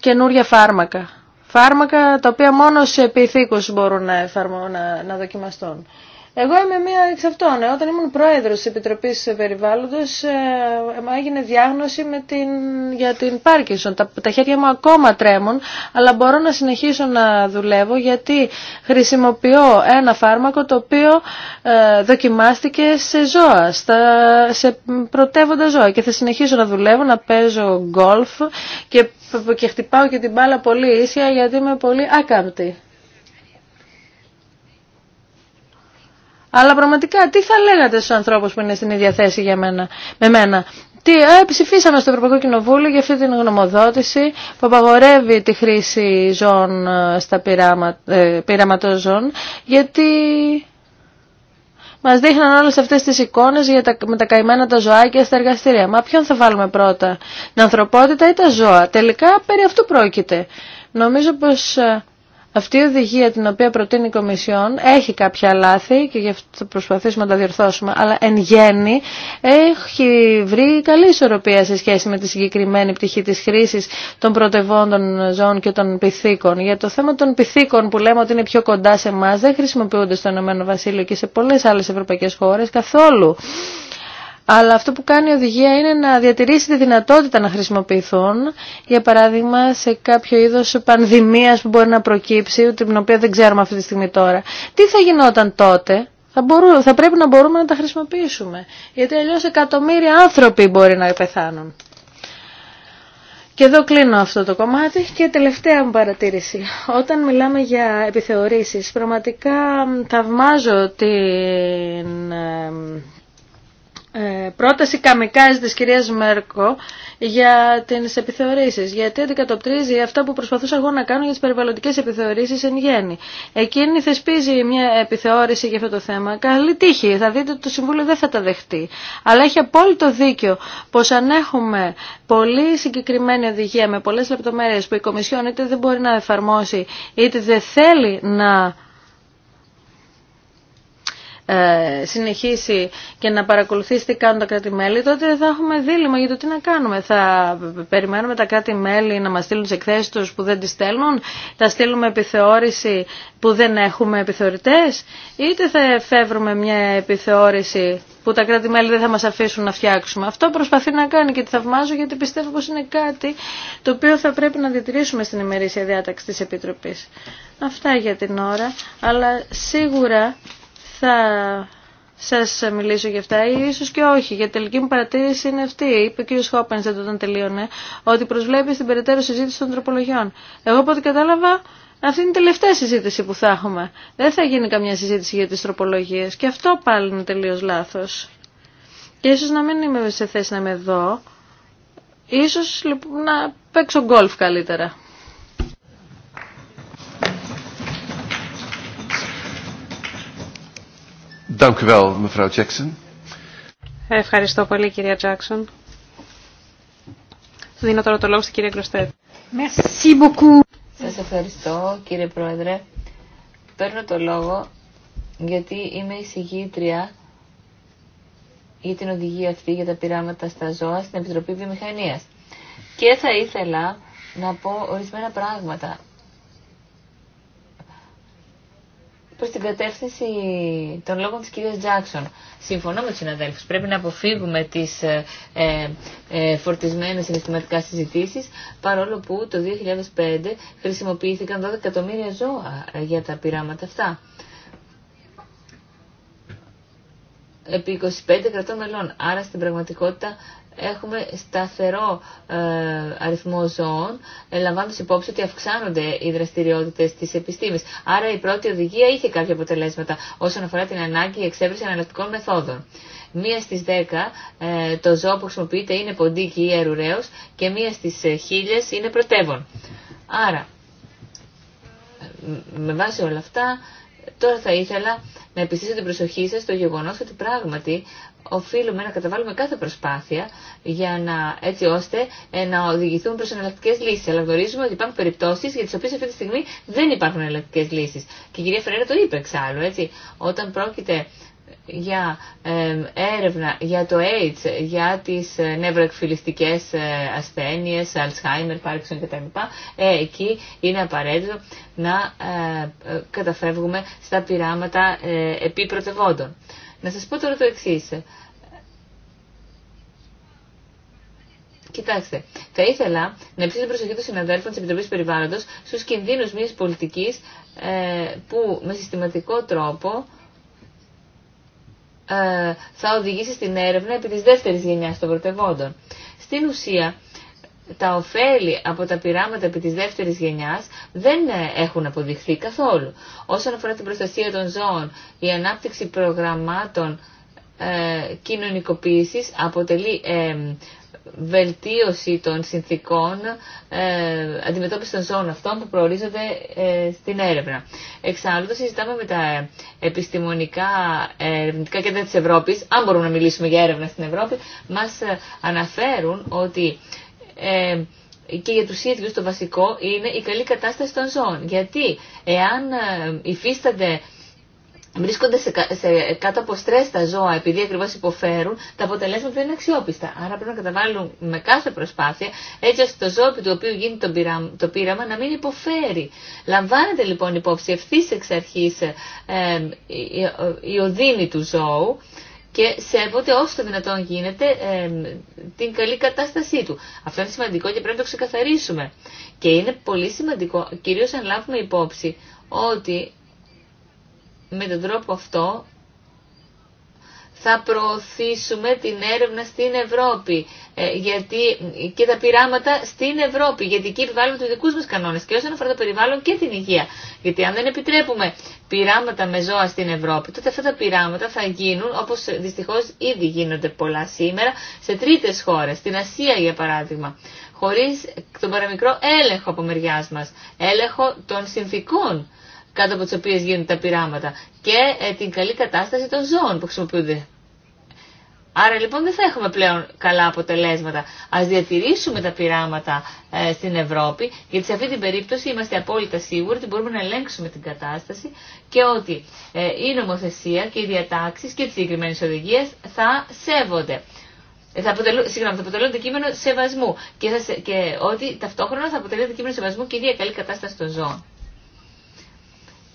S2: καινούρια φάρμακα. Φάρμακα τα οποία μόνο σε επιθήκους μπορούν να, να, να δοκιμαστούν. Εγώ είμαι μία εξ αυτών. Ε, όταν ήμουν πρόεδρος της Επιτροπής Περιβάλλοντος, ε, ε, έγινε διάγνωση με την, για την Πάρκινσον. Τα, χέρια μου ακόμα τρέμουν, αλλά μπορώ να συνεχίσω να δουλεύω γιατί χρησιμοποιώ ένα φάρμακο το οποίο δοκιμάστηκε σε ζώα, σε πρωτεύοντα ζώα. Και θα συνεχίσω να δουλεύω, να παίζω γκολφ και, και χτυπάω και την μπάλα πολύ ίσια γιατί είμαι πολύ άκαμπτη. Αλλά πραγματικά τι θα λέγατε στους ανθρώπους που είναι στην ίδια θέση για μένα, με μένα. Τι, α, ψηφίσαμε στο Ευρωπαϊκό Κοινοβούλιο για αυτή την γνωμοδότηση που απαγορεύει τη χρήση ζώων ε, στα πειράμα, ε, γιατί μας δείχναν όλες αυτές τις εικόνες για τα, με τα καημένα τα ζωάκια στα εργαστήρια. Μα ποιον θα βάλουμε πρώτα, την ανθρωπότητα ή τα ζώα. Τελικά περί αυτού πρόκειται. Νομίζω πως ε, αυτή η οδηγία την οποία προτείνει η Κομισιόν έχει κάποια λάθη και γι' αυτό θα προσπαθήσουμε να τα διορθώσουμε, αλλά εν γέννη έχει βρει καλή ισορροπία σε σχέση με τη συγκεκριμένη πτυχή της χρήσης των πρωτευόντων ζώων και των πυθίκων. Για το θέμα των πυθίκων που λέμε ότι είναι πιο κοντά σε εμά, δεν χρησιμοποιούνται στο ΕΒ και σε πολλές άλλες ευρωπαϊκές χώρες καθόλου. Αλλά αυτό που κάνει η οδηγία είναι να διατηρήσει τη δυνατότητα να χρησιμοποιηθούν, για παράδειγμα σε κάποιο είδο πανδημία που μπορεί να προκύψει, την οποία δεν ξέρουμε αυτή τη στιγμή τώρα. Τι θα γινόταν τότε, θα, θα πρέπει να μπορούμε να τα χρησιμοποιήσουμε, γιατί αλλιώ εκατομμύρια άνθρωποι μπορεί να πεθάνουν. Και εδώ κλείνω αυτό το κομμάτι και τελευταία μου παρατήρηση. Όταν μιλάμε για επιθεωρήσεις, πραγματικά θαυμάζω την ε, ε, πρόταση καμικάζ της κυρίας Μέρκο για τις επιθεωρήσεις, γιατί αντικατοπτρίζει αυτά που προσπαθούσα εγώ να κάνω για τις περιβαλλοντικές επιθεωρήσεις εν γέννη. Εκείνη θεσπίζει μια επιθεώρηση για αυτό το θέμα. Καλή τύχη, θα δείτε ότι το Συμβούλιο δεν θα τα δεχτεί. Αλλά έχει απόλυτο δίκιο πως αν έχουμε πολύ συγκεκριμένη οδηγία με πολλές λεπτομέρειες που η Κομισιόν είτε δεν μπορεί να εφαρμόσει είτε δεν θέλει να ε, συνεχίσει και να παρακολουθήσει τι κάνουν τα κράτη-μέλη, τότε θα έχουμε δίλημα για το τι να κάνουμε. Θα περιμένουμε τα κράτη-μέλη να μας στείλουν τις εκθέσεις τους που δεν τις στέλνουν, θα στείλουμε επιθεώρηση που δεν έχουμε επιθεωρητές, είτε θα εφεύρουμε μια επιθεώρηση που τα κράτη-μέλη δεν θα μας αφήσουν να φτιάξουμε. Αυτό προσπαθεί να κάνει και τη θαυμάζω γιατί πιστεύω πως είναι κάτι το οποίο θα πρέπει να διατηρήσουμε στην ημερήσια διάταξη της Επιτροπής. Αυτά για την ώρα, αλλά σίγουρα θα σας μιλήσω για αυτά ή ίσως και όχι. Για τελική μου παρατήρηση είναι αυτή. Είπε ο κ. Χόπενς όταν τελείωνε ότι προσβλέπει στην περαιτέρω συζήτηση των τροπολογιών. Εγώ από ό,τι κατάλαβα αυτή είναι η τελευταία συζήτηση που θα έχουμε. Δεν θα γίνει καμιά συζήτηση για τις τροπολογίες και αυτό πάλι είναι τελείω λάθος. Και ίσως να μην είμαι σε θέση να είμαι εδώ. Ίσως λοιπόν, να παίξω γκολφ καλύτερα.
S3: Ευχαριστώ πολύ, κυρία Τζάξον. Δίνω τώρα το λόγο στην κυρία Γκροστέτ.
S4: Σας ευχαριστώ, κύριε Πρόεδρε. Παίρνω το λόγο γιατί είμαι εισηγήτρια για την οδηγία αυτή για τα πειράματα στα ζώα στην Επιτροπή Βιομηχανίας. Και θα ήθελα να πω ορισμένα πράγματα προ την κατεύθυνση των λόγων τη κυρία Τζάξον. Συμφωνώ με του συναδέλφου. Πρέπει να αποφύγουμε τι ε, ε, ε φορτισμένε συναισθηματικά συζητήσει, παρόλο που το 2005 χρησιμοποιήθηκαν 12 εκατομμύρια ζώα ε, για τα πειράματα αυτά. Επί 25 κρατών μελών. Άρα στην πραγματικότητα έχουμε σταθερό ε, αριθμό ζώων, ε, λαμβάνοντα υπόψη ότι αυξάνονται οι δραστηριότητε τη επιστήμη. Άρα η πρώτη οδηγία είχε κάποια αποτελέσματα όσον αφορά την ανάγκη εξέβριση αναλλακτικών μεθόδων. Μία στι 10 ε, το ζώο που χρησιμοποιείται είναι ποντίκι ή αρουραίο και μία στι χίλιε είναι πρωτεύων. Άρα, με βάση όλα αυτά, τώρα θα ήθελα να επιστήσω την προσοχή σας στο γεγονός ότι πράγματι οφείλουμε να καταβάλουμε κάθε προσπάθεια για να, έτσι ώστε ε, να οδηγηθούν προ εναλλακτικέ λύσει. Αλλά γνωρίζουμε ότι υπάρχουν περιπτώσει για τι οποίε αυτή τη στιγμή δεν υπάρχουν εναλλακτικέ λύσει. Και η κυρία Φεραίρα το είπε εξάλλου, έτσι. Όταν πρόκειται για ε, έρευνα για το AIDS, για τις ε, νευροεκφυλιστικές ε, ασθένειες, Alzheimer, Parkinson κτλ. Ε, εκεί είναι απαραίτητο να ε, καταφεύγουμε στα πειράματα επί πρωτευόντων. Να σας πω τώρα το εξή. Κοιτάξτε, θα ήθελα να υψίσω την προσοχή των συναδέλφων τη Επιτροπή Περιβάλλοντο στου κινδύνου μια πολιτική ε, που με συστηματικό τρόπο ε, θα οδηγήσει στην έρευνα επί τη δεύτερη γενιά των πρωτευόντων. Στην ουσία, τα ωφέλη από τα πειράματα επί της δεύτερης γενιάς δεν ε, έχουν αποδειχθεί καθόλου. Όσον αφορά την προστασία των ζώων, η ανάπτυξη προγραμμάτων ε, κοινωνικοποίησης αποτελεί ε, βελτίωση των συνθήκων ε, αντιμετώπιση των ζώων αυτών που προορίζονται ε, στην έρευνα. Εξάλλου το συζητάμε με τα επιστημονικά ε, ερευνητικά κέντρα της Ευρώπης, αν μπορούμε να μιλήσουμε για έρευνα στην Ευρώπη, μας αναφέρουν ότι ε, και για τους ίδιους το βασικό είναι η καλή κατάσταση των ζώων. Γιατί εάν ε, υφίστανται βρίσκονται σε, κάτω από στρες τα ζώα επειδή ακριβώς υποφέρουν, τα αποτελέσματα είναι αξιόπιστα. Άρα πρέπει να καταβάλουν με κάθε προσπάθεια έτσι ώστε το ζώο του οποίου γίνει το, το πείραμα να μην υποφέρει. Λαμβάνεται λοιπόν υπόψη ευθύ εξ αρχής ε, η, η οδύνη του ζώου και σέβονται όσο το δυνατόν γίνεται την καλή κατάστασή του. Αυτό είναι σημαντικό και πρέπει να το ξεκαθαρίσουμε. Και είναι πολύ σημαντικό, κυρίως αν λάβουμε υπόψη, ότι με τον τρόπο αυτό θα προωθήσουμε την έρευνα στην Ευρώπη ε, γιατί, και τα πειράματα στην Ευρώπη, γιατί εκεί επιβάλλουμε τους δικού μας κανόνες και όσον αφορά το περιβάλλον και την υγεία. Γιατί αν δεν επιτρέπουμε πειράματα με ζώα στην Ευρώπη, τότε αυτά τα πειράματα θα γίνουν, όπως δυστυχώς ήδη γίνονται πολλά σήμερα, σε τρίτες χώρε, στην Ασία για παράδειγμα, χωρί τον παραμικρό έλεγχο από μεριά μα. έλεγχο των συνθήκων κάτω από τις οποίες γίνονται τα πειράματα και ε, την καλή κατάσταση των ζώων που χρησιμοποιούνται. Άρα λοιπόν δεν θα έχουμε πλέον καλά αποτελέσματα. Ας διατηρήσουμε τα πειράματα ε, στην Ευρώπη, γιατί σε αυτή την περίπτωση είμαστε απόλυτα σίγουροι ότι μπορούμε να ελέγξουμε την κατάσταση και ότι ε, η νομοθεσία και οι διατάξεις και τις συγκεκριμένε οδηγίες θα σέβονται. Ε, θα αποτελούν, συγγνώμη, θα αποτελούν το κείμενο σεβασμού και, θα, και ότι ταυτόχρονα θα αποτελεί κείμενο σεβασμού και η καλή κατάσταση των ζώων.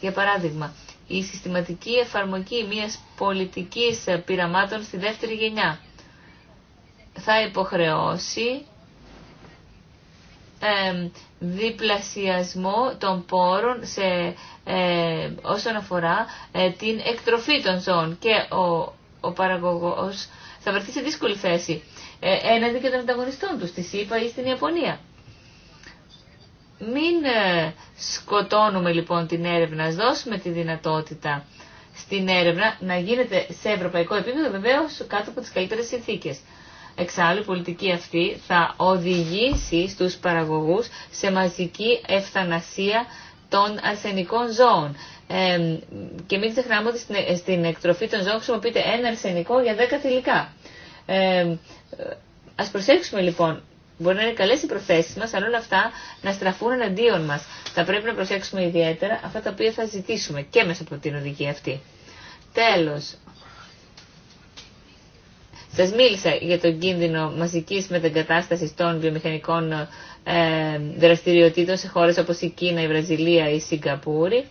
S4: Για παράδειγμα, η συστηματική εφαρμογή μιας πολιτικής πειραμάτων στη δεύτερη γενιά θα υποχρεώσει διπλασιασμό των πόρων σε, ε, όσον αφορά ε, την εκτροφή των ζώων και ο, ο παραγωγός θα βρεθεί σε δύσκολη θέση ε, έναντι και των ανταγωνιστών του στη ΣΥΠΑ ή στην Ιαπωνία. Μην ε, σκοτώνουμε λοιπόν την έρευνα, ας δώσουμε τη δυνατότητα στην έρευνα να γίνεται σε ευρωπαϊκό επίπεδο βεβαίω κάτω από τις καλύτερες συνθήκες. Εξάλλου η πολιτική αυτή θα οδηγήσει στους παραγωγούς σε μαζική ευθανασία των αρσενικών ζώων. Ε, και μην ξεχνάμε ότι στην, εκτροφή των ζώων χρησιμοποιείται ένα αρσενικό για 10 θηλυκά. Ε, ας προσέξουμε λοιπόν Μπορεί να είναι καλέ οι προθέσει μα, αλλά όλα αυτά να στραφούν εναντίον μα. Θα πρέπει να προσέξουμε ιδιαίτερα αυτά τα οποία θα ζητήσουμε και μέσα από την οδηγία αυτή. Τέλο, σα μίλησα για τον κίνδυνο μαζική μετεγκατάσταση των βιομηχανικών ε, δραστηριοτήτων σε χώρε όπω η Κίνα, η Βραζιλία, η Σιγκαπούρη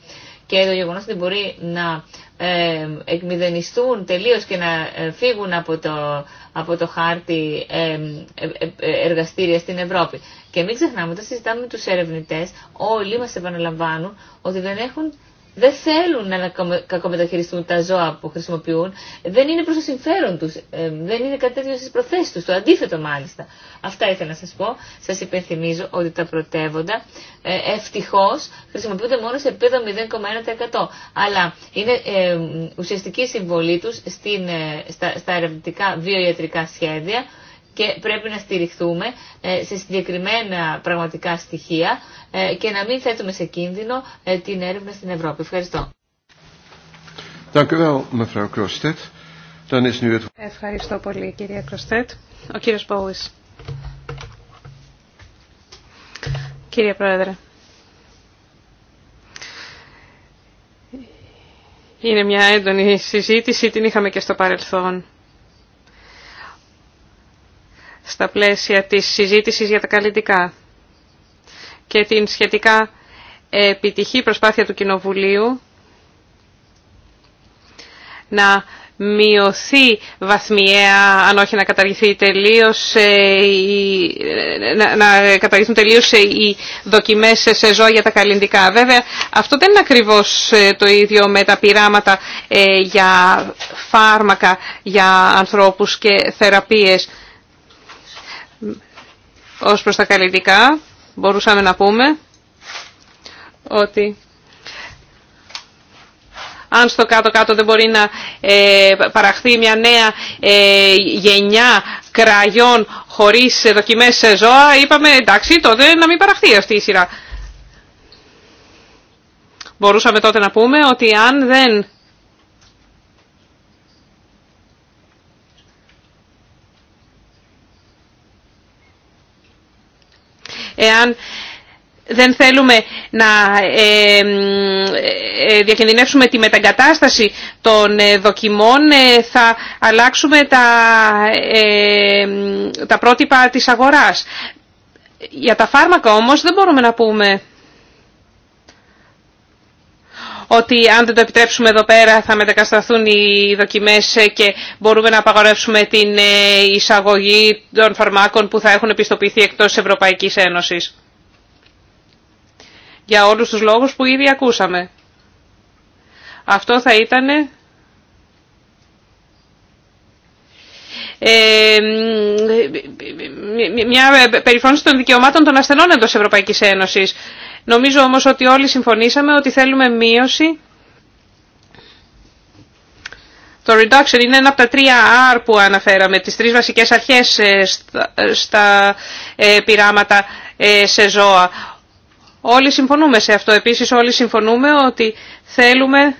S4: και το γεγονό ότι μπορεί να ε, εκμηδενιστούν τελείω και να ε, φύγουν από το, από το χάρτη ε, ε, εργαστήρια στην Ευρώπη. Και μην ξεχνάμε, όταν συζητάμε με του ερευνητέ, όλοι μα επαναλαμβάνουν ότι δεν έχουν δεν θέλουν να κακομεταχειριστούν τα ζώα που χρησιμοποιούν. Δεν είναι προς το συμφέρον τους. Ε, δεν είναι κάτι τέτοιο στις προθέσεις τους. Το αντίθετο μάλιστα. Αυτά ήθελα να σας πω. Σας υπενθυμίζω ότι τα πρωτεύοντα ε, ευτυχώς χρησιμοποιούνται μόνο σε επίπεδο 0,1%. Αλλά είναι ε, ουσιαστική συμβολή τους στην, στα, στα ερευνητικά βιοιατρικά σχέδια και πρέπει να στηριχθούμε ε, σε συγκεκριμένα πραγματικά στοιχεία ε, και να μην θέτουμε σε κίνδυνο ε, την έρευνα στην Ευρώπη. Ευχαριστώ. Ευχαριστώ
S3: πολύ κυρία Κροστέτ. Ο κύριος Κύριε Πρόεδρε. Είναι μια έντονη συζήτηση, την είχαμε και στο παρελθόν στα πλαίσια της συζήτησης για τα καλλιτικά και την σχετικά επιτυχή προσπάθεια του Κοινοβουλίου να μειωθεί βαθμιαία, αν όχι να καταργηθεί τελείως, ε, ε, να καταργηθούν τελείως ε, οι δοκιμές σε ζώα για τα καλλιντικά. Βέβαια, αυτό δεν είναι ακριβώς το ίδιο με τα πειράματα για φάρμακα, για ανθρώπους και θεραπείες. Ως προς τα καλλιτικά μπορούσαμε να πούμε ότι αν στο κάτω-κάτω δεν μπορεί να ε, παραχθεί μια νέα ε, γενιά κραγιών χωρίς δοκιμές σε ζώα, είπαμε εντάξει τότε να μην παραχθεί αυτή η σειρά. Μπορούσαμε τότε να πούμε ότι αν δεν εάν δεν θέλουμε να ε, ε, διακινδυνεύσουμε τη μεταγκατάσταση των ε, δοκιμών, θα αλλάξουμε τα, τα πρότυπα της αγοράς. Για τα φάρμακα όμως δεν μπορούμε να πούμε ότι αν δεν το επιτρέψουμε εδώ πέρα θα μετακασταθούν οι δοκιμές και μπορούμε να απαγορεύσουμε την ε, εισαγωγή των φαρμάκων που θα έχουν επιστοποιηθεί εκτός Ευρωπαϊκής Ένωσης. Για όλους τους λόγους που ήδη ακούσαμε. Αυτό θα ήταν ε, μια ε, περιφρόνηση των δικαιωμάτων των ασθενών εντός Ευρωπαϊκής Ένωσης. Νομίζω όμως ότι όλοι συμφωνήσαμε ότι θέλουμε μείωση. Το reduction είναι ένα από τα τρία R που αναφέραμε, τις τρεις βασικές αρχές ε, στα ε, ε, πειράματα σε ζώα. Όλοι συμφωνούμε σε αυτό. Επίσης όλοι συμφωνούμε ότι θέλουμε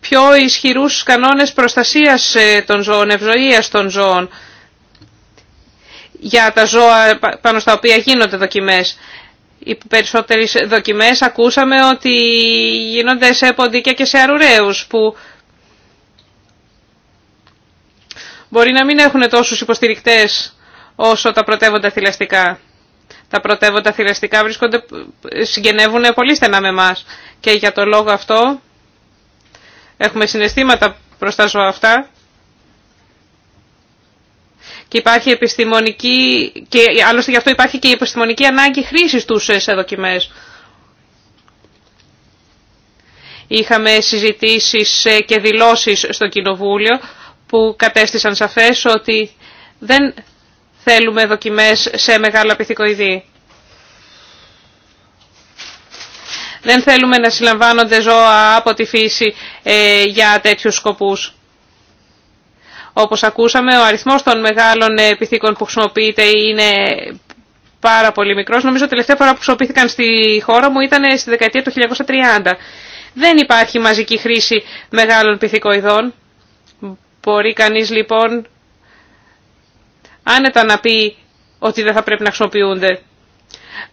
S3: πιο ισχυρούς κανόνες προστασίας των ζώων, ευζοίας των ζώων για τα ζώα πάνω στα οποία γίνονται δοκιμές οι περισσότερες δοκιμές ακούσαμε ότι γίνονται σε ποντίκια και σε αρουραίους που μπορεί να μην έχουν τόσους υποστηρικτές όσο τα πρωτεύοντα θηλαστικά. Τα πρωτεύοντα θηλαστικά βρίσκονται, συγγενεύουν πολύ στενά με εμά. και για το λόγο αυτό έχουμε συναισθήματα προς τα ζώα αυτά και υπάρχει επιστημονική, και άλλωστε γι' αυτό υπάρχει και η επιστημονική ανάγκη χρήσης τους σε δοκιμές. Είχαμε συζητήσεις ε, και δηλώσεις στο Κοινοβούλιο που κατέστησαν σαφές ότι δεν θέλουμε δοκιμές σε μεγάλα πυθικοειδή. Δεν θέλουμε να συλλαμβάνονται ζώα από τη φύση ε, για τέτοιους σκοπούς. Όπως ακούσαμε, ο αριθμός των μεγάλων ε, πυθίκων που χρησιμοποιείται είναι πάρα πολύ μικρός. Νομίζω ότι τελευταία φορά που χρησιμοποιήθηκαν στη χώρα μου ήταν ε, στη δεκαετία του 1930. Δεν υπάρχει μαζική χρήση μεγάλων πυθικοειδών. Μπορεί κανείς λοιπόν άνετα να πει ότι δεν θα πρέπει να χρησιμοποιούνται.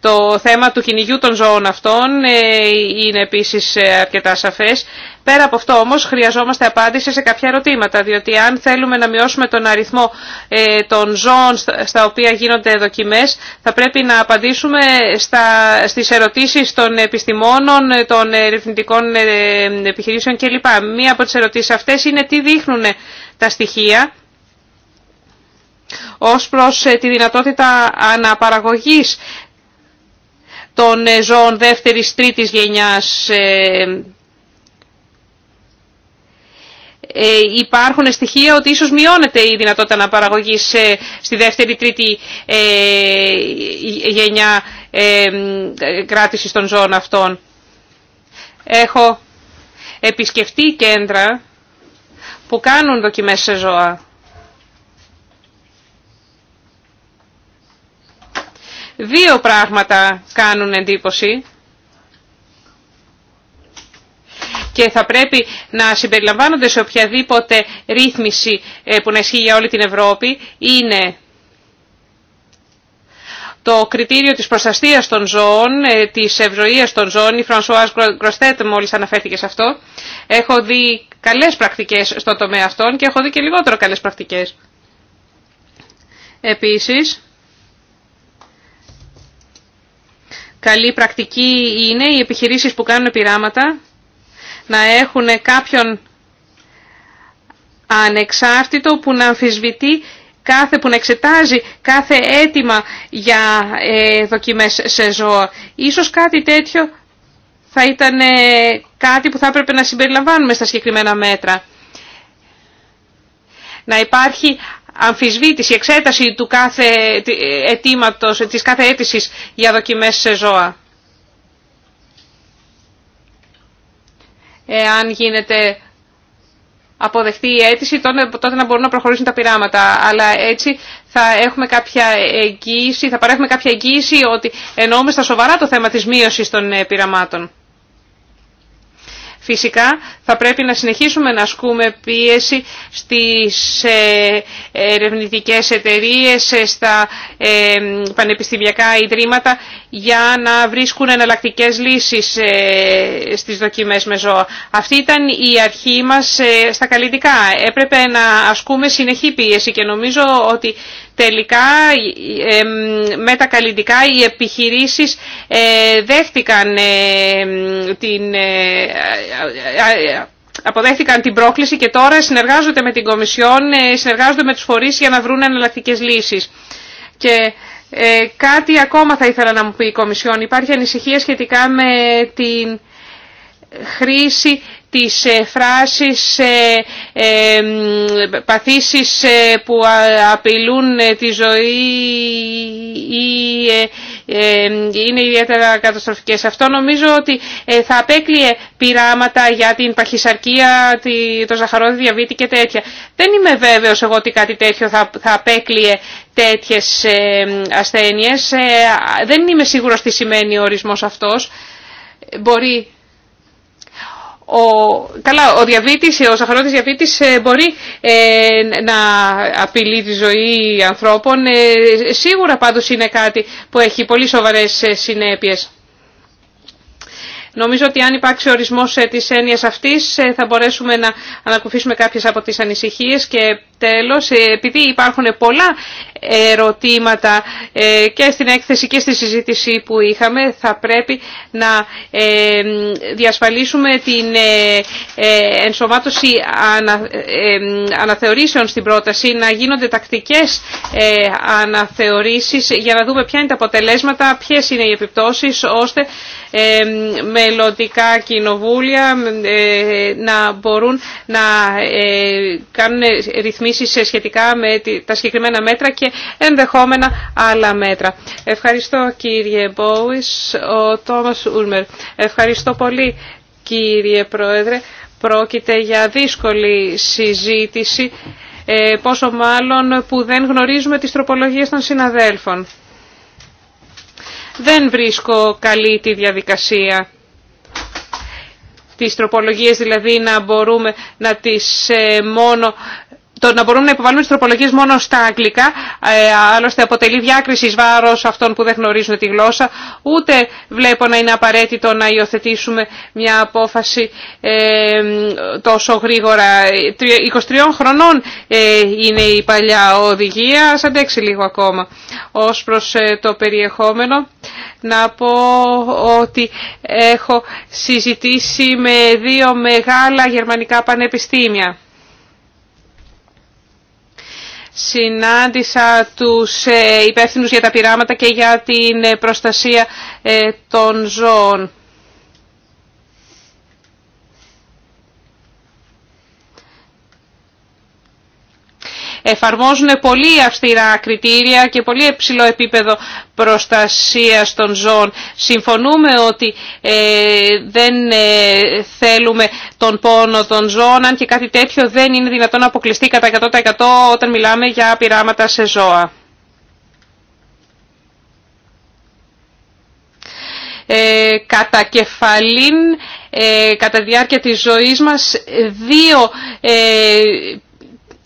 S3: Το θέμα του κυνηγιού των ζώων αυτών ε, είναι επίσης ε, αρκετά σαφές. Πέρα από αυτό όμως χρειαζόμαστε απάντηση σε κάποια ερωτήματα, διότι αν θέλουμε να μειώσουμε τον αριθμό ε, των ζώων στα οποία γίνονται δοκιμές, θα πρέπει να απαντήσουμε στα, στις ερωτήσεις των επιστημόνων, των ερευνητικών επιχειρήσεων κλπ. Μία από τις ερωτήσεις αυτές είναι τι δείχνουν τα στοιχεία ως προς τη δυνατότητα αναπαραγωγής των ε, ζώων δεύτερης, τρίτης γενιάς. Ε, ε, υπάρχουν στοιχεία ότι ίσως μειώνεται η δυνατότητα να παραγωγείς στη δεύτερη, τρίτη γενιά κράτησης των ζώων αυτών. Έχω επισκεφτεί κέντρα που κάνουν δοκιμές σε ζώα. Δύο πράγματα κάνουν εντύπωση και θα πρέπει να συμπεριλαμβάνονται σε οποιαδήποτε ρύθμιση ε, που να ισχύει για όλη την Ευρώπη είναι το κριτήριο της προστασίας των ζώων, ε, της ευρωίας των ζώων, η Φρανσουάς Γκροστέτ μόλις αναφέρθηκε σε αυτό. Έχω δει καλές πρακτικές στο τομέα αυτών και έχω δει και λιγότερο καλές πρακτικές. Επίσης, Καλή πρακτική είναι οι επιχειρήσεις που κάνουν πειράματα να έχουν κάποιον ανεξάρτητο που να αμφισβητεί κάθε που να εξετάζει κάθε αίτημα για ε, δοκιμές σε ζώα. Ίσως κάτι τέτοιο θα ήταν ε, κάτι που θα έπρεπε να συμπεριλαμβάνουμε στα συγκεκριμένα μέτρα. Να υπάρχει αμφισβήτηση, εξέταση του κάθε αιτήματος, της κάθε αίτησης για δοκιμές σε ζώα. Εάν γίνεται αποδεχτή η αίτηση, τότε να μπορούν να προχωρήσουν τα πειράματα. Αλλά έτσι θα έχουμε κάποια εγγύηση, θα παρέχουμε κάποια εγγύηση ότι εννοούμε στα σοβαρά το θέμα της μείωσης των ε, πειραμάτων. Φυσικά θα πρέπει να συνεχίσουμε να ασκούμε πίεση στις ε, ερευνητικές εταιρείες, ε, στα ε, πανεπιστημιακά ιδρύματα για να βρίσκουν εναλλακτικές λύσεις στις δοκιμές με ζώα. Αυτή ήταν η αρχή μας στα καλλιτικά. Έπρεπε να ασκούμε συνεχή πίεση και νομίζω ότι τελικά ε, με τα καλλιτικά οι επιχειρήσεις ε, δέχτηκαν ε, την αποδέχθηκαν την πρόκληση και τώρα συνεργάζονται με την Κομισιόν, συνεργάζονται με τους φορείς για να βρουν εναλλακτικέ λύσεις. Και κάτι ακόμα θα ήθελα να μου πει η Κομισιόν. Υπάρχει ανησυχία σχετικά με την χρήση τις ε, φράσεις ε, ε, παθήσεις που απειλούν τη ζωή ή είναι ιδιαίτερα καταστροφικές. Αυτό νομίζω ότι θα απέκλειε πειράματα για την παχυσαρκία, το ζαχαρόδι διαβήτη και τέτοια. Δεν είμαι βέβαιος εγώ ότι κάτι τέτοιο θα απέκλειε τέτοιες ασθένειες. Δεν είμαι σίγουρος τι σημαίνει ο ορισμός αυτός. Μπορεί ο, καλά, ο διαβήτης, ε, ο σαχαρότης διαβήτης ε, μπορεί ε, να απειλεί τη ζωή ανθρώπων. σίγουρα πάντως είναι κάτι που έχει πολύ σοβαρές συνέπειες. Νομίζω ότι αν υπάρξει ορισμός της έννοιας αυτής θα μπορέσουμε να ανακουφίσουμε κάποιες από τις ανησυχίες και Τέλος, ε, επειδή υπάρχουν πολλά ερωτήματα ε, και στην έκθεση και στη συζήτηση που είχαμε, θα πρέπει να ε, διασφαλίσουμε την ενσωμάτωση αναθεωρήσεων στην πρόταση, να γίνονται τακτικές αναθεωρήσεις για να δούμε ποια είναι τα αποτελέσματα, ποιες είναι οι επιπτώσεις, ώστε μελλοντικά κοινοβούλια να μπορούν να κάνουν ρυθμίσεις ρυθμίσεις ε, σχετικά με τα συγκεκριμένα μέτρα και ενδεχόμενα άλλα μέτρα. Ευχαριστώ κύριε Μπόουις, ο Τόμας Ούλμερ. Ευχαριστώ πολύ κύριε Πρόεδρε. Πρόκειται για δύσκολη συζήτηση, ε, πόσο μάλλον που δεν γνωρίζουμε τις τροπολογίες των συναδέλφων. Δεν βρίσκω καλή τη διαδικασία τις τροπολογίες δηλαδή να μπορούμε να τις ε, μόνο το να μπορούμε να υποβάλουμε τι τροπολογίε μόνο στα αγγλικά, ε, άλλωστε αποτελεί διάκριση εις βάρος αυτών που δεν γνωρίζουν τη γλώσσα, ούτε βλέπω να είναι απαραίτητο να υιοθετήσουμε μια απόφαση ε, τόσο γρήγορα. 23 χρονών ε, είναι η παλιά οδηγία, ας αντέξει λίγο ακόμα. Ως προς το περιεχόμενο, να πω ότι έχω συζητήσει με δύο μεγάλα γερμανικά πανεπιστήμια συνάντησα τους ε, υπεύθυνους για τα πειράματα και για την ε, προστασία ε, των ζώων. εφαρμόζουν πολύ αυστηρά κριτήρια και πολύ υψηλό επίπεδο προστασίας των ζώων. Συμφωνούμε ότι ε, δεν ε, θέλουμε τον πόνο των ζώων, αν και κάτι τέτοιο δεν είναι δυνατόν να αποκλειστεί κατά 100% όταν μιλάμε για πειράματα σε ζώα. Ε, κατά κεφαλήν, ε, κατά διάρκεια της ζωής μας, δύο ε,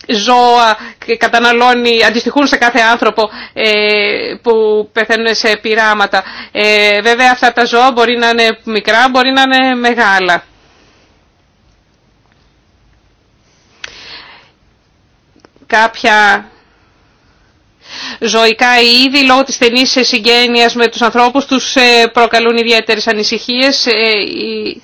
S3: ζώα καταναλώνει, αντιστοιχούν σε κάθε άνθρωπο ε, που πεθαίνουν σε πειράματα. Ε, βέβαια αυτά τα ζώα μπορεί να είναι μικρά, μπορεί να είναι μεγάλα. Κάποια ζωικά είδη λόγω της στενής συγγένειας με τους ανθρώπους τους ε, προκαλούν ιδιαίτερες ανησυχίες. Η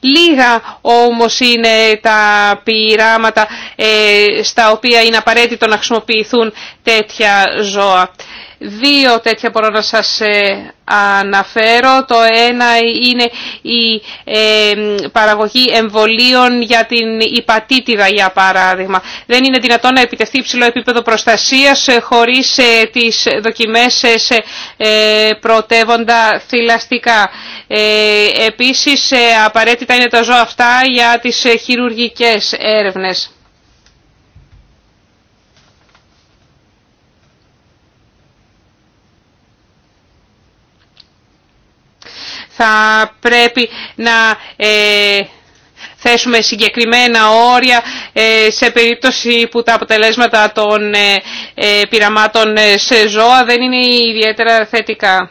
S3: Λίγα όμως είναι τα πειράματα ε, στα οποία είναι απαραίτητο να χρησιμοποιηθούν τέτοια ζώα. Δύο τέτοια μπορώ να σας ε, αναφέρω. Το ένα είναι η ε, παραγωγή εμβολίων για την υπατήτηδα, για παράδειγμα. Δεν είναι δυνατόν να επιτευχθεί υψηλό επίπεδο προστασίας ε, χωρίς τις δοκιμές σε πρωτεύοντα θηλαστικά. Επίσης, απαραίτητα είναι τα ζώα αυτά για τις χειρουργικές έρευνες. θα πρέπει να ε, θέσουμε συγκεκριμένα όρια ε, σε περίπτωση που τα αποτελέσματα των ε, πειραμάτων σε ζώα δεν είναι ιδιαίτερα θετικά.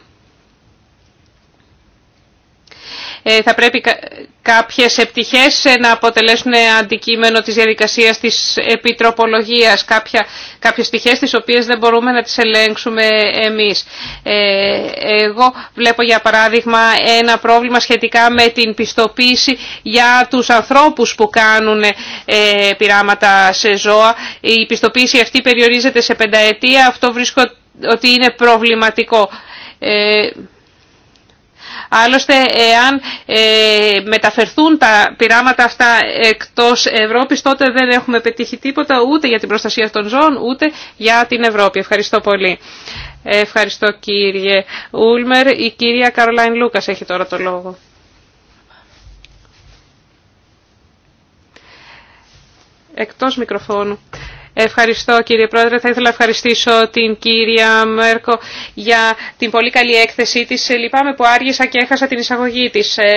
S3: Ε, θα πρέπει κάποιες επιτυχές ε, να αποτελέσουν ε, αντικείμενο της διαδικασίας της επιτροπολογίας, κάποια, κάποιες πτυχές τις οποίες δεν μπορούμε να τις ελέγξουμε εμείς. εγώ βλέπω για παράδειγμα ένα πρόβλημα σχετικά με την πιστοποίηση για τους ανθρώπους που κάνουν πειράματα σε ζώα. Η πιστοποίηση αυτή περιορίζεται σε πενταετία, αυτό βρίσκω ότι είναι προβληματικό. Άλλωστε, εάν ε, μεταφερθούν τα πειράματα αυτά εκτός Ευρώπης, τότε δεν έχουμε πετύχει τίποτα ούτε για την προστασία των ζώων, ούτε για την Ευρώπη. Ευχαριστώ πολύ. Ευχαριστώ κύριε Ούλμερ. Η κυρία Καρολάιν Λούκας έχει τώρα το λόγο. Εκτός μικροφώνου. Ευχαριστώ κύριε Πρόεδρε. Θα ήθελα να ευχαριστήσω την κυρία Μέρκο για την πολύ καλή έκθεσή της. Λυπάμαι που άργησα και έχασα την εισαγωγή της. Ε,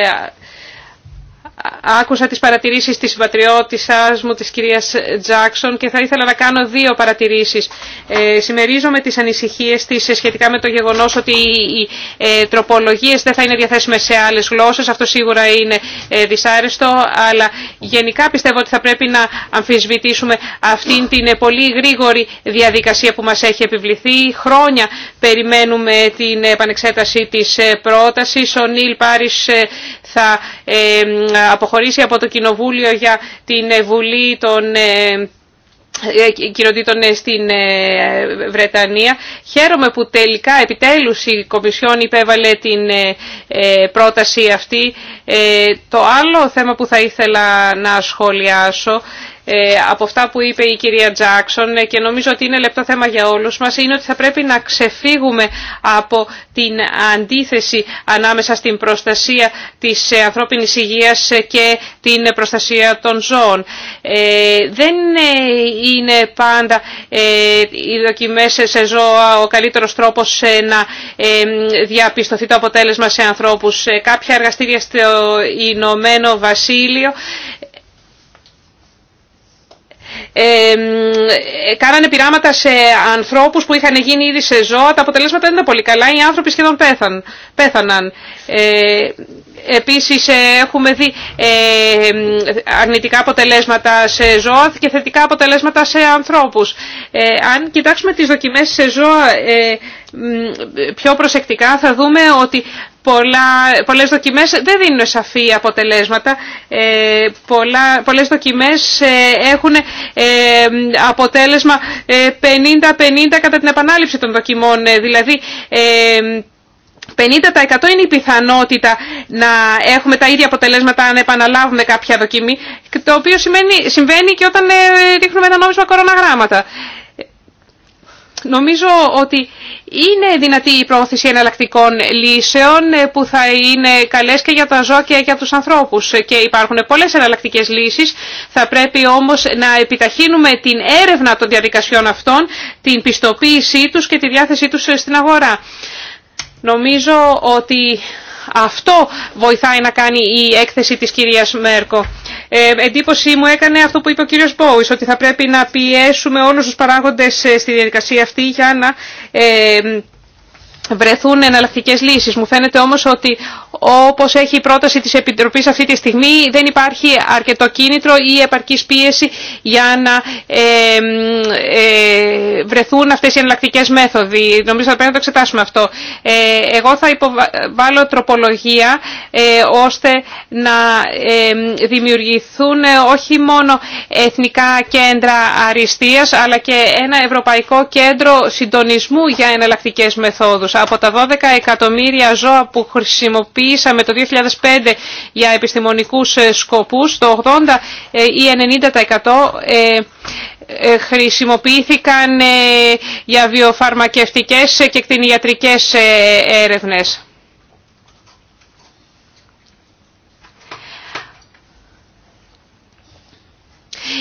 S3: Άκουσα τις παρατηρήσεις της πατριώτησάς μου, της κυρίας Τζάξον και θα ήθελα να κάνω δύο παρατηρήσεις. Ε, συμμερίζομαι τις ανησυχίες της σχετικά με το γεγονός ότι οι ε, τροπολογίες δεν θα είναι διαθέσιμες σε άλλες γλώσσες. Αυτό σίγουρα είναι ε, δυσάρεστο, αλλά γενικά πιστεύω ότι θα πρέπει να αμφισβητήσουμε αυτήν την ε, πολύ γρήγορη διαδικασία που μας έχει επιβληθεί. Χρόνια περιμένουμε την επανεξέταση της ε, πρότασης. Ο Νίλ Πάρης θα αποχωρήσει από το Κοινοβούλιο για την ε, Βουλή των ε, ε, κοινοτήτων στην Βρετανία. Χαίρομαι που τελικά επιτέλους η Κομισιόν υπέβαλε την πρόταση αυτή. Το άλλο θέμα που θα ήθελα να σχολιάσω ε, από αυτά που είπε η κυρία Τζάξον ε, και νομίζω ότι είναι λεπτό θέμα για όλους μας είναι ότι θα πρέπει να ξεφύγουμε από την αντίθεση ανάμεσα στην προστασία της ε, ανθρώπινης υγείας και την προστασία των ζώων. Δεν είναι πάντα οι δοκιμές σε ζώα ο καλύτερος τρόπος να διαπιστωθεί το αποτέλεσμα σε ανθρώπους. Κάποια εργαστήρια στο Ηνωμένο Βασίλειο ε, κάνανε πειράματα σε ανθρώπους που είχαν γίνει ήδη σε ζώα. Τα αποτελέσματα δεν ήταν πολύ καλά. Οι άνθρωποι σχεδόν πέθαν, πέθαναν. Ε, επίσης ε, έχουμε δει αρνητικά αποτελέσματα σε ζώα και θετικά αποτελέσματα σε ανθρώπους. Αν κοιτάξουμε τις δοκιμές σε ζώα πιο προσεκτικά θα δούμε ότι πολλά, πολλές δοκιμές δεν δίνουν σαφή αποτελέσματα. Ε, πολλά, πολλές δοκιμές ε, έχουν ε, αποτέλεσμα 50-50 ε, κατά την επανάληψη των δοκιμών. δηλαδή 50% είναι η πιθανότητα να έχουμε τα ίδια αποτελέσματα αν επαναλάβουμε κάποια δοκιμή, το οποίο συμβαίνει και όταν ρίχνουμε ένα νόμισμα κοροναγράμματα. Νομίζω ότι είναι δυνατή η πρόωθηση εναλλακτικών λύσεων ε, που θα είναι καλές και για τα ζώα και για τους ανθρώπους ε, και υπάρχουν πολλές εναλλακτικέ λύσεις. Θα πρέπει όμως να επιταχύνουμε την έρευνα των διαδικασιών αυτών, την πιστοποίησή τους και τη διάθεσή τους ε, στην αγορά. Νομίζω ότι αυτό βοηθάει να κάνει η έκθεση της κυρίας Μέρκο. Ε, εντύπωση μου έκανε αυτό που είπε ο κύριος Μπόης, ότι θα πρέπει να πιέσουμε όλους τους παράγοντες ε, στη διαδικασία αυτή για να ε, βρεθούν εναλλακτικέ λύσεις. Μου φαίνεται όμως ότι όπως έχει η πρόταση της Επιτροπής αυτή τη στιγμή δεν υπάρχει αρκετό κίνητρο ή επαρκής πίεση για να ε, ε, βρεθούν αυτές οι εναλλακτικέ μέθοδοι. Νομίζω θα πρέπει να το εξετάσουμε αυτό. Ε, εγώ θα υποβάλω τροπολογία ε, ώστε να δημιουργηθούν όχι μόνο εθνικά κέντρα αριστείας αλλά και ένα ευρωπαϊκό κέντρο συντονισμού για εναλλακτικέ μεθόδους. Από τα 12 εκατομμύρια ζώα που χρησιμοποιούν το 2005 για επιστημονικούς ε, σκοπούς, το 80 ε, ή 90% ε, χρησιμοποιήθηκαν για βιοφαρμακευτικές και κτηνιατρικές έρευνες.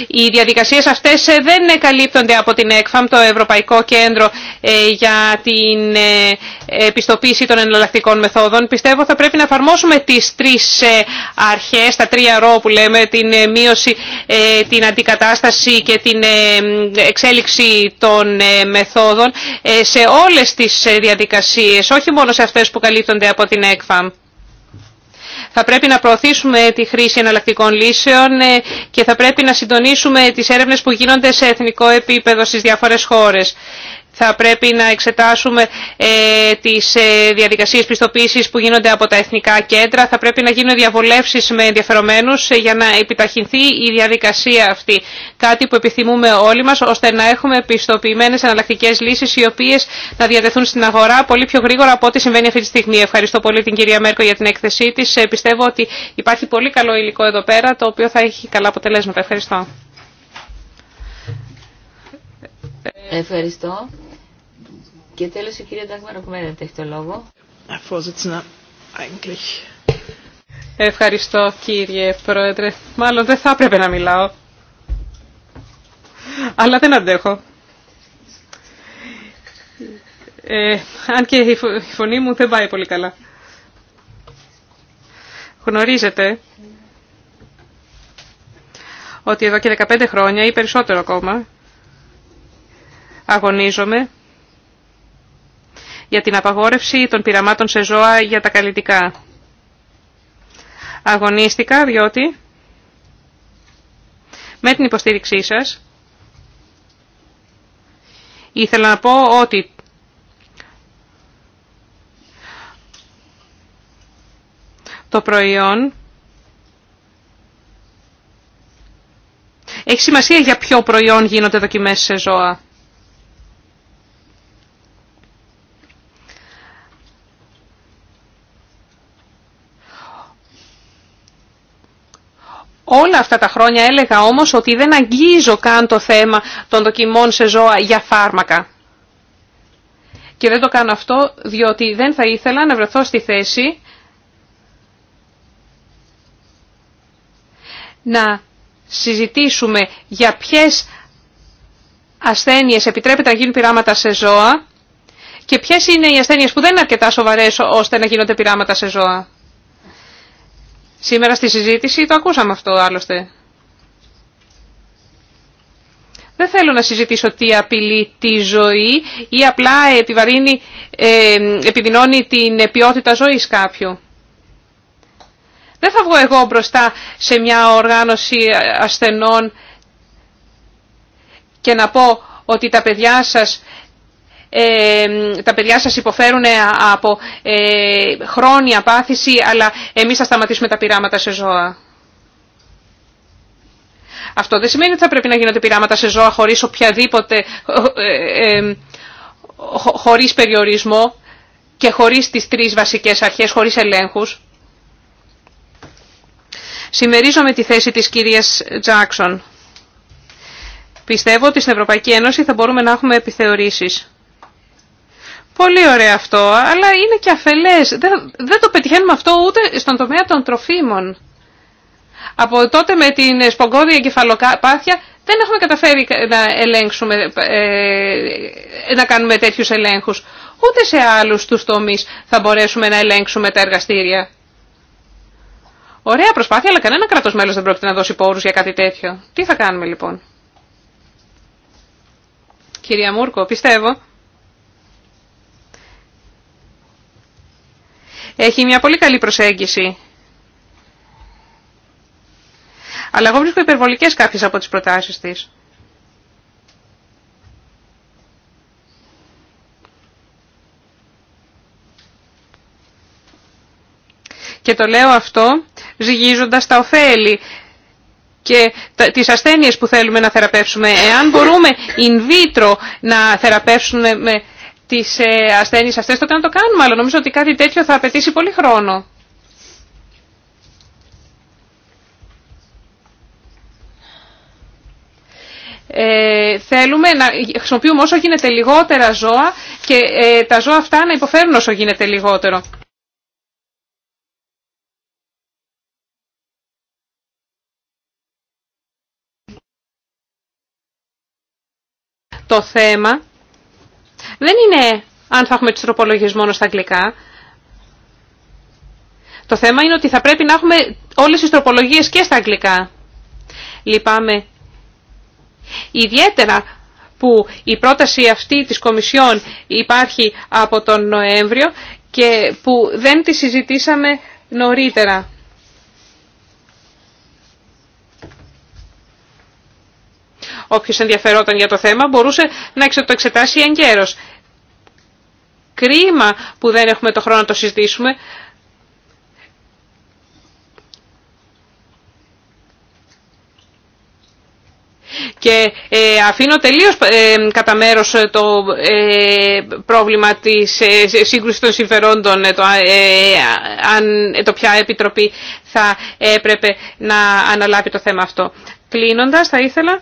S3: Οι διαδικασίες αυτές ε, δεν καλύπτονται από την ΕΚΦΑΜ, το Ευρωπαϊκό Κέντρο ε, για την ε, επιστοποίηση των εναλλακτικών μεθόδων. Πιστεύω θα πρέπει να εφαρμόσουμε τις τρεις αρχές, τα τρία ρο που λέμε, την μείωση, την αντικατάσταση και την εξέλιξη των μεθόδων σε όλες τις διαδικασίες, όχι μόνο σε αυτές που καλύπτονται από την ΕΚΦΑΜ. Θα πρέπει να προωθήσουμε τη χρήση εναλλακτικών λύσεων ε, και θα πρέπει να συντονίσουμε τις έρευνες που γίνονται σε εθνικό επίπεδο στις διάφορες χώρες θα πρέπει να εξετάσουμε ε, τις ε, διαδικασίες πιστοποίησης που γίνονται από τα εθνικά κέντρα. Θα πρέπει να γίνουν διαβολεύσεις με ενδιαφερομένους ε, για να επιταχυνθεί η διαδικασία αυτή. Κάτι που επιθυμούμε όλοι μας, ώστε να έχουμε πιστοποιημένες εναλλακτικέ λύσεις οι οποίες να διατεθούν στην αγορά πολύ πιο γρήγορα από ό,τι συμβαίνει αυτή τη στιγμή. Ευχαριστώ πολύ την κυρία Μέρκο για την έκθεσή της. Πιστεύω ότι υπάρχει πολύ καλό υλικό εδώ πέρα, το οποίο θα έχει καλά αποτελέσματα. Ευχαριστώ.
S4: Ευχαριστώ. Και τέλος η κυρία Ντάγμα Ροκμένετ έχει το λόγο.
S3: Ευχαριστώ κύριε Πρόεδρε. Μάλλον δεν θα έπρεπε να μιλάω. Αλλά δεν αντέχω. Ε, αν και η φωνή μου δεν πάει πολύ καλά. Γνωρίζετε ότι εδώ και 15 χρόνια ή περισσότερο ακόμα αγωνίζομαι για την απαγόρευση των πειραμάτων σε ζώα για τα καλλιτικά. Αγωνίστηκα διότι με την υποστήριξή σας ήθελα να πω ότι το προϊόν έχει σημασία για ποιο προϊόν γίνονται δοκιμές σε ζώα. Όλα αυτά τα χρόνια έλεγα όμως ότι δεν αγγίζω καν το θέμα των δοκιμών σε ζώα για φάρμακα. Και δεν το κάνω αυτό διότι δεν θα ήθελα να βρεθώ στη θέση να συζητήσουμε για ποιες ασθένειες επιτρέπεται να γίνουν πειράματα σε ζώα και ποιες είναι οι ασθένειες που δεν είναι αρκετά σοβαρές ώστε να γίνονται πειράματα σε ζώα. Σήμερα στη συζήτηση το ακούσαμε αυτό άλλωστε. Δεν θέλω να συζητήσω τι απειλεί τη ζωή ή απλά επιβαρύνει, ε, επιδεινώνει την ποιότητα ζωής κάποιου. Δεν θα βγω εγώ μπροστά σε μια οργάνωση ασθενών και να πω ότι τα παιδιά σας ε, τα παιδιά σας υποφέρουν ε, από ε, χρόνια πάθηση, αλλά εμείς θα σταματήσουμε τα πειράματα σε ζώα. Αυτό δεν σημαίνει ότι θα πρέπει να γίνονται πειράματα σε ζώα χωρίς οποιαδήποτε, χωρίς περιορισμό και χωρίς τις τρεις βασικές αρχές, χωρίς ελέγχους. Συμμερίζομαι τη θέση της κυρίας Τζάξον. Πιστεύω ότι στην Ευρωπαϊκή Ένωση θα μπορούμε να έχουμε επιθεωρήσεις. Πολύ ωραίο αυτό, αλλά είναι και αφελές. Δεν, δεν το πετυχαίνουμε αυτό ούτε στον τομέα των τροφίμων. Από τότε με την σπογκώδη εγκεφαλοπάθεια δεν έχουμε καταφέρει να ελέγξουμε, ε, να κάνουμε τέτοιους ελέγχους. Ούτε σε άλλους τους τομείς θα μπορέσουμε να ελέγξουμε τα εργαστήρια. Ωραία προσπάθεια, αλλά κανένα κράτος μέλος δεν πρόκειται να δώσει πόρους για κάτι τέτοιο. Τι θα κάνουμε λοιπόν. Κυρία Μούρκο, πιστεύω έχει μια πολύ καλή προσέγγιση. Αλλά εγώ βρίσκω υπερβολικές κάποιες από τις προτάσεις της. Και το λέω αυτό ζυγίζοντας τα ωφέλη και τις ασθένειες που θέλουμε να θεραπεύσουμε. Εάν μπορούμε in vitro να θεραπεύσουμε τις ε, ασθένειες αυτές, τότε να το κάνουμε. Αλλά νομίζω ότι κάτι τέτοιο θα απαιτήσει πολύ χρόνο. Ε, θέλουμε να χρησιμοποιούμε όσο γίνεται λιγότερα ζώα και ε, τα ζώα αυτά να υποφέρουν όσο γίνεται λιγότερο. Το θέμα δεν είναι αν θα έχουμε τις τροπολογίες μόνο στα αγγλικά. Το θέμα είναι ότι θα πρέπει να έχουμε όλες τις τροπολογίες και στα αγγλικά. Λυπάμαι. Ιδιαίτερα που η πρόταση αυτή της Κομισιόν υπάρχει από τον Νοέμβριο και που δεν τη συζητήσαμε νωρίτερα. όποιος ενδιαφερόταν για το θέμα μπορούσε να το εξετάσει εγκαίρως. Κρίμα που δεν έχουμε το χρόνο να το συζητήσουμε. Και ε, αφήνω τελείως ε, κατά μέρος το ε, πρόβλημα της σύγκρουσης των συμφερόντων, το, αν, το ποια επιτροπή θα έπρεπε να αναλάβει το θέμα αυτό. Κλείνοντας, θα ήθελα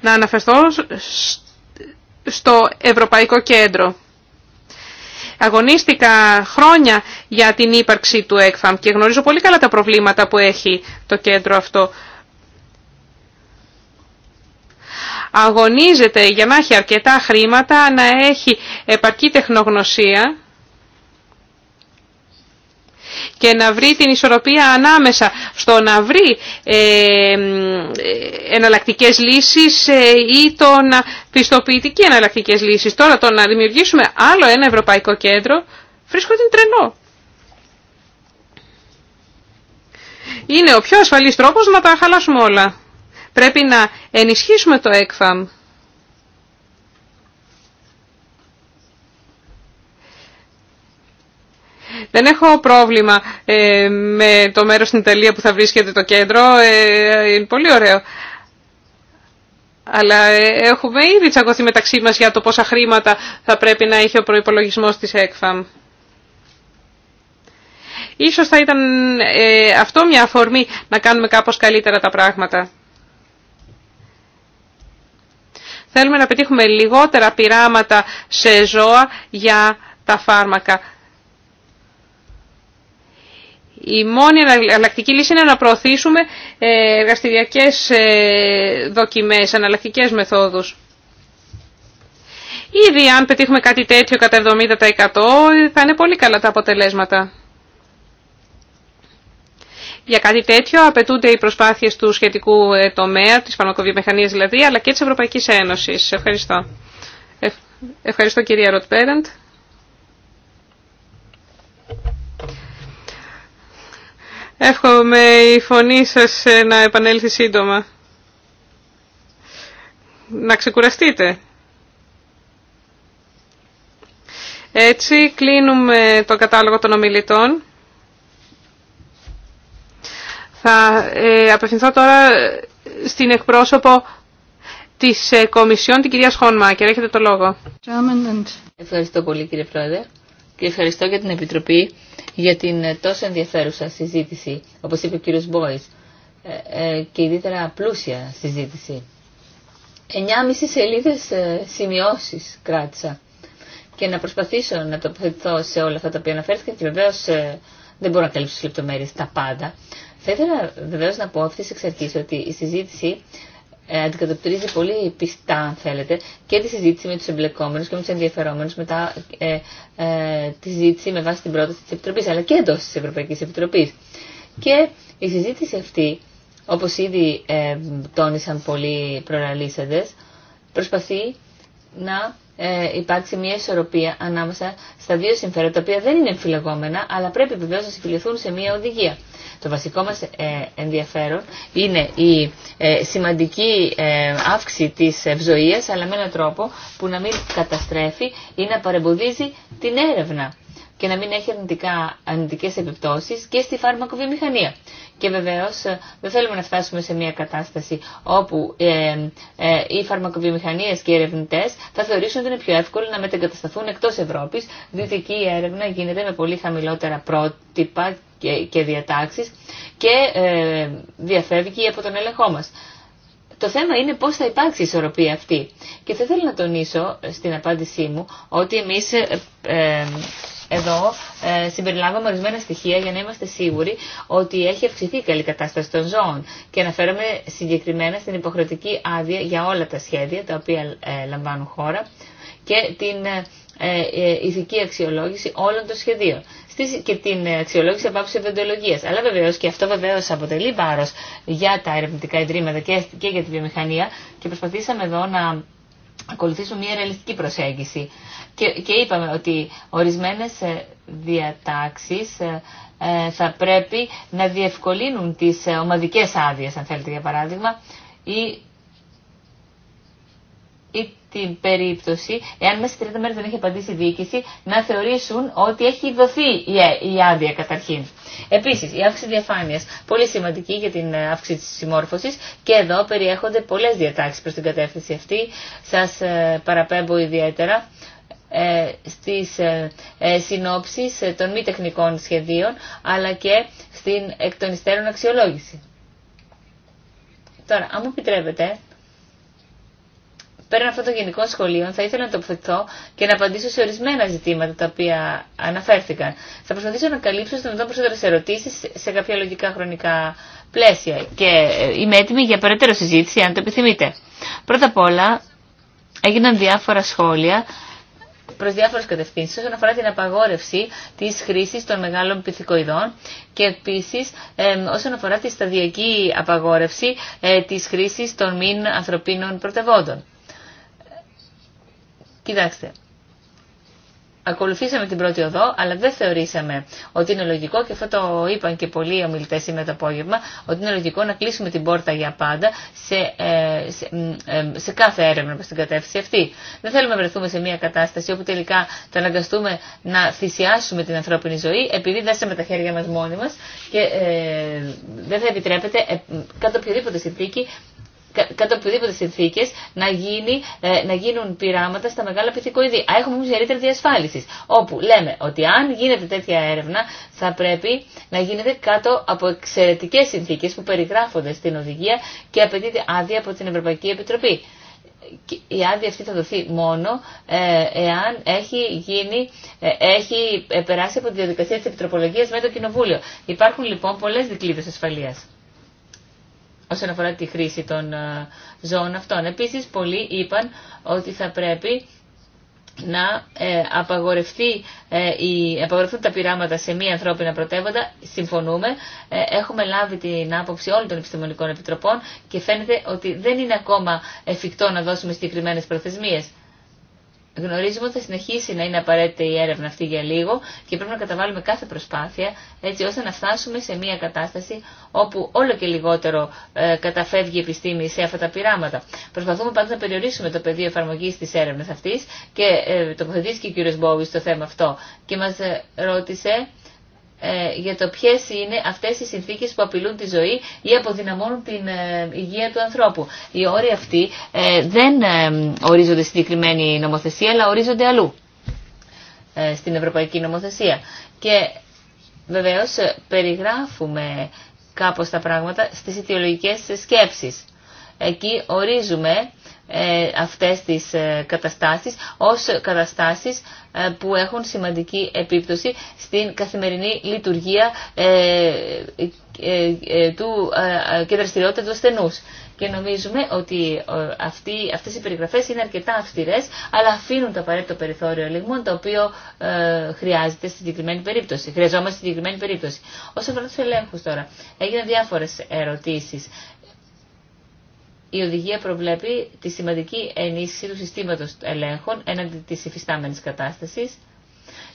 S3: να αναφερθώ στο Ευρωπαϊκό Κέντρο. Αγωνίστηκα χρόνια για την ύπαρξη του ΕΚΦΑΜ και γνωρίζω πολύ καλά τα προβλήματα που έχει το κέντρο αυτό. Αγωνίζεται για να έχει αρκετά χρήματα, να έχει επαρκή τεχνογνωσία και να βρει την ισορροπία ανάμεσα στο να βρει ε, εναλλακτικές λύσεις ε, ή το να πιστοποιητική εναλλακτικές λύσεις. Τώρα το να δημιουργήσουμε άλλο ένα ευρωπαϊκό κέντρο βρίσκω την Είναι ο πιο ασφαλής τρόπος να τα χαλάσουμε όλα. Πρέπει να ενισχύσουμε το ΕΚΦΑΜ. Δεν έχω πρόβλημα ε, με το μέρος στην Ιταλία που θα βρίσκεται το κέντρο. Ε, είναι πολύ ωραίο. Αλλά ε, έχουμε ήδη τσακωθεί μεταξύ μας για το πόσα χρήματα θα πρέπει να έχει ο προϋπολογισμός της ΕΚΦΑΜ. Ίσως θα ήταν αυτό μια αφορμή να κάνουμε κάπως καλύτερα τα πράγματα. Θέλουμε να πετύχουμε λιγότερα πειράματα σε ζώα για τα φάρμακα. Η μόνη εναλλακτική λύση είναι να προωθήσουμε ε, εργαστηριακές ε, δοκιμές, εναλλακτικές μεθόδους. Ήδη αν πετύχουμε κάτι τέτοιο κατά 70% θα είναι πολύ καλά τα αποτελέσματα. Για κάτι τέτοιο απαιτούνται οι προσπάθειες του σχετικού ε, τομέα, της φαρμακοβιομηχανίας δηλαδή, αλλά και της Ευρωπαϊκής Ένωσης. Ευχαριστώ. Ευχαριστώ κυρία Ροτπέραντ. Εύχομαι η φωνή σας ε, να επανέλθει σύντομα. Να ξεκουραστείτε. Έτσι κλείνουμε το κατάλογο των ομιλητών. Θα ε, απευθυνθώ τώρα στην εκπρόσωπο της ε,
S4: Κομισιόν, την κυρία Σχόνμακερ. Έχετε το λόγο. Ευχαριστώ πολύ κύριε Πρόεδρε και ευχαριστώ για την Επιτροπή για την ε, τόσο ενδιαφέρουσα συζήτηση, όπως είπε ο κύριος Μπόης, ε, ε, και ιδιαίτερα πλούσια συζήτηση. 9,5 σελίδες σημειώσεις κράτησα και να προσπαθήσω να τοποθετηθώ σε όλα αυτά τα οποία αναφέρθηκαν και βεβαίως δεν μπορώ να καλύψω στις λεπτομέρειες τα πάντα. Θα ήθελα βεβαίως να πω αυτής εξ ότι η συζήτηση ε, αντικατοπτρίζει πολύ πιστά, αν θέλετε, και τη συζήτηση με τους εμπλεκόμενου και με του ενδιαφερόμενους, μετά ε, ε, τη συζήτηση με βάση την πρόταση τη Επιτροπή, αλλά και εντός τη Ευρωπαϊκή Επιτροπή. Και η συζήτηση αυτή, όπως ήδη τόνισαν πολλοί προραλίσσαντε, προσπαθεί να ε, υπάρξει μια ισορροπία ανάμεσα στα δύο συμφέροντα, τα οποία δεν είναι εμφυλεγόμενα, αλλά πρέπει βεβαίω να συμφιληθούν σε μια οδηγία. Το βασικό μας ε, ενδιαφέρον είναι η ε, σημαντική ε, αύξηση της ευζοίας, αλλά με έναν τρόπο που να μην καταστρέφει ή να παρεμποδίζει την έρευνα και να μην έχει αρνητικά, αρνητικές επιπτώσεις και στη φαρμακοβιομηχανία. Και βεβαίως ε, δεν θέλουμε να φτάσουμε σε μια κατάσταση όπου ε, ε, οι φαρμακοβιομηχανίες και οι ερευνητές θα θεωρήσουν ότι είναι πιο εύκολο να μετεγκατασταθούν εκτός Ευρώπης, διότι εκεί η έρευνα γίνεται με πολύ χαμηλότερα πρότυπα και, και διατάξεις και ε, διαφεύγει από τον έλεγχό μας. Το θέμα είναι πώς θα υπάρξει η ισορροπία αυτή. Και θα ήθελα να τονίσω ε, στην απάντησή μου ότι εμείς ε, εδώ ε, συμπεριλάβαμε ορισμένα στοιχεία για να είμαστε σίγουροι ότι έχει αυξηθεί η καλή κατάσταση των ζώων. Και αναφέρομαι συγκεκριμένα στην υποχρεωτική άδεια για όλα τα σχέδια τα οποία ε, λαμβάνουν χώρα και την ε, ε, ηθική αξιολόγηση όλων των σχεδίων και την αξιολόγηση από άποψη ευεντολογία. Αλλά βεβαίω και αυτό βεβαίω αποτελεί βάρο για τα ερευνητικά ιδρύματα και για τη βιομηχανία και προσπαθήσαμε εδώ να ακολουθήσουν μια ρεαλιστική προσέγγιση. Και, και είπαμε ότι ορισμένες ε, διατάξεις ε, ε, θα πρέπει να διευκολύνουν τις ομαδικές άδειες, αν θέλετε για παράδειγμα, ή την περίπτωση, εάν μέσα σε 30 μέρες δεν έχει απαντήσει η διοίκηση, να θεωρήσουν ότι έχει δοθεί η άδεια καταρχήν. Επίσης, η αύξηση διαφάνειας, πολύ σημαντική για την ε, αύξηση της συμμόρφωσης και εδώ περιέχονται πολλές διατάξεις προς την κατεύθυνση αυτή. Σας ε, παραπέμπω ιδιαίτερα ε, στις συνόψεις των μη τεχνικών σχεδίων, αλλά και στην εκ των υστέρων αξιολόγηση. Τώρα, αν μου επιτρέπετε, Πέραν αυτών των γενικών σχολείων, θα ήθελα να τοποθετηθώ και να απαντήσω σε ορισμένα ζητήματα τα οποία αναφέρθηκαν. Θα προσπαθήσω να καλύψω στον μετώπιση περισσότερε ερωτήσει σε κάποια λογικά χρονικά πλαίσια και ε, είμαι έτοιμη για περαιτέρω συζήτηση, αν το επιθυμείτε. Πρώτα απ' όλα, έγιναν διάφορα σχόλια προ διάφορε κατευθύνσει όσον αφορά την απαγόρευση τη χρήση των μεγάλων πυθικοειδών και επίση ε, όσον αφορά τη σταδιακή απαγόρευση ε, τη χρήση των μη ανθρωπίνων πρωτευόντων. Κοιτάξτε, ακολουθήσαμε την πρώτη οδό, αλλά δεν θεωρήσαμε ότι είναι λογικό, και αυτό το είπαν και πολλοί ομιλητέ σήμερα το απόγευμα, ότι είναι λογικό να κλείσουμε την πόρτα για πάντα σε, ε, σε, ε, σε κάθε έρευνα προ την κατεύθυνση αυτή. Δεν θέλουμε να βρεθούμε σε μια κατάσταση όπου τελικά θα αναγκαστούμε να θυσιάσουμε την ανθρώπινη ζωή, επειδή δέσαμε τα χέρια μα μόνοι μα και ε, δεν θα επιτρέπεται ε, οποιοδήποτε συνθήκη κάτω από οποιοδήποτε συνθήκε να, ε, να γίνουν πειράματα στα μεγάλα πυθικοειδή. Έχουμε όμω ιερήτερη διασφάλιση. Όπου λέμε ότι αν γίνεται τέτοια έρευνα θα πρέπει να γίνεται κάτω από εξαιρετικέ συνθήκε που περιγράφονται στην οδηγία και απαιτείται άδεια από την Ευρωπαϊκή Επιτροπή. Η άδεια αυτή θα δοθεί μόνο ε, εάν έχει, γίνει, ε, έχει περάσει από τη διαδικασία της επιτροπολογίας με το Κοινοβούλιο. Υπάρχουν λοιπόν πολλές δικλείδες ασφαλείας όσον αφορά τη χρήση των ε, ζώων αυτών. Επίσης, πολλοί είπαν ότι θα πρέπει να ε, απαγορευτεί, ε, η, απαγορευτούν τα πειράματα σε μία ανθρώπινα πρωτεύοντα. Συμφωνούμε. έχουμε λάβει την άποψη όλων των επιστημονικών επιτροπών και φαίνεται ότι δεν είναι ακόμα εφικτό να δώσουμε συγκεκριμένε προθεσμίες. Γνωρίζουμε ότι θα συνεχίσει να είναι απαραίτητη η έρευνα αυτή για λίγο και πρέπει να καταβάλουμε κάθε προσπάθεια έτσι ώστε να φτάσουμε σε μια κατάσταση όπου όλο και λιγότερο ε, καταφεύγει η επιστήμη σε αυτά τα πειράματα. Προσπαθούμε πάντα να περιορίσουμε το πεδίο εφαρμογή τη έρευνα αυτή και ε, τοποθετήθηκε ο κ. Μπόβη στο θέμα αυτό και μα ε, ρώτησε ε, για το ποιε είναι αυτές οι συνθήκε που απειλούν τη ζωή ή αποδυναμώνουν την ε, υγεία του ανθρώπου. Οι όροι αυτοί ε, δεν ορίζονται συγκεκριμένη νομοθεσία, αλλά ορίζονται αλλού στην Ευρωπαϊκή Νομοθεσία. Και βεβαίω περιγράφουμε κάπω τα πράγματα στις αιτιολογικές σκέψεις. Εκεί ορίζουμε ε, αυτές τις ε, καταστάσεις ως καταστάσεις ε, που έχουν σημαντική επίπτωση στην καθημερινή λειτουργία του και δραστηριότητα του ασθενού. Και νομίζουμε ότι αυτοί, αυτές οι περιγραφές είναι αρκετά αυστηρές, αλλά αφήνουν το απαραίτητο περιθώριο λιγμών, το οποίο χρειάζεται στη συγκεκριμένη περίπτωση. Χρειαζόμαστε στη συγκεκριμένη περίπτωση. Όσον αφορά του ελέγχου τώρα, έγιναν διάφορες ερωτήσεις η οδηγία προβλέπει τη σημαντική ενίσχυση του συστήματος ελέγχων έναντι τη υφιστάμενη κατάσταση.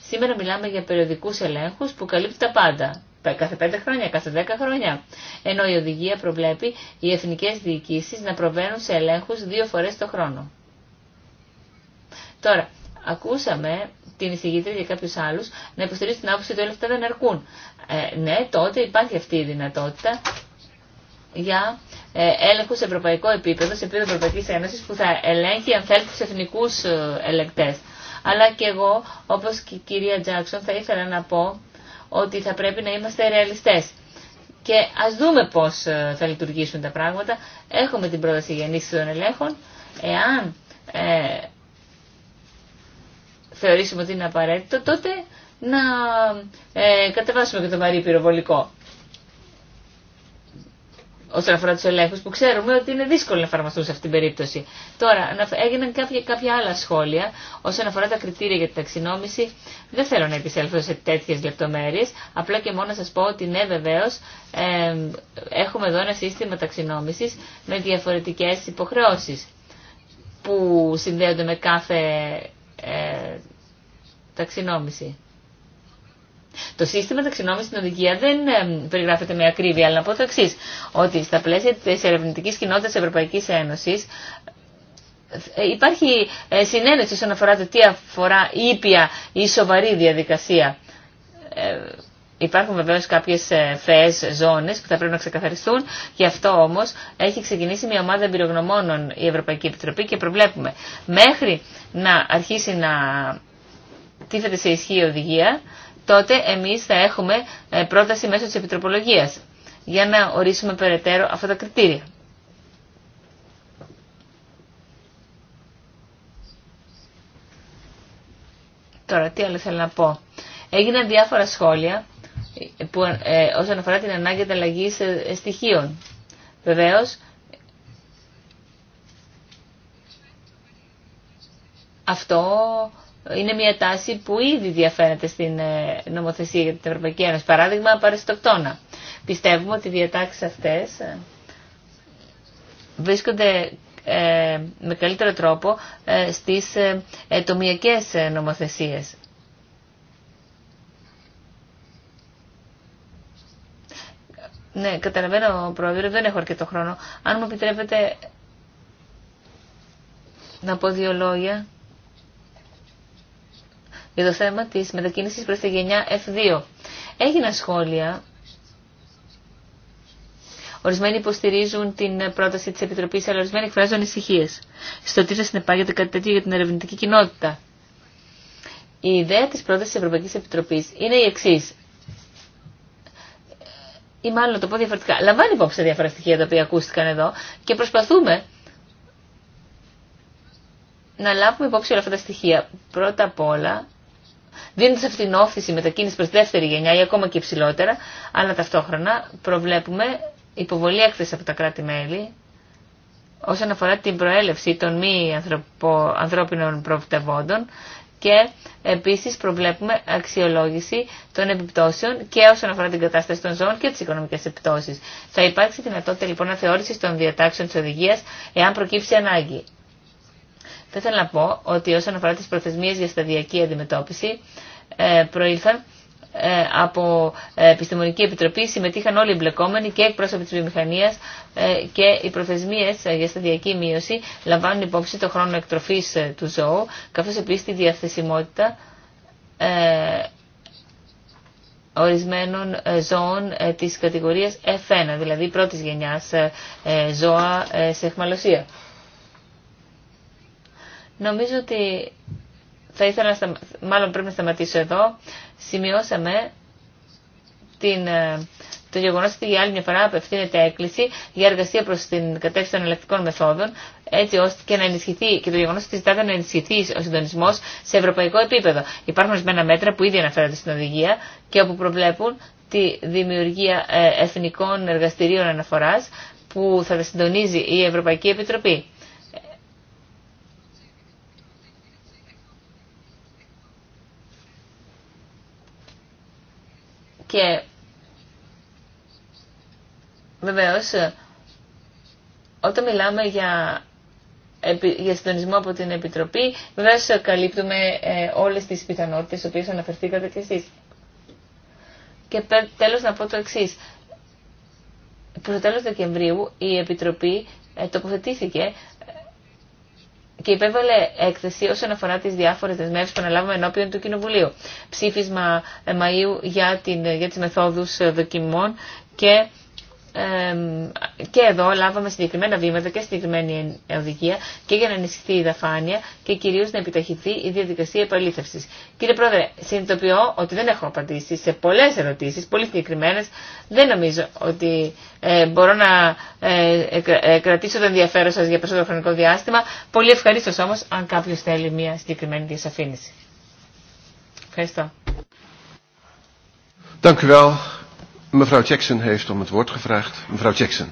S4: Σήμερα μιλάμε για περιοδικούς ελέγχους που καλύπτουν τα πάντα, κάθε 5 χρόνια, κάθε 10 χρόνια. Ενώ η οδηγία προβλέπει οι εθνικές διοικήσεις να προβαίνουν σε ελέγχους δύο φορές το χρόνο. Τώρα, ακούσαμε την εισηγήτρια για κάποιου άλλου να υποστηρίζει την άποψη ότι όλα αυτά δεν αρκούν. Ε, ναι, τότε υπάρχει αυτή η δυνατότητα για ε, έλεγχο σε ευρωπαϊκό επίπεδο, σε επίπεδο Ευρωπαϊκή Ένωση, που θα ελέγχει, αν θέλει, του εθνικού ε, ελεκτέ, Αλλά και εγώ, όπω και η κυρία Τζάξον, θα ήθελα να πω ότι θα πρέπει να είμαστε ρεαλιστέ. Και α δούμε πώ ε, θα λειτουργήσουν τα πράγματα. Έχουμε την πρόταση για ενίσχυση των ελέγχων. Εάν ε, θεωρήσουμε ότι είναι απαραίτητο, τότε να κατεβάσουμε και το βαρύ πυροβολικό όσον αφορά του ελέγχου, που ξέρουμε ότι είναι δύσκολο να εφαρμοστούν σε αυτήν την περίπτωση. Τώρα, έγιναν κάποια, κάποια άλλα σχόλια όσον αφορά τα κριτήρια για την ταξινόμηση. Δεν θέλω να επισέλθω σε τέτοιε λεπτομέρειε. Απλά και μόνο να σα πω ότι ναι, βεβαίω, ε, έχουμε εδώ ένα σύστημα ταξινόμηση με διαφορετικέ υποχρεώσει που συνδέονται με κάθε ε, ταξινόμηση. Το σύστημα ταξινόμηση στην οδηγία δεν ε, περιγράφεται με ακρίβεια, αλλά να πω το εξή, ότι στα πλαίσια τη ερευνητική κοινότητα Ευρωπαϊκή Ένωση ε, υπάρχει ε, συνένεση όσον αφορά το τι αφορά ήπια ή σοβαρή διαδικασία. Υπάρχουν βεβαίω κάποιε φαιέ ζώνε που θα πρέπει να ξεκαθαριστούν. Γι' αυτό όμω έχει ξεκινήσει μια ομάδα εμπειρογνωμόνων η Ευρωπαϊκή Επιτροπή και προβλέπουμε μέχρι να αρχίσει να τίθεται σε ισχύ η οδηγία τότε εμείς θα έχουμε ε, πρόταση μέσω της επιτροπολογίας για να ορίσουμε περαιτέρω αυτά τα κριτήρια. Τώρα, τι άλλο θέλω να πω. Έγιναν διάφορα σχόλια ε, που, ε, όσον αφορά την ανάγκη ανταλλαγή στοιχείων. Βεβαίω, αυτό είναι μια τάση που ήδη διαφαίνεται στην ε, νομοθεσία για την Ευρωπαϊκή Ένωση. Παράδειγμα, παρεστοκτόνα. Πιστεύουμε ότι οι διατάξεις αυτές ε, βρίσκονται ε, με καλύτερο τρόπο στις τομιακές νομοθεσίες. Ναι, καταλαβαίνω, Πρόεδρε, δεν έχω αρκετό χρόνο. Αν μου επιτρέπετε να πω δύο λόγια για το θέμα τη μετακίνηση προ τη γενιά F2. Έγιναν σχόλια. Ορισμένοι υποστηρίζουν την πρόταση τη επιτροπή αλλά ορισμένοι εκφράζουν ανησυχίε. Στο τι θα συνεπάγεται κάτι τέτοιο για την ερευνητική κοινότητα. Η ιδέα τη πρόταση τη Ευρωπαϊκή Επιτροπής είναι η εξή. ή μάλλον να το πω διαφορετικά, λαμβάνει υπόψη τα διάφορα στοιχεία τα οποία ακούστηκαν εδώ και προσπαθούμε να λάβουμε υπόψη όλα αυτά τα στοιχεία. Πρώτα απ' όλα, δίνοντας αυτήν μετακίνηση προ δεύτερη γενιά ή ακόμα και υψηλότερα, αλλά ταυτόχρονα προβλέπουμε υποβολή έκθεση από τα κράτη-μέλη όσον αφορά την προέλευση των μη ανθρωπο, ανθρώπινων προβλητευόντων και επίσης προβλέπουμε αξιολόγηση των επιπτώσεων και όσον αφορά την κατάσταση των ζώων και τις οικονομικές επιπτώσεις. Θα υπάρξει δυνατότητα λοιπόν αθεώρηση των διατάξεων της οδηγίας εάν προκύψει ανάγκη. Θα ήθελα να πω ότι όσον αφορά τις προθεσμίες για σταδιακή αντιμετώπιση ε, προήλθαν ε, από ε, Επιστημονική Επιτροπή συμμετείχαν όλοι οι εμπλεκόμενοι και εκπρόσωποι της βιομηχανίας και οι προθεσμίες για σταδιακή μείωση λαμβάνουν υπόψη το χρόνο εκτροφής του ζώου καθώς επίσης τη διαθεσιμότητα ορισμένων ζώων τη κατηγορίας F1, δηλαδή πρώτης γενιάς ζώα σε εχμαλωσία. Νομίζω ότι θα ήθελα να σταμα... μάλλον πρέπει να σταματήσω εδώ. Σημειώσαμε την... Ε, το γεγονός ότι για άλλη μια φορά απευθύνεται έκκληση για εργασία προς την κατεύθυνση των ελεκτικών μεθόδων, έτσι ώστε και να ενισχυθεί και το γεγονός ότι ζητάτε να ενισχυθεί ο συντονισμός σε ευρωπαϊκό επίπεδο. Υπάρχουν ορισμένα μέτρα που ήδη αναφέρονται στην οδηγία και όπου προβλέπουν τη δημιουργία ε, εθνικών εργαστηρίων αναφοράς που θα τα συντονίζει η Ευρωπαϊκή Επιτροπή. Και βεβαίω, όταν μιλάμε για, για συντονισμό από την Επιτροπή βεβαίω καλύπτουμε ε, όλες τις πιθανότητες στις οποίες αναφερθήκατε και εσείς. Και τέλος να πω το εξής. Προς το τέλος Δεκεμβρίου η Επιτροπή ε, τοποθετήθηκε και υπέβαλε έκθεση όσον αφορά τι διάφορε δεσμεύσει που αναλάβαμε ενώπιον του Κοινοβουλίου. Ψήφισμα ε, Μαΐου για, την, για τις μεθόδους ε, δοκιμών και και εδώ λάβαμε συγκεκριμένα βήματα και συγκεκριμένη οδηγία και για να ενισχυθεί η δαφάνεια και κυρίω να επιταχυθεί η διαδικασία επαλήθευση. Κύριε Πρόεδρε, συνειδητοποιώ ότι δεν έχω απαντήσει σε πολλέ ερωτήσει, πολύ συγκεκριμένε. Δεν νομίζω ότι ε, μπορώ να ε, ε, κρατήσω το ενδιαφέρον σα για περισσότερο χρονικό διάστημα. Πολύ ευχαρίστω όμω αν κάποιο θέλει μια συγκεκριμένη διασαφήνιση. Ευχαριστώ.
S1: Mevrouw Jackson heeft om het woord gevraagd. Mevrouw Jackson.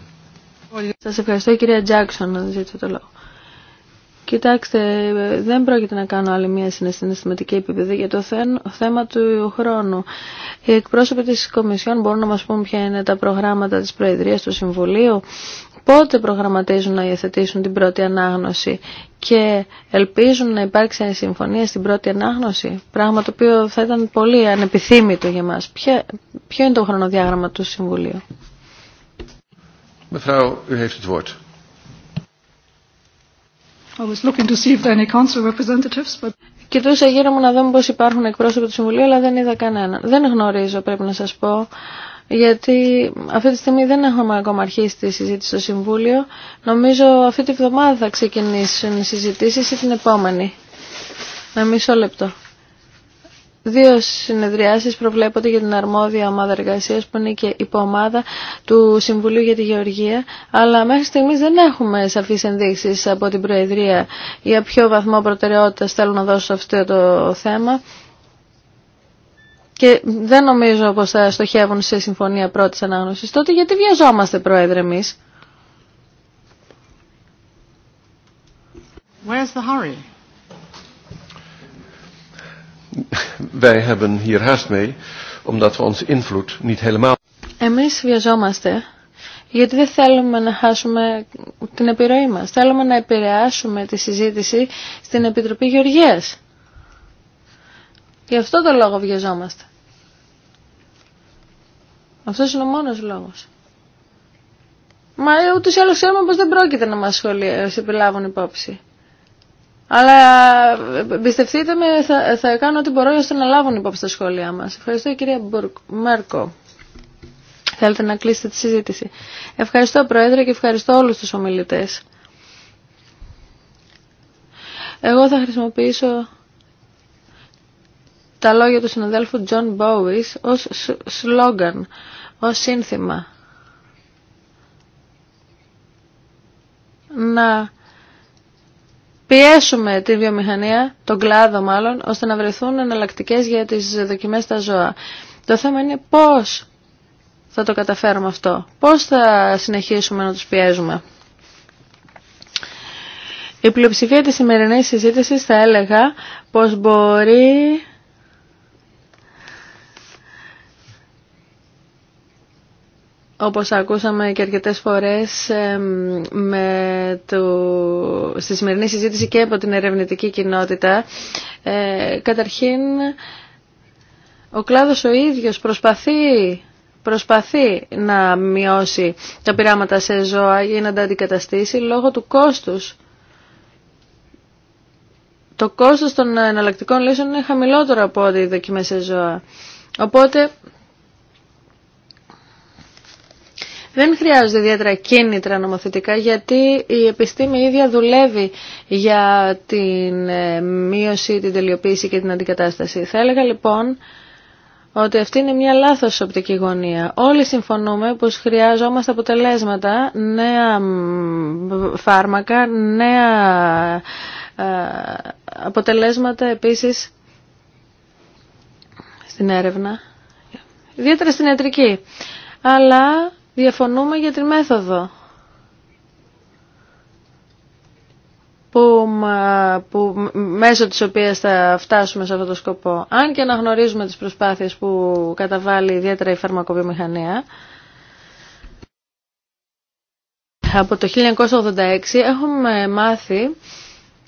S2: Σας ευχαριστώ κυρία Τζάκσον να ζητήσω το λόγο. Κοιτάξτε, δεν πρόκειται να κάνω άλλη μία συναισθηματική επίπεδη για το θέμα του χρόνου. Οι εκπρόσωποι της Κομισιόν μπορούν να μας πούν ποια είναι τα προγράμματα της Προεδρίας του Συμβουλίου πότε προγραμματίζουν να υιοθετήσουν την πρώτη ανάγνωση και ελπίζουν να υπάρξει συμφωνία στην πρώτη ανάγνωση, πράγμα το οποίο θα ήταν πολύ ανεπιθύμητο για μας. Ποιο, είναι το χρονοδιάγραμμα του Συμβουλίου. Κοιτούσα γύρω μου να δω πως υπάρχουν εκπρόσωποι του Συμβουλίου, αλλά δεν είδα κανέναν. Δεν γνωρίζω, πρέπει να σας πω, γιατί αυτή τη στιγμή δεν έχουμε ακόμα αρχίσει τη συζήτηση στο Συμβούλιο. Νομίζω αυτή τη βδομάδα θα ξεκινήσουν οι συζητήσεις ή την επόμενη. Με μισό λεπτό. Δύο συνεδριάσεις προβλέπονται για την αρμόδια ομάδα εργασία που είναι και υποομάδα του Συμβουλίου για τη Γεωργία, αλλά μέχρι στιγμής δεν έχουμε σαφεί ενδείξει από την Προεδρία για ποιο βαθμό προτεραιότητας θέλουν να δώσουν αυτό το θέμα και δεν νομίζω πως θα στοχεύουν σε συμφωνία πρώτης ανάγνωσης, τότε γιατί βιαζόμαστε, Πρόεδρε, εμείς.
S3: Where's
S2: Εμείς βιαζόμαστε, γιατί δεν θέλουμε να χάσουμε την επιρροή μας. Θέλουμε να επηρεάσουμε τη συζήτηση στην Επιτροπή Γεωργίας. Γι' αυτό το λόγο βιαζόμαστε. Αυτός είναι ο μόνος λόγος. Μα ε, ούτω ή άλλω ξέρουμε πω δεν πρόκειται να μα επιλάβουν υπόψη. Αλλά ε, πιστευτείτε με, θα, θα κάνω ό,τι μπορώ ώστε να λάβουν υπόψη τα σχόλιά μα. Ευχαριστώ, κυρία Μπουρκ, Μέρκο. Θέλετε να κλείσετε τη συζήτηση. Ευχαριστώ, Πρόεδρε, και ευχαριστώ όλου του ομιλητέ. Εγώ θα χρησιμοποιήσω τα λόγια του συναδέλφου John Bowies ως σλόγγαν, ως σύνθημα. Να πιέσουμε τη βιομηχανία, τον κλάδο μάλλον, ώστε να βρεθούν εναλλακτικέ για τις δοκιμές στα ζώα. Το θέμα είναι πώς θα το καταφέρουμε αυτό, πώς θα συνεχίσουμε να τους πιέζουμε. Η πλειοψηφία της σημερινής συζήτησης θα έλεγα πως μπορεί όπως ακούσαμε και αρκετές φορές με το, στη σημερινή συζήτηση και από την ερευνητική κοινότητα, ε, καταρχήν ο κλάδος ο ίδιος προσπαθεί προσπαθεί να μειώσει τα πειράματα σε ζώα ή να τα αντικαταστήσει λόγω του κόστους. Το κόστος των εναλλακτικών λύσεων είναι χαμηλότερο από ό,τι δοκιμές σε ζώα. Οπότε δεν χρειάζονται ιδιαίτερα κίνητρα νομοθετικά γιατί η επιστήμη ίδια δουλεύει για την ε, μείωση, την τελειοποίηση και την αντικατάσταση. Θα έλεγα λοιπόν ότι αυτή είναι μια λάθος οπτική γωνία. Όλοι συμφωνούμε πως χρειάζομαστε αποτελέσματα, νέα φάρμακα, νέα ε, αποτελέσματα επίσης στην έρευνα, ιδιαίτερα στην ιατρική. Αλλά διαφωνούμε για την μέθοδο που, μέσω της οποίας θα φτάσουμε σε αυτό το σκοπό. Αν και αναγνωρίζουμε τις προσπάθειες που καταβάλει ιδιαίτερα η φαρμακοβιομηχανία, από το 1986 έχουμε μάθει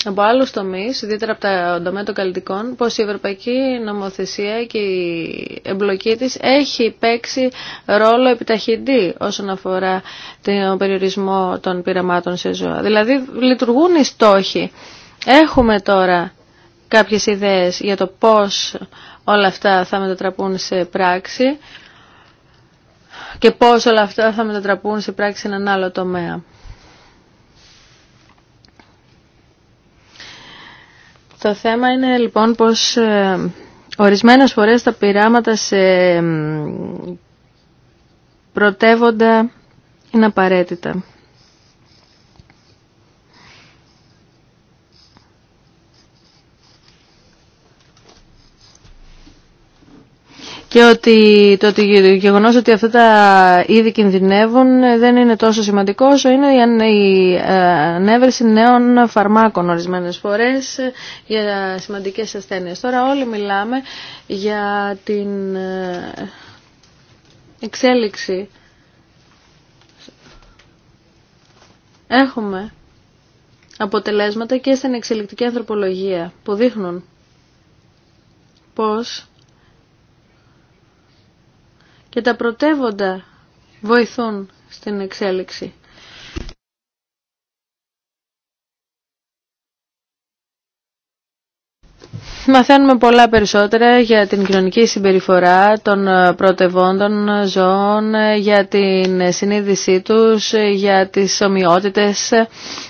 S2: από άλλους τομείς, ιδιαίτερα από τα τομέα των καλλιτικών, πως η ευρωπαϊκή νομοθεσία και η εμπλοκή της έχει παίξει ρόλο επιταχυντή όσον αφορά τον περιορισμό των πειραμάτων σε ζώα. Δηλαδή λειτουργούν οι στόχοι. Έχουμε τώρα κάποιες ιδέες για το πώς όλα αυτά θα μετατραπούν σε πράξη και πώς όλα αυτά θα μετατραπούν σε πράξη σε έναν άλλο τομέα. Το θέμα είναι λοιπόν πως ε, ορισμένες φορές τα πειράματα σε πρωτεύοντα είναι απαραίτητα. και ότι το ότι γεγονός ότι αυτά τα είδη κινδυνεύουν δεν είναι τόσο σημαντικό όσο είναι η ε, ανέβρεση νέων φαρμάκων ορισμένες φορές για σημαντικές ασθένειες. Τώρα όλοι μιλάμε για την ε, εξέλιξη. Έχουμε αποτελέσματα και στην εξελικτική ανθρωπολογία που δείχνουν πως και τα πρωτεύοντα βοηθούν στην εξέλιξη. Μαθαίνουμε πολλά περισσότερα για την κοινωνική συμπεριφορά των ε, πρωτευόντων ζώων, ε, για την συνείδησή τους, ε, για τις ομοιότητες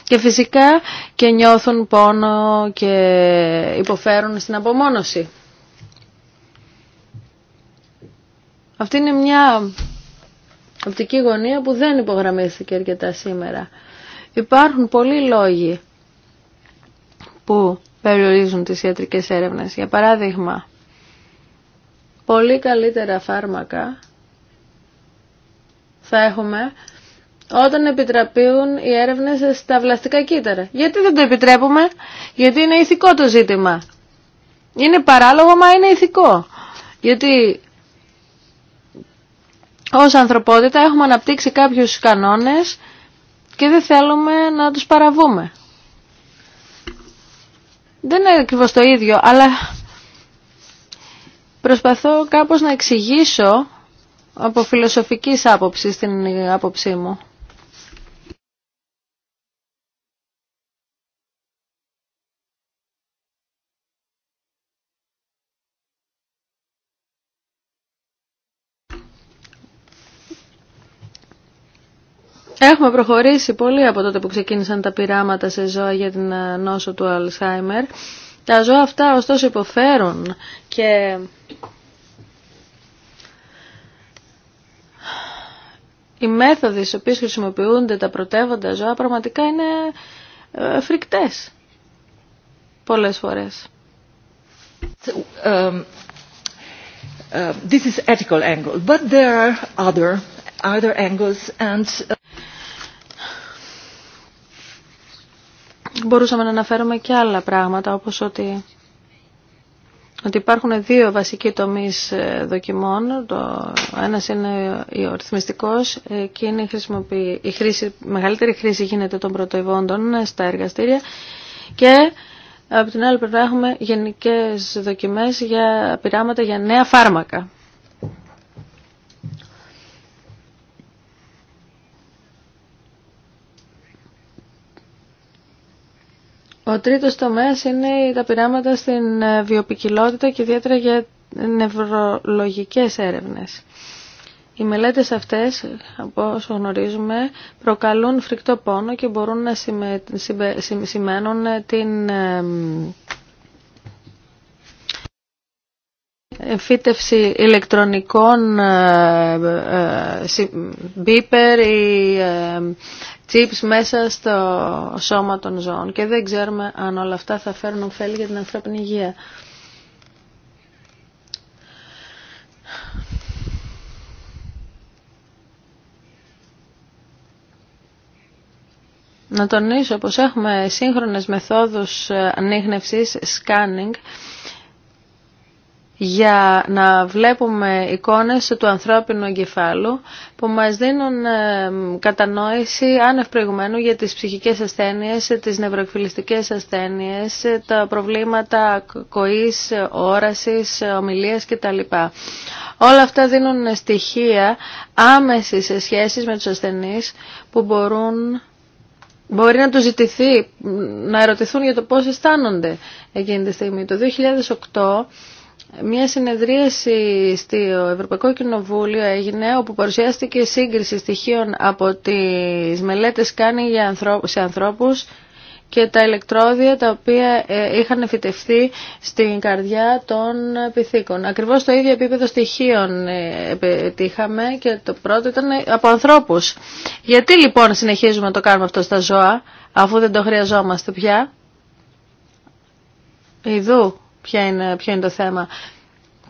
S2: και φυσικά και νιώθουν πόνο και υποφέρουν στην απομόνωση. Αυτή είναι μια οπτική γωνία που δεν υπογραμμίστηκε αρκετά σήμερα. Υπάρχουν πολλοί λόγοι που περιορίζουν τις ιατρικές έρευνες. Για παράδειγμα, πολύ καλύτερα φάρμακα θα έχουμε όταν επιτραπείουν οι έρευνες στα βλαστικά κύτταρα. Γιατί δεν το επιτρέπουμε, γιατί είναι ηθικό το ζήτημα. Είναι παράλογο, μα είναι ηθικό. Γιατί ως ανθρωπότητα έχουμε αναπτύξει κάποιους κανόνες και δεν θέλουμε να τους παραβούμε. Δεν είναι ακριβώ το ίδιο, αλλά προσπαθώ κάπως να εξηγήσω από φιλοσοφικής άποψης την άποψή μου. Έχουμε προχωρήσει πολύ από τότε που ξεκίνησαν τα πειράματα σε ζώα για την ε, νόσο του Αλσχάιμερ. Τα ζώα αυτά ωστόσο υποφέρουν και οι μέθοδοι στις οποίες χρησιμοποιούνται τα πρωτεύοντα ζώα πραγματικά είναι ε, φρικτές πολλές φορές. Um,
S4: uh,
S1: this is ethical angle, but there are other angles and uh,
S2: Μπορούσαμε να αναφέρουμε και άλλα πράγματα όπως ότι ότι υπάρχουν δύο βασικοί τομείς ε, δοκιμών. Το ένας είναι ο ρυθμιστικός και η, χρήση, μεγαλύτερη χρήση γίνεται των πρωτοϊβόντων ε, στα εργαστήρια και από την άλλη πλευρά έχουμε γενικές δοκιμές για πειράματα για νέα φάρμακα. Ο τρίτος τομέας είναι τα πειράματα στην ε, βιοπικιλότητα και ιδιαίτερα για νευρολογικές έρευνες. Οι μελέτες αυτές, από όσο γνωρίζουμε, προκαλούν φρικτό πόνο και μπορούν να σημαίνουν την ε, φύτευση ηλεκτρονικών ε, ε, μπίπερ ή τσίπς ε, μέσα στο σώμα των ζώων και δεν ξέρουμε αν όλα αυτά θα φέρουν ωφέλη για την ανθρώπινη υγεία. Να τονίσω πως έχουμε σύγχρονες μεθόδους ανείχνευσης, scanning, για να βλέπουμε εικόνες του ανθρώπινου εγκεφάλου που μας δίνουν ε, κατανόηση άνευ προηγουμένου για τις ψυχικές ασθένειες, τις νευροεκφυλιστικές ασθένειες, τα προβλήματα κοής, όρασης, ομιλίας κτλ. Όλα αυτά δίνουν στοιχεία άμεσης σε σχέσεις με τους ασθενείς που μπορούν Μπορεί να του ζητηθεί, να ερωτηθούν για το πώς αισθάνονται εκείνη τη στιγμή. Το 2008 μια συνεδρίαση στο Ευρωπαϊκό Κοινοβούλιο έγινε όπου παρουσιάστηκε σύγκριση στοιχείων από τις μελέτες κάνει σε ανθρώπους και τα ηλεκτρόδια τα οποία ε, είχαν φυτευτεί στην καρδιά των πυθίκων. Ακριβώς το ίδιο επίπεδο στοιχείων ε, πετύχαμε και το πρώτο ήταν ε, από ανθρώπους. Γιατί λοιπόν συνεχίζουμε να το κάνουμε αυτό στα ζώα αφού δεν το χρειαζόμαστε πια. Ιδού ποια είναι, ποιο είναι το θέμα.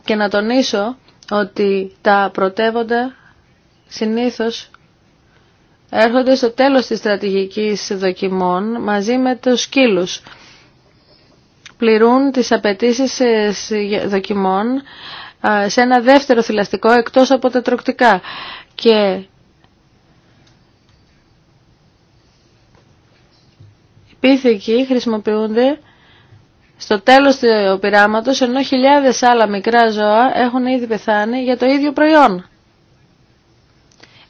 S2: Και να τονίσω ότι τα πρωτεύοντα συνήθως έρχονται στο τέλος της στρατηγικής δοκιμών μαζί με τους σκύλους. Πληρούν τις απαιτήσεις δοκιμών σε ένα δεύτερο θηλαστικό εκτός από τα τροκτικά. Και οι πίθηκοι χρησιμοποιούνται στο τέλος του πειράματος, ενώ χιλιάδες άλλα μικρά ζώα έχουν ήδη πεθάνει για το ίδιο προϊόν.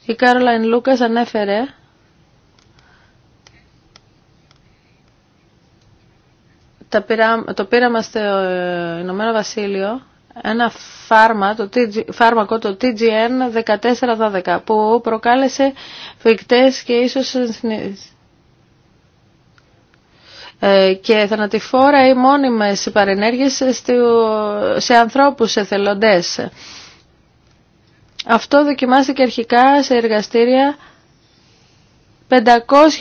S2: Η Κάρολαϊν Λούκας ανέφερε το πείραμα στο ε, Ηνωμένο Βασίλειο ένα φάρμα, το TG, φάρμακο, το TGN 1412, που προκάλεσε φρικτές και ίσως ε, και θανατηφόρα ή μόνιμες παρενέργειες σε ανθρώπους εθελοντές. Αυτό δοκιμάστηκε αρχικά σε εργαστήρια 500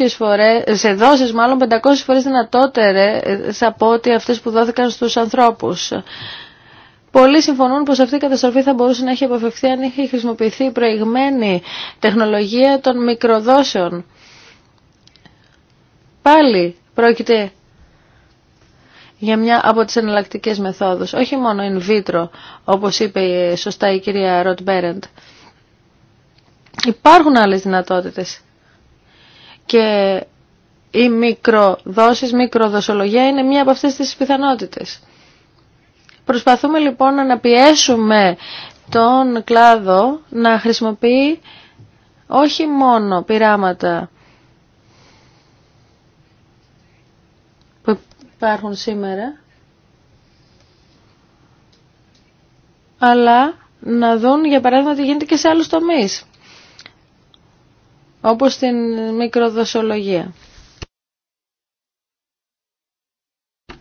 S2: φορές, σε δόσεις μάλλον 500 φορές δυνατότερες ε, από ότι αυτές που δόθηκαν στους ανθρώπους. Πολλοί συμφωνούν πως αυτή η καταστροφή θα μπορούσε να έχει αποφευθεί αν είχε χρησιμοποιηθεί η προηγμένη τεχνολογία των μικροδόσεων. Πάλι Πρόκειται για μια από τις εναλλακτικέ μεθόδους, όχι μόνο in vitro, όπως είπε σωστά η κυρία Ροτ Μπέρεντ. Υπάρχουν άλλες δυνατότητες και οι μικροδόσεις, μικροδοσολογία είναι μία από αυτές τις πιθανότητες. Προσπαθούμε λοιπόν να πιέσουμε τον κλάδο να χρησιμοποιεί όχι μόνο πειράματα υπάρχουν σήμερα, αλλά να δουν για παράδειγμα τι γίνεται και σε άλλους τομείς, όπως την μικροδοσολογία.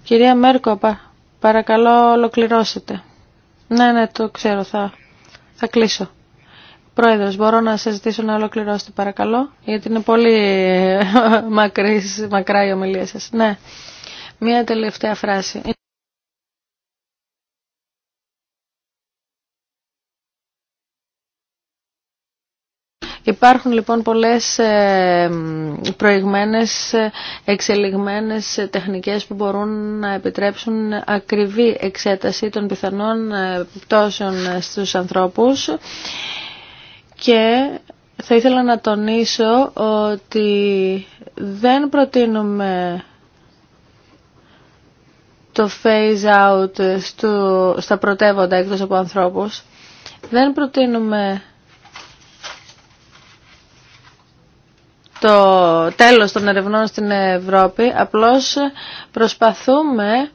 S2: Κυρία Μέρκο, παρακαλώ ολοκληρώσετε. Ναι, ναι, το ξέρω, θα, θα κλείσω. Πρόεδρος, μπορώ να σας ζητήσω να ολοκληρώσετε παρακαλώ, γιατί είναι πολύ ε, μακρύς, μακρά η ομιλία σας. Ναι. Μία τελευταία φράση. Υπάρχουν λοιπόν πολλές ε, προηγμένες ε, εξελιγμένες ε, τεχνικές που μπορούν να επιτρέψουν ακριβή εξέταση των πιθανών πτώσεων στους ανθρώπους και θα ήθελα να τονίσω ότι δεν προτείνουμε το phase out στο, στα πρωτεύοντα εκτός από ανθρώπους. Δεν προτείνουμε το τέλος των ερευνών στην Ευρώπη, απλώς προσπαθούμε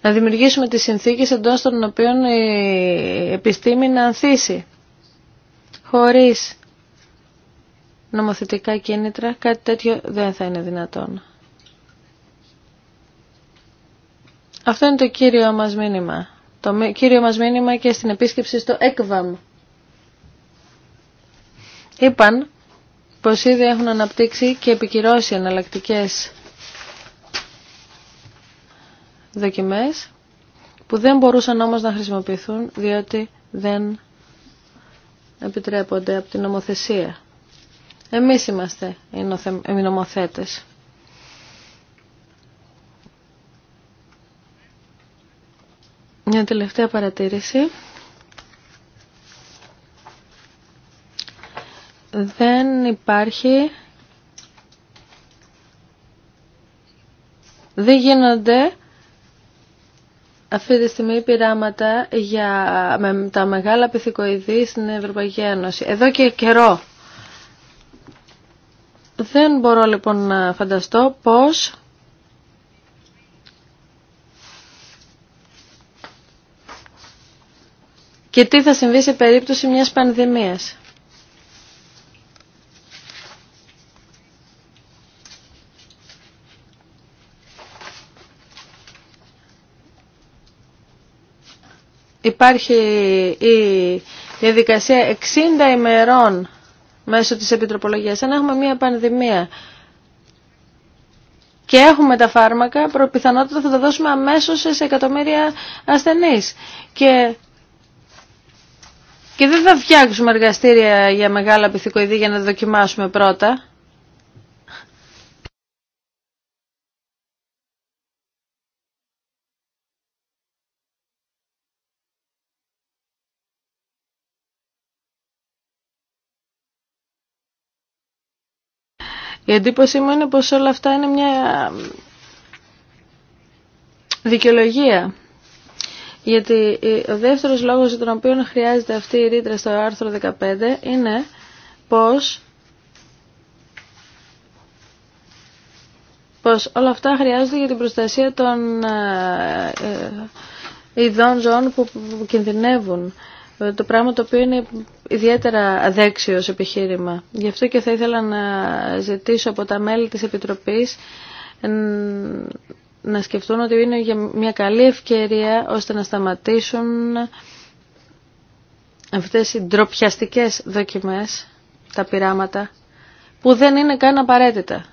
S2: να δημιουργήσουμε τις συνθήκες εντός των οποίων η επιστήμη να ανθίσει, χωρίς νομοθετικά κίνητρα, κάτι τέτοιο δεν θα είναι δυνατόν. Αυτό είναι το κύριο μας μήνυμα. Το κύριο μας μήνυμα και στην επίσκεψη στο ΕΚΒΑΜ. Είπαν πως ήδη έχουν αναπτύξει και επικυρώσει εναλλακτικέ δοκιμές που δεν μπορούσαν όμως να χρησιμοποιηθούν διότι δεν επιτρέπονται από την νομοθεσία. Εμείς είμαστε οι νομοθέτες. Μια τελευταία παρατήρηση. Δεν υπάρχει... Δεν γίνονται αυτή τη στιγμή πειράματα για με τα μεγάλα πυθικοειδή στην Ευρωπαϊκή Ένωση. Εδώ και καιρό δεν μπορώ λοιπόν να φανταστώ πώς και τι θα συμβεί σε περίπτωση μιας πανδημίας. Υπάρχει η διαδικασία 60 ημερών μέσω της επιτροπολογίας. Αν έχουμε μια πανδημία και έχουμε τα φάρμακα, πιθανότητα θα τα δώσουμε αμέσως σε εκατομμύρια ασθενείς. Και και δεν θα φτιάξουμε εργαστήρια για μεγάλα πυθικοειδή για να δοκιμάσουμε πρώτα. Η εντύπωσή μου είναι πως όλα αυτά είναι μια δικαιολογία. Γιατί ο δεύτερος λόγος για τον οποίο χρειάζεται αυτή η ρήτρα στο άρθρο 15 είναι πως, πως όλα αυτά χρειάζονται για την προστασία των ε, ε, ειδών ζώων που κινδυνεύουν το πράγμα το οποίο είναι ιδιαίτερα αδέξιο ως επιχείρημα. Γι' αυτό και θα ήθελα να ζητήσω από τα μέλη της Επιτροπής ε, να σκεφτούν ότι είναι για μια καλή ευκαιρία ώστε να σταματήσουν αυτές οι ντροπιαστικέ δοκιμές, τα πειράματα, που δεν είναι καν απαραίτητα.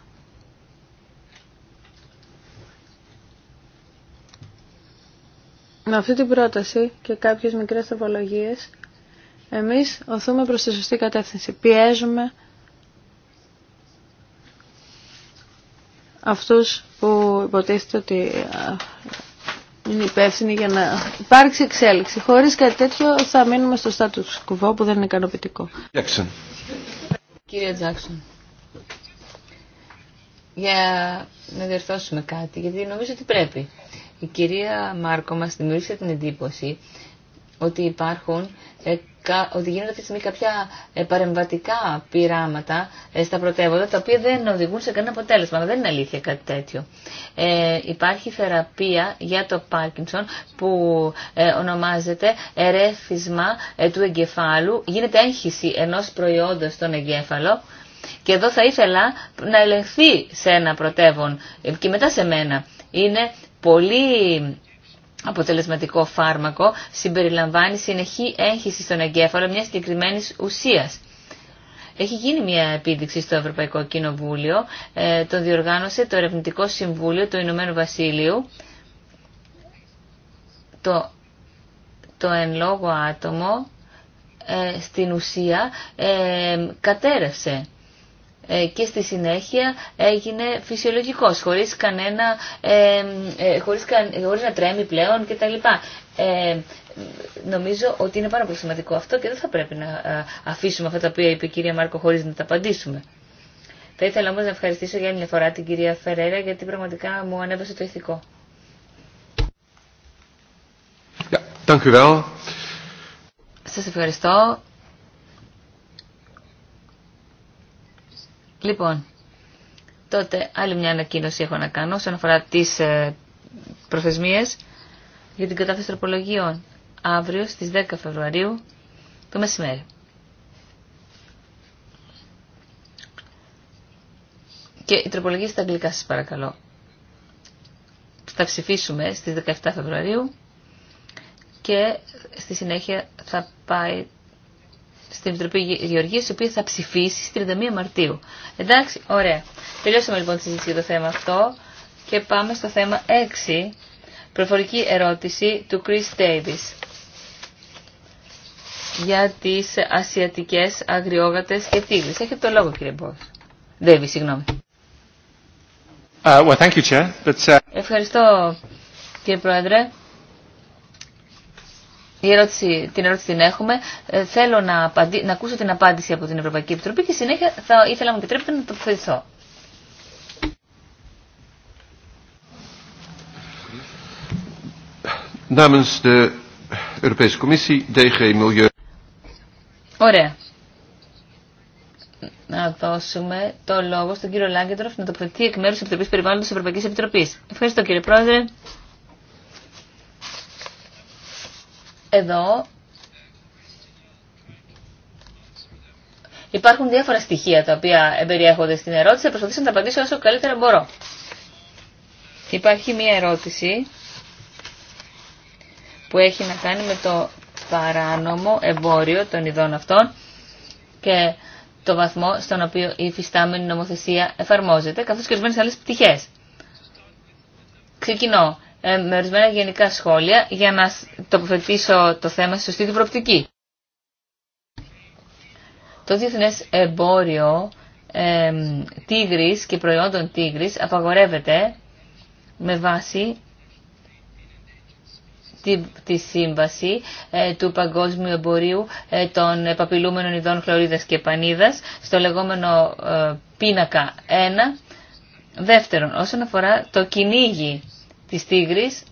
S2: με αυτή την πρόταση και κάποιες μικρές τροπολογίες εμείς οθούμε προς τη σωστή κατεύθυνση. Πιέζουμε αυτούς που υποτίθεται ότι είναι υπεύθυνοι για να υπάρξει εξέλιξη. Χωρίς κάτι τέτοιο θα μείνουμε στο status κουβό που δεν είναι ικανοποιητικό.
S4: Jackson. Κύριε Τζάξον, για να διορθώσουμε κάτι, γιατί νομίζω ότι πρέπει. Η κυρία Μάρκο μας δημιούργησε την εντύπωση ότι υπάρχουν, ε, ότι γίνονται αυτή τη στιγμή κάποια ε, παρεμβατικά πειράματα ε, στα πρωτεύοντα, τα οποία δεν οδηγούν σε κανένα αποτέλεσμα. δεν είναι αλήθεια κάτι τέτοιο. υπάρχει θεραπεία για το Πάρκινσον που ονομάζεται ερέφισμα του εγκεφάλου. Γίνεται έγχυση ενός προϊόντος στον εγκέφαλο. Και εδώ θα ήθελα να ελεγχθεί σε ένα πρωτεύον και μετά σε μένα. Είναι πολύ αποτελεσματικό φάρμακο συμπεριλαμβάνει συνεχή έγχυση στον εγκέφαλο μια συγκεκριμένη ουσία. Έχει γίνει μια επίδειξη στο Ευρωπαϊκό Κοινοβούλιο, ε, Το διοργάνωσε το Ερευνητικό Συμβούλιο του Ηνωμένου Βασίλειου. Το, το εν λόγω άτομο ε, στην ουσία ε, κατέρευσε. Ε, και στη συνέχεια έγινε φυσιολογικός, χωρίς, κανένα, ε, ε, χωρίς, χωρίς να τρέμει πλέον κτλ. Ε, νομίζω ότι είναι πάρα πολύ σημαντικό αυτό και δεν θα πρέπει να αφήσουμε αυτά τα οποία είπε η κυρία Μάρκο χωρίς να τα απαντήσουμε. Θα ήθελα όμως να ευχαριστήσω για άλλη μια φορά την κυρία Φερέρα γιατί πραγματικά μου ανέβασε το ηθικό. Yeah, Σας ευχαριστώ. Λοιπόν, τότε άλλη μια ανακοίνωση έχω να κάνω όσον αφορά τις ε, προθεσμίες για την κατάθεση τροπολογίων αύριο στις 10 Φεβρουαρίου το μεσημέρι. Και η τροπολογία στα αγγλικά σας παρακαλώ. Θα ψηφίσουμε στις 17 Φεβρουαρίου και στη συνέχεια θα πάει στην Επιτροπή Γεωργίας, η οποία θα ψηφίσει στις 31 Μαρτίου. Εντάξει, ωραία. Τελειώσαμε λοιπόν τη συζήτηση για το θέμα αυτό και πάμε στο θέμα 6, προφορική ερώτηση του Chris Davis για τις ασιατικές αγριόγατες και τίγρες. Έχετε το λόγο κύριε Μπόρς. Δέβη, συγγνώμη. Uh, well, thank
S1: you, Chair, but, uh,
S4: Ευχαριστώ κύριε Πρόεδρε. Η ερώτηση, την ερώτηση την έχουμε. Ε, θέλω να, ακούσω την απάντηση από την Ευρωπαϊκή Επιτροπή και συνέχεια θα ήθελα να μου επιτρέπετε να το
S1: Namens
S4: Ωραία. Να δώσουμε το λόγο στον κύριο Λάγκεντροφ να τοποθετηθεί εκ μέρου τη Επιτροπή Περιβάλλοντο τη Ευρωπαϊκή Επιτροπή. Ευχαριστώ κύριε Πρόεδρε. Εδώ υπάρχουν διάφορα στοιχεία τα οποία εμπεριέχονται στην ερώτηση. Θα προσπαθήσω να τα απαντήσω όσο καλύτερα μπορώ. Υπάρχει μία ερώτηση που έχει να κάνει με το παράνομο εμπόριο των ειδών αυτών και το βαθμό στον οποίο η υφιστάμενη νομοθεσία εφαρμόζεται, καθώς και ορισμένες άλλες πτυχές. Ξεκινώ ε, με ορισμένα γενικά σχόλια για να τοποθετήσω το θέμα στη σωστή του Το διεθνές εμπόριο ε, τίγρης και προϊόντων τίγρης απαγορεύεται με βάση τη, τη σύμβαση ε, του Παγκόσμιου Εμπορίου ε, των επαπειλούμενων ειδών χλωρίδας και πανίδας στο λεγόμενο πίνακα 1. Δεύτερον, όσον αφορά το κυνήγι της Τίγρης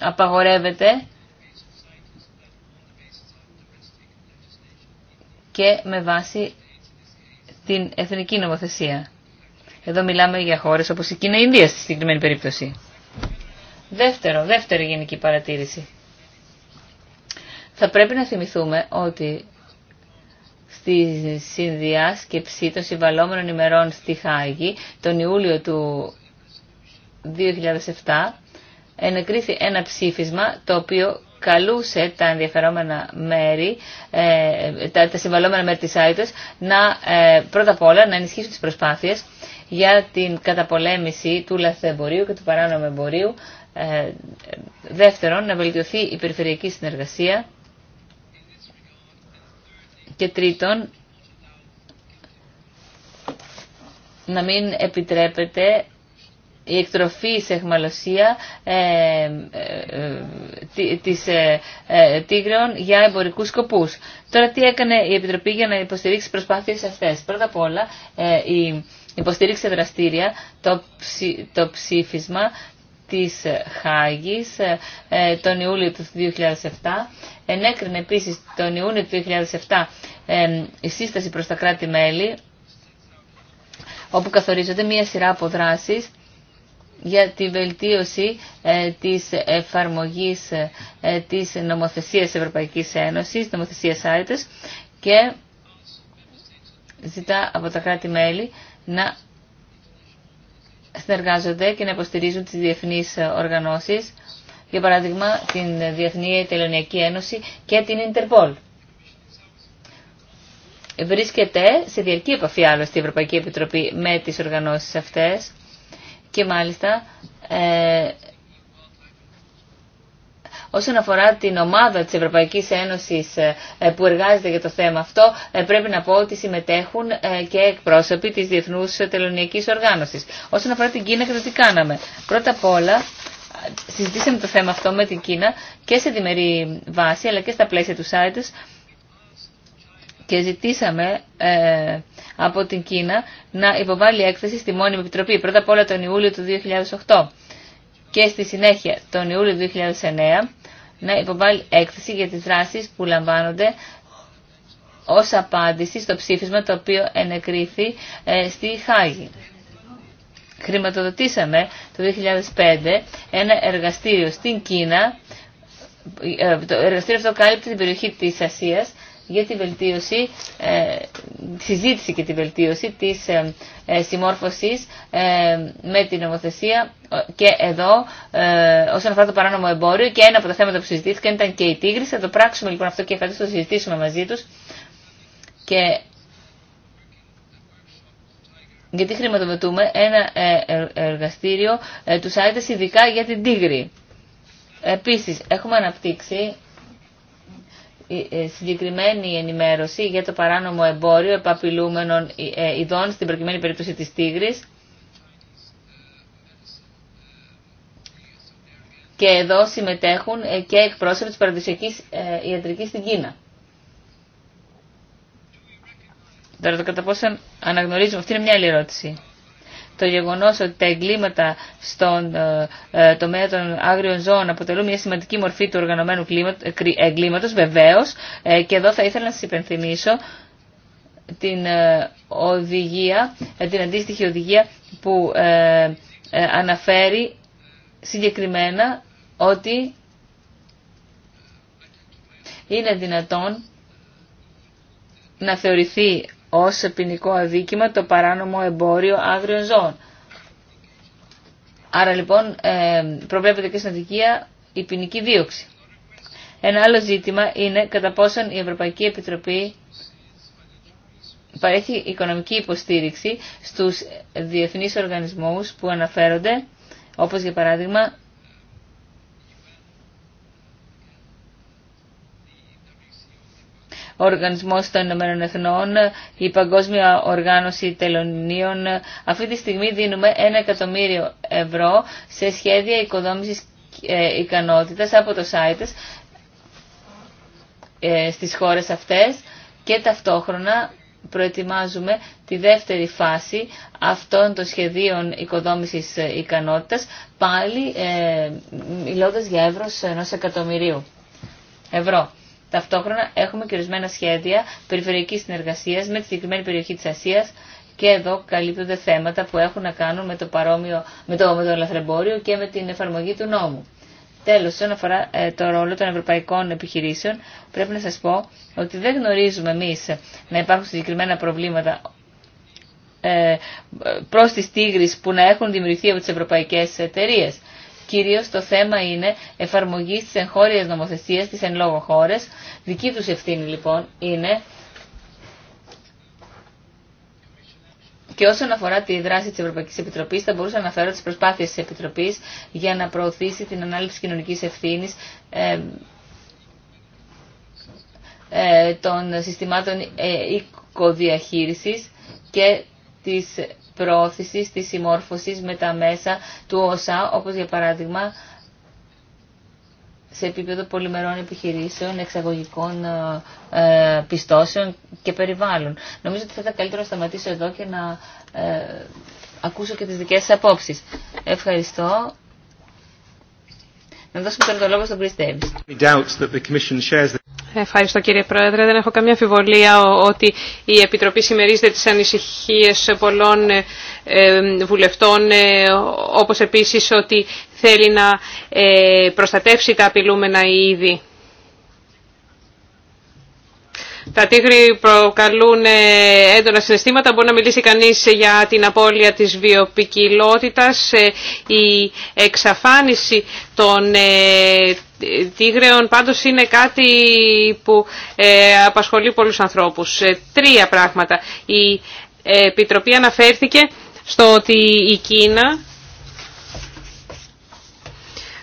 S4: απαγορεύεται και με βάση την εθνική νομοθεσία. Εδώ μιλάμε για χώρες όπως η Κίνα Ινδία στη συγκεκριμένη περίπτωση. Δεύτερο, δεύτερη γενική παρατήρηση. Θα πρέπει να θυμηθούμε ότι στη συνδιάσκεψη των συμβαλόμενων ημερών στη Χάγη τον Ιούλιο του 2007 ενεκρίθη ένα ψήφισμα το οποίο καλούσε τα ενδιαφερόμενα μέρη, ε, τα, τα συμβαλόμενα μέρη της ΆΙΤΟΣ, να ε, πρώτα απ' όλα να ενισχύσουν τις προσπάθειες για την καταπολέμηση του λαθεμπορίου και του παράνομου εμπορίου. Ε, δεύτερον, να βελτιωθεί η περιφερειακή συνεργασία. Και τρίτον, να μην επιτρέπεται η εκτροφή σε αιχμαλωσία ε, ε, ε, της ε, τίγρεων για εμπορικούς σκοπούς. Τώρα τι έκανε η Επιτροπή για να υποστηρίξει προσπάθειες αυτές. Πρώτα απ' όλα η υποστήριξε δραστήρια το, ψήφισμα της Χάγης τον Ιούλιο του 2007. Ενέκρινε επίσης τον Ιούνιο του 2007 η σύσταση προς τα κράτη-μέλη όπου καθορίζονται μία σειρά από για τη βελτίωση ε, της εφαρμογής ε, της νομοθεσίας Ευρωπαϊκής Ένωσης, νομοθεσίας Άρητες και ζητά από τα κράτη-μέλη να συνεργάζονται και να υποστηρίζουν τις διεθνείς οργανώσεις, για παράδειγμα την Διεθνή Τελωνιακή Ένωση και την Ιντερπόλ. Βρίσκεται σε διαρκή επαφή άλλωστε η Ευρωπαϊκή Επιτροπή με τις οργανώσεις αυτές και μάλιστα ε, όσον αφορά την ομάδα της Ευρωπαϊκής Ένωσης ε, ε, που εργάζεται για το θέμα αυτό, ε, πρέπει να πω ότι συμμετέχουν και εκπρόσωποι της Διεθνούς Τελωνιακής Οργάνωσης. Όσον αφορά την Κίνα και το τι κάναμε. Πρώτα απ' όλα, συζητήσαμε το θέμα αυτό με την Κίνα και σε διμερή βάση, αλλά και στα πλαίσια του Σάιτες, και ζητήσαμε ε, από την Κίνα να υποβάλει έκθεση στη μόνιμη επιτροπή. Πρώτα απ' όλα τον Ιούλιο του 2008 και στη συνέχεια τον Ιούλιο του 2009 να υποβάλει έκθεση για τις δράσεις που λαμβάνονται ως απάντηση στο ψήφισμα το οποίο ενεκρίθη ε, στη Χάγη. Χρηματοδοτήσαμε το 2005 ένα εργαστήριο στην Κίνα, ε, το εργαστήριο αυτό κάλυπτε την περιοχή της Ασίας, για τη βελτίωση, τη ε, συζήτηση και τη βελτίωση της ε, ε, συμμόρφωσης με την νομοθεσία και εδώ όσον αφορά το παράνομο εμπόριο και ένα από τα θέματα που συζητήθηκαν ήταν και η τίγρη. Θα το πράξουμε λοιπόν αυτό και φέτος θα το συζητήσουμε μαζί τους και γιατί χρηματοδοτούμε ένα εργαστήριο του σάιτες ειδικά για την τίγρη. Επίσης, έχουμε αναπτύξει ε, συγκεκριμένη ενημέρωση για το παράνομο εμπόριο επαπειλούμενων ε, ειδών, στην προκειμένη περίπτωση της τίγρης. Και εδώ συμμετέχουν ε, και εκπρόσωποι της παραδοσιακής ιατρικής στην Κίνα. Τώρα το κατά πόσο αναγνωρίζουμε, αυτή είναι μια άλλη ερώτηση το γεγονός ότι τα εγκλήματα στον ε, ε, τομέα των άγριων ζώων αποτελούν μια σημαντική μορφή του οργανωμένου ε, εγκλήματος, βεβαίως, ε, και εδώ θα ήθελα να σας υπενθυμίσω την οδηγία, την αντίστοιχη οδηγία που αναφέρει συγκεκριμένα ότι είναι δυνατόν να θεωρηθεί ως ποινικό αδίκημα το παράνομο εμπόριο άγριων ζώων. Άρα λοιπόν ε, προβλέπεται και στην αδικία η ποινική δίωξη. Ένα άλλο ζήτημα είναι κατά πόσον η Ευρωπαϊκή Επιτροπή παρέχει οικονομική υποστήριξη στους διεθνείς οργανισμούς που αναφέρονται, όπως για παράδειγμα Οργανισμός των Ηνωμένων Εθνών, η Παγκόσμια Οργάνωση Τελωνίων. Αυτή τη στιγμή δίνουμε ένα εκατομμύριο ευρώ σε σχέδια οικοδόμησης ε, ικανότητας από το site ε, στις χώρες αυτές και ταυτόχρονα προετοιμάζουμε τη δεύτερη φάση αυτών των σχεδίων οικοδόμησης ε, ικανότητας, πάλι ε, μιλώντας για εύρος ενός εκατομμυρίου ευρώ. Ταυτόχρονα έχουμε και ορισμένα σχέδια περιφερειακής συνεργασίας με τη συγκεκριμένη περιοχή της Ασίας και εδώ καλύπτονται θέματα που έχουν να κάνουν με το, παρόμοιο, με το, με το λαθρεμπόριο και με την εφαρμογή του νόμου. Τέλο, όσον αφορά ε, το ρόλο των ευρωπαϊκών επιχειρήσεων, πρέπει να σα πω ότι δεν γνωρίζουμε εμεί να υπάρχουν συγκεκριμένα προβλήματα ε, ε, προς προ τι που να έχουν δημιουργηθεί από τι ευρωπαϊκέ εταιρείε. Κυρίως το θέμα είναι εφαρμογή της εγχώριας νομοθεσίας στις εν λόγω χώρες. Δική τους ευθύνη λοιπόν είναι Και όσον αφορά τη δράση τη Ευρωπαϊκή Επιτροπή, θα μπορούσα να αναφέρω τι προσπάθειε τη Επιτροπή για να προωθήσει την ανάληψη κοινωνική ευθύνη ε, των συστημάτων ε, οικοδιαχείρισης και της πρόθεσης της συμμόρφωσης με τα μέσα του ΩΣΑ, όπως για παράδειγμα σε επίπεδο πολυμερών επιχειρήσεων, εξαγωγικών ε, ε, πιστώσεων και περιβάλλον. Νομίζω ότι θα ήταν καλύτερο να σταματήσω εδώ και να ε, ακούσω και τις δικές σας απόψεις. Ευχαριστώ. Να δώσουμε τώρα το λόγο στον
S3: Ευχαριστώ κύριε Πρόεδρε. Δεν έχω καμία αμφιβολία ότι η Επιτροπή συμμερίζεται τις ανησυχίες πολλών ε, ε, βουλευτών, ε, όπως επίσης ότι θέλει να προστατεύσει τα απειλούμενα είδη τα τίγρη προκαλούν ε, έντονα συναισθήματα. Μπορεί να μιλήσει κανείς για την απώλεια της βιοπικιλότητας, ε, η εξαφάνιση των ε, τίγρεων πάντως είναι κάτι που απασχολεί πολλούς ανθρώπους. Τρία πράγματα. Η Επιτροπή αναφέρθηκε στο ότι η Κίνα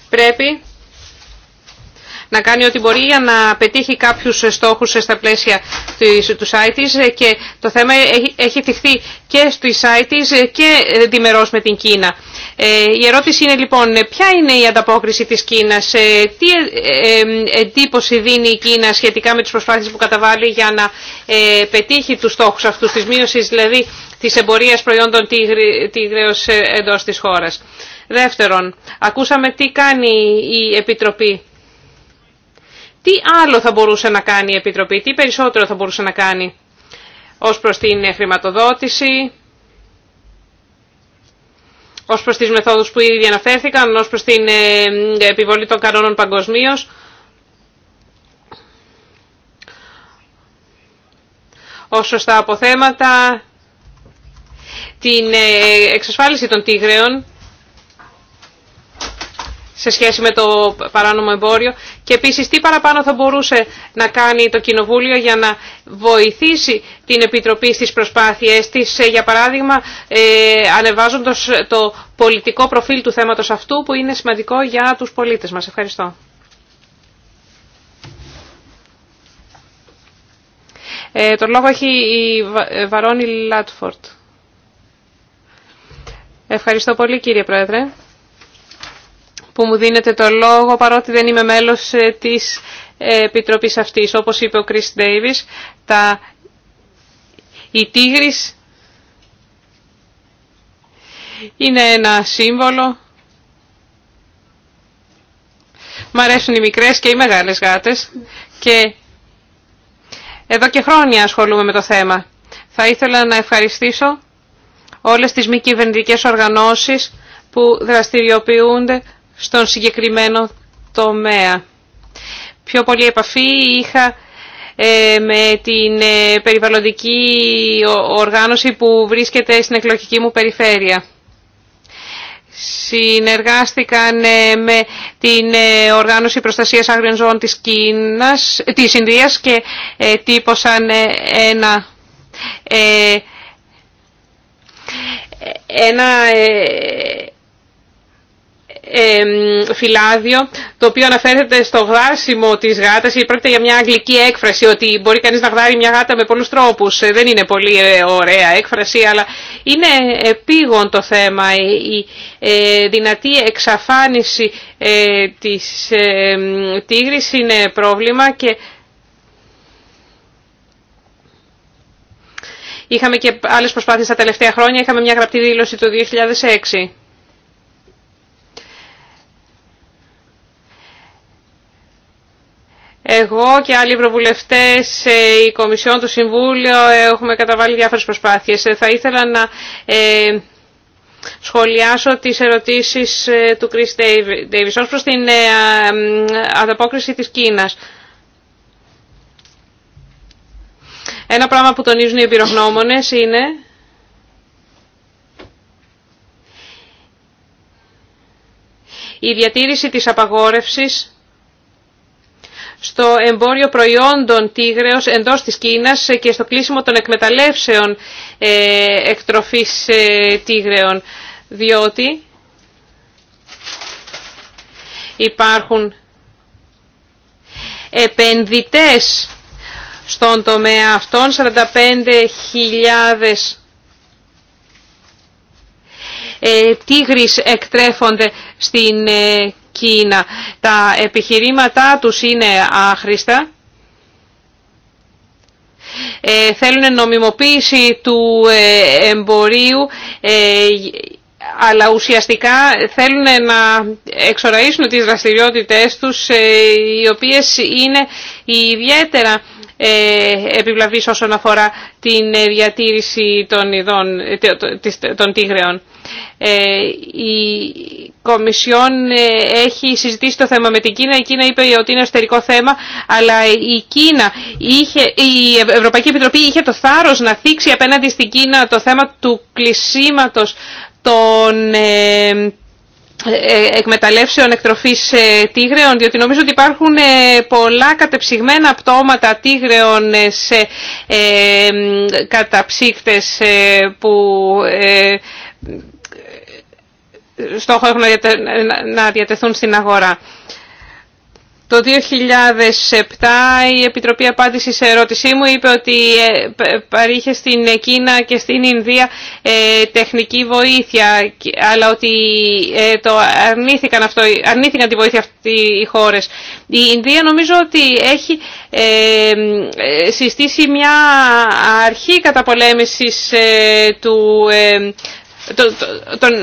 S3: πρέπει να κάνει ό,τι μπορεί για να πετύχει κάποιους στόχους στα πλαίσια του site και το θέμα έχει τυχθεί και στο site και διμερώς με την Κίνα. Ε, η ερώτηση είναι λοιπόν ποια είναι η ανταπόκριση της Κίνας, ε, τι ε, εντύπωση δίνει η Κίνα σχετικά με τις προσπάθειες που καταβάλει για να πετύχει τους στόχους αυτούς της μείωσης δηλαδή της εμπορίας προϊόντων τίγρεως εντός της χώρας. Δεύτερον, ακούσαμε τι κάνει η Επιτροπή τι άλλο θα μπορούσε να κάνει η Επιτροπή, τι περισσότερο θα μπορούσε να κάνει ως προς την χρηματοδότηση, ως προς τις μεθόδους που ήδη αναφέρθηκαν, ως προς την ε, επιβολή των κανόνων παγκοσμίω. όσο τα αποθέματα, την ε, εξασφάλιση των τίγρεων σε σχέση με το παράνομο εμπόριο και επίσης τι παραπάνω θα μπορούσε να κάνει το Κοινοβούλιο για να βοηθήσει την Επιτροπή στις προσπάθειές της, για παράδειγμα ε, ανεβάζοντας το πολιτικό προφίλ του θέματος αυτού που είναι σημαντικό για τους πολίτες μας. Ευχαριστώ. Ε, τον λόγο έχει η ε, Βαρόνι Λάτφορτ. Ευχαριστώ πολύ κύριε Πρόεδρε που μου δίνετε το λόγο παρότι δεν είμαι μέλος ε, της ε, Επιτροπής αυτής. Όπως είπε ο Κριστ Davis, τα... η τίγρης είναι ένα σύμβολο. Μ' αρέσουν οι μικρές και οι μεγάλες γάτες και εδώ και χρόνια ασχολούμαι με το θέμα. Θα ήθελα να ευχαριστήσω όλες τις μη κυβερνητικές οργανώσεις που δραστηριοποιούνται στον συγκεκριμένο τομέα. Πιο πολύ επαφή είχα ε, με την ε, περιβαλλοντική οργάνωση που βρίσκεται στην εκλογική μου περιφέρεια. Συνεργάστηκαν ε, με την Οργάνωση Προστασίας Άγριων Ζώων της, Κίνας, της Ινδίας και τύπωσαν ένα, ένα φυλάδιο το οποίο αναφέρεται στο γδάσιμο της γάτας πρόκειται για μια αγγλική έκφραση ότι μπορεί κανείς να γδάρει μια γάτα με πολλούς τρόπους ε, δεν είναι πολύ ε, ωραία έκφραση αλλά είναι επίγον το θέμα ε, η δυνατή εξαφάνιση της τίγρης είναι πρόβλημα και Είχαμε και άλλες προσπάθειες τα τελευταία χρόνια, είχαμε μια γραπτή δήλωση το 2006. Εγώ και άλλοι προβουλευτέ, ε, η Κομισιόν, του Συμβούλιο έχουμε καταβάλει διάφορες προσπάθειες. Ε, θα ήθελα να ε, σχολιάσω τις ερωτήσεις του Chris Davis ως προς την ανταπόκριση της Κίνας. Ένα πράγμα που τονίζουν οι εμπειρογνώμονες είναι η διατήρηση της απαγόρευσης στο εμπόριο προϊόντων τίγρεως εντός της Κίνας και στο κλείσιμο των εκμεταλλεύσεων ε, εκτροφής ε, τίγρεων, διότι υπάρχουν επενδυτές στον τομέα αυτών, 45.000 ε, εκτρέφονται στην ε, Κίνα. Τα επιχειρήματά τους είναι άχρηστα. Ε, θέλουν νομιμοποίηση του ε, εμπορίου, ε, αλλά ουσιαστικά θέλουν να εξοραίσουν τις δραστηριότητες τους, ε, οι οποίες είναι ιδιαίτερα ε, επιβλαβής όσον αφορά την ε, διατήρηση των, ειδών, των τίγρεων. Ε, η Κομισιόν έχει συζητήσει το θέμα με την Κίνα. Η Κίνα είπε ότι είναι εσωτερικό θέμα, αλλά η, Κίνα είχε, η Ευρωπαϊκή Επιτροπή είχε το θάρρος να θίξει απέναντι στην Κίνα το θέμα του κλεισίματος των ε, ε, εκμεταλλεύσεων εκτροφής ε, τίγρεων, διότι νομίζω ότι υπάρχουν πολλά κατεψυγμένα πτώματα τίγρεων σε καταψύκτες που στόχο έχουν να διατεθούν στην αγορά. Το 2007 η Επιτροπή απάντησε σε ερώτησή μου, είπε ότι ε, παρήχε στην Κίνα και στην Ινδία ε, τεχνική βοήθεια, αλλά ότι ε, το αρνήθηκαν, αυτό, αρνήθηκαν τη βοήθεια αυτή οι χώρες. Η Ινδία νομίζω ότι έχει συστήσει μια αρχή καταπολέμησης του του τον,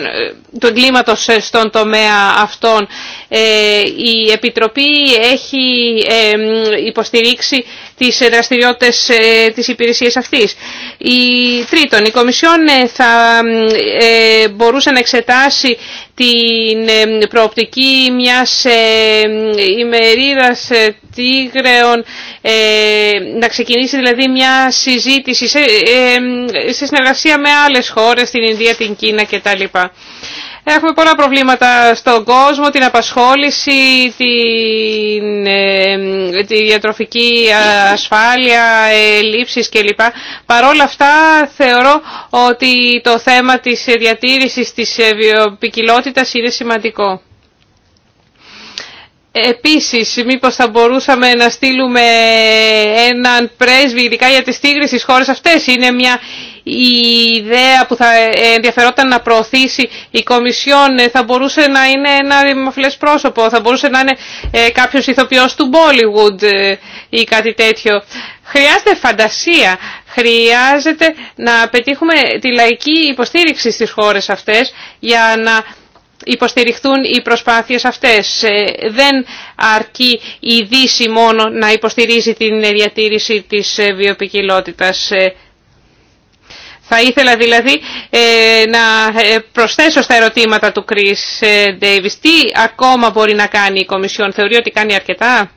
S3: το στον τομέα αυτών. Ε, η Επιτροπή έχει υποστηρίξει τις δραστηριότητε ε, της υπηρεσίας αυτής. Η, τρίτον, η Κομισιόν ε, θα μπορούσε να εξετάσει την προοπτική μιας ημερίδας ε, τίγρεων, ε, να ξεκινήσει δηλαδή μια συζήτηση ε, σε συνεργασία με άλλες χώρες, την Ινδία, την Κίνα κτλ. Έχουμε πολλά προβλήματα στον κόσμο, την απασχόληση, την, ε, τη διατροφική ασφάλεια, ε, λήψεις κλπ. Παρόλα αυτά θεωρώ ότι το θέμα της διατήρησης της ε, βιοπικιλότητας είναι σημαντικό. Επίσης, μήπως θα μπορούσαμε να στείλουμε έναν πρέσβη, ειδικά για τις τίγρες στις χώρες αυτές. Είναι μια ιδέα που θα ενδιαφερόταν να προωθήσει η Κομισιόν. Ε, θα μπορούσε να είναι ένα δημοφιλές πρόσωπο, θα μπορούσε να είναι ε, κάποιος ηθοποιός του Bollywood ε, ή κάτι τέτοιο. Χρειάζεται φαντασία, χρειάζεται να πετύχουμε τη λαϊκή υποστήριξη στις χώρες αυτές για να υποστηριχθούν οι προσπάθειες αυτές. Ε, δεν αρκεί η Δύση μόνο να υποστηρίζει την διατήρηση της ε, βιοπικιλότητας. Ε, θα ήθελα δηλαδή να προσθέσω στα ερωτήματα του Κρίς Ντέιβις. Τι ακόμα μπορεί να κάνει η Κομισιόν. Θεωρεί ότι κάνει αρκετά.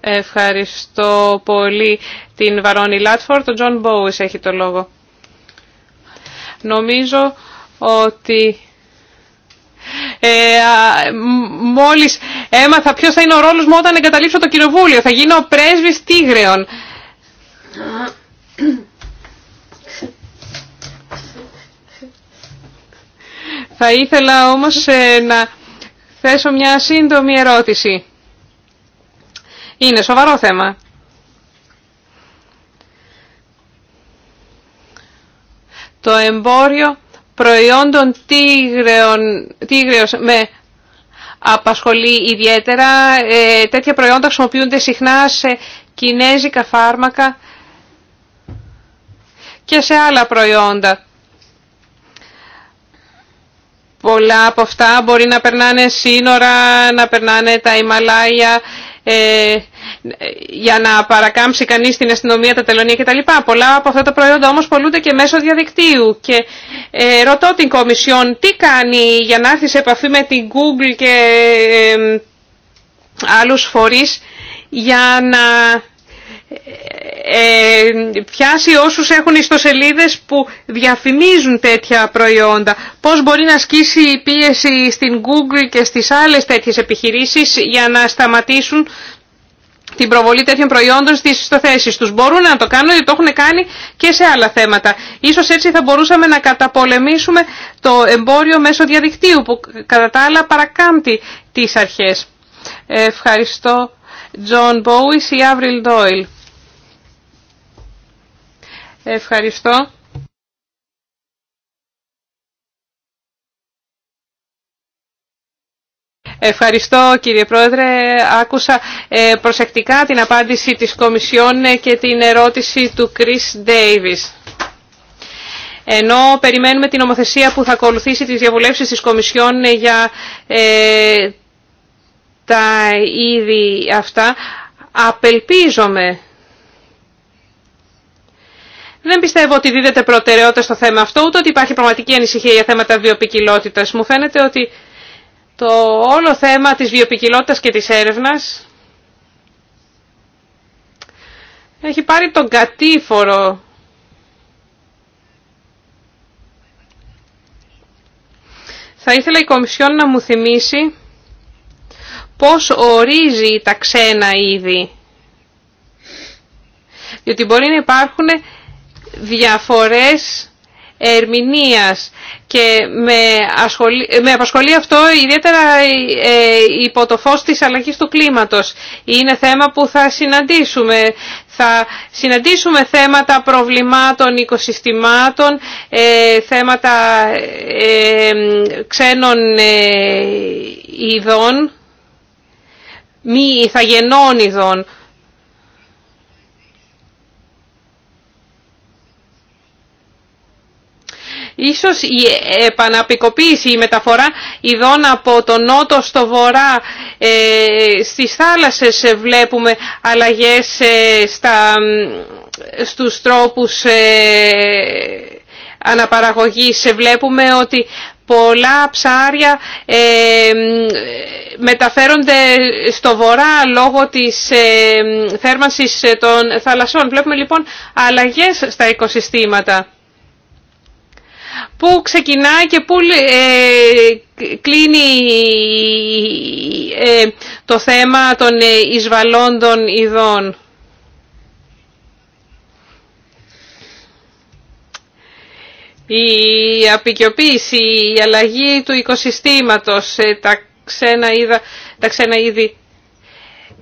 S3: Ευχαριστώ πολύ την Βαρόνι Λάτφορ. τον Τζον Μπόουις έχει το λόγο. Νομίζω ότι ε, μόλις έμαθα ποιος θα είναι ο ρόλος μου όταν εγκαταλείψω το κοινοβούλιο. Θα γίνω πρέσβης Τίγρεων. Θα ήθελα όμως ε, να θέσω μια σύντομη ερώτηση. Είναι σοβαρό θέμα. Το εμπόριο προϊόντων τίγρεων, τίγρεως με απασχολεί ιδιαίτερα. Ε, τέτοια προϊόντα χρησιμοποιούνται συχνά σε κινέζικα φάρμακα και σε άλλα προϊόντα. Πολλά από αυτά μπορεί να περνάνε σύνορα, να περνάνε τα Ιμαλάια, ε, για να παρακάμψει κανείς την αστυνομία, τα τελωνία κτλ. Πολλά από αυτά τα προϊόντα όμως πολλούνται και μέσω διαδικτύου και ε, ρωτώ την Κομισιόν τι κάνει για να έρθει σε επαφή με την Google και ε, άλλους φορείς για να ε, ε, πιάσει όσους έχουν ιστοσελίδες που διαφημίζουν τέτοια προϊόντα. Πώς μπορεί να ασκήσει η πίεση στην Google και στις άλλες τέτοιες επιχειρήσεις για να σταματήσουν την προβολή τέτοιων προϊόντων στις συστοθέσεις τους. Μπορούν να το κάνουν, γιατί το έχουν κάνει και σε άλλα θέματα. Ίσως έτσι θα μπορούσαμε να καταπολεμήσουμε το εμπόριο μέσω διαδικτύου που κατά τα άλλα παρακάμπτει τις αρχές. Ευχαριστώ. Τζον Bowies ή Άβριλ Doyle. Ευχαριστώ. Ευχαριστώ κύριε Πρόεδρε. Άκουσα ε, προσεκτικά την απάντηση της Κομισιόν ε, και την ερώτηση του Chris Ντέιβις. Ενώ περιμένουμε την ομοθεσία που θα ακολουθήσει τις διαβουλεύσεις της Κομισιόν ε, για τα είδη αυτά, απελπίζομαι. Δεν πιστεύω ότι δίδεται προτεραιότητα στο θέμα αυτό, ούτε ότι υπάρχει πραγματική ανησυχία για θέματα βιοπικιλότητας. Μου φαίνεται ότι το όλο θέμα της βιοπικιλότητας και της έρευνας έχει πάρει τον κατήφορο Θα ήθελα η Κομισιόν να μου θυμίσει πώς ορίζει τα ξένα είδη. Διότι μπορεί να υπάρχουν διαφορές ερμηνείας και με απασχολεί αυτό ιδιαίτερα ε, υπό το φως της αλλαγής του κλίματος. Είναι θέμα που θα συναντήσουμε. Θα συναντήσουμε θέματα προβλημάτων οικοσυστημάτων, ε, θέματα ε, ξένων ειδών, μη ηθαγενών ειδών. Ίσως η επαναπικοποίηση, η μεταφορά ειδών από τον νότο στο βορρά, ε, στις θάλασσες βλέπουμε αλλαγές ε, στα, στους τρόπους ε, αναπαραγωγής. Βλέπουμε ότι πολλά ψάρια μεταφέρονται στο βορρά λόγω της ε, θέρμανσης των θαλασσών. Βλέπουμε λοιπόν αλλαγές στα οικοσυστήματα πού ξεκινά και πού ε, κλείνει ε, το θέμα των ε, των ειδών. Η απεικιοποίηση, η αλλαγή του οικοσυστήματος, τα ξένα, είδα, τα ξένα είδη.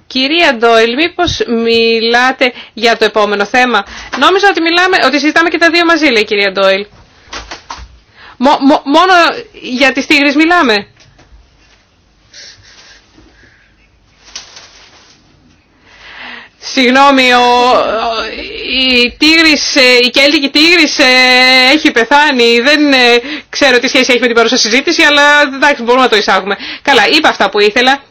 S3: Κυρία Ντόιλ, μήπως μιλάτε για το επόμενο θέμα. Νόμιζα ότι, μιλάμε, ότι συζητάμε και τα δύο μαζί, λέει η κυρία Ντόιλ μόνο για τις τίγρες μιλάμε. Συγγνώμη, ο, η, τίγρης, ε, η κέλτικη τίγρης ε, έχει πεθάνει. Δεν ε, ξέρω τι σχέση έχει με την παρούσα συζήτηση, αλλά εντάξει, μπορούμε να το εισάγουμε. Καλά, είπα αυτά που ήθελα.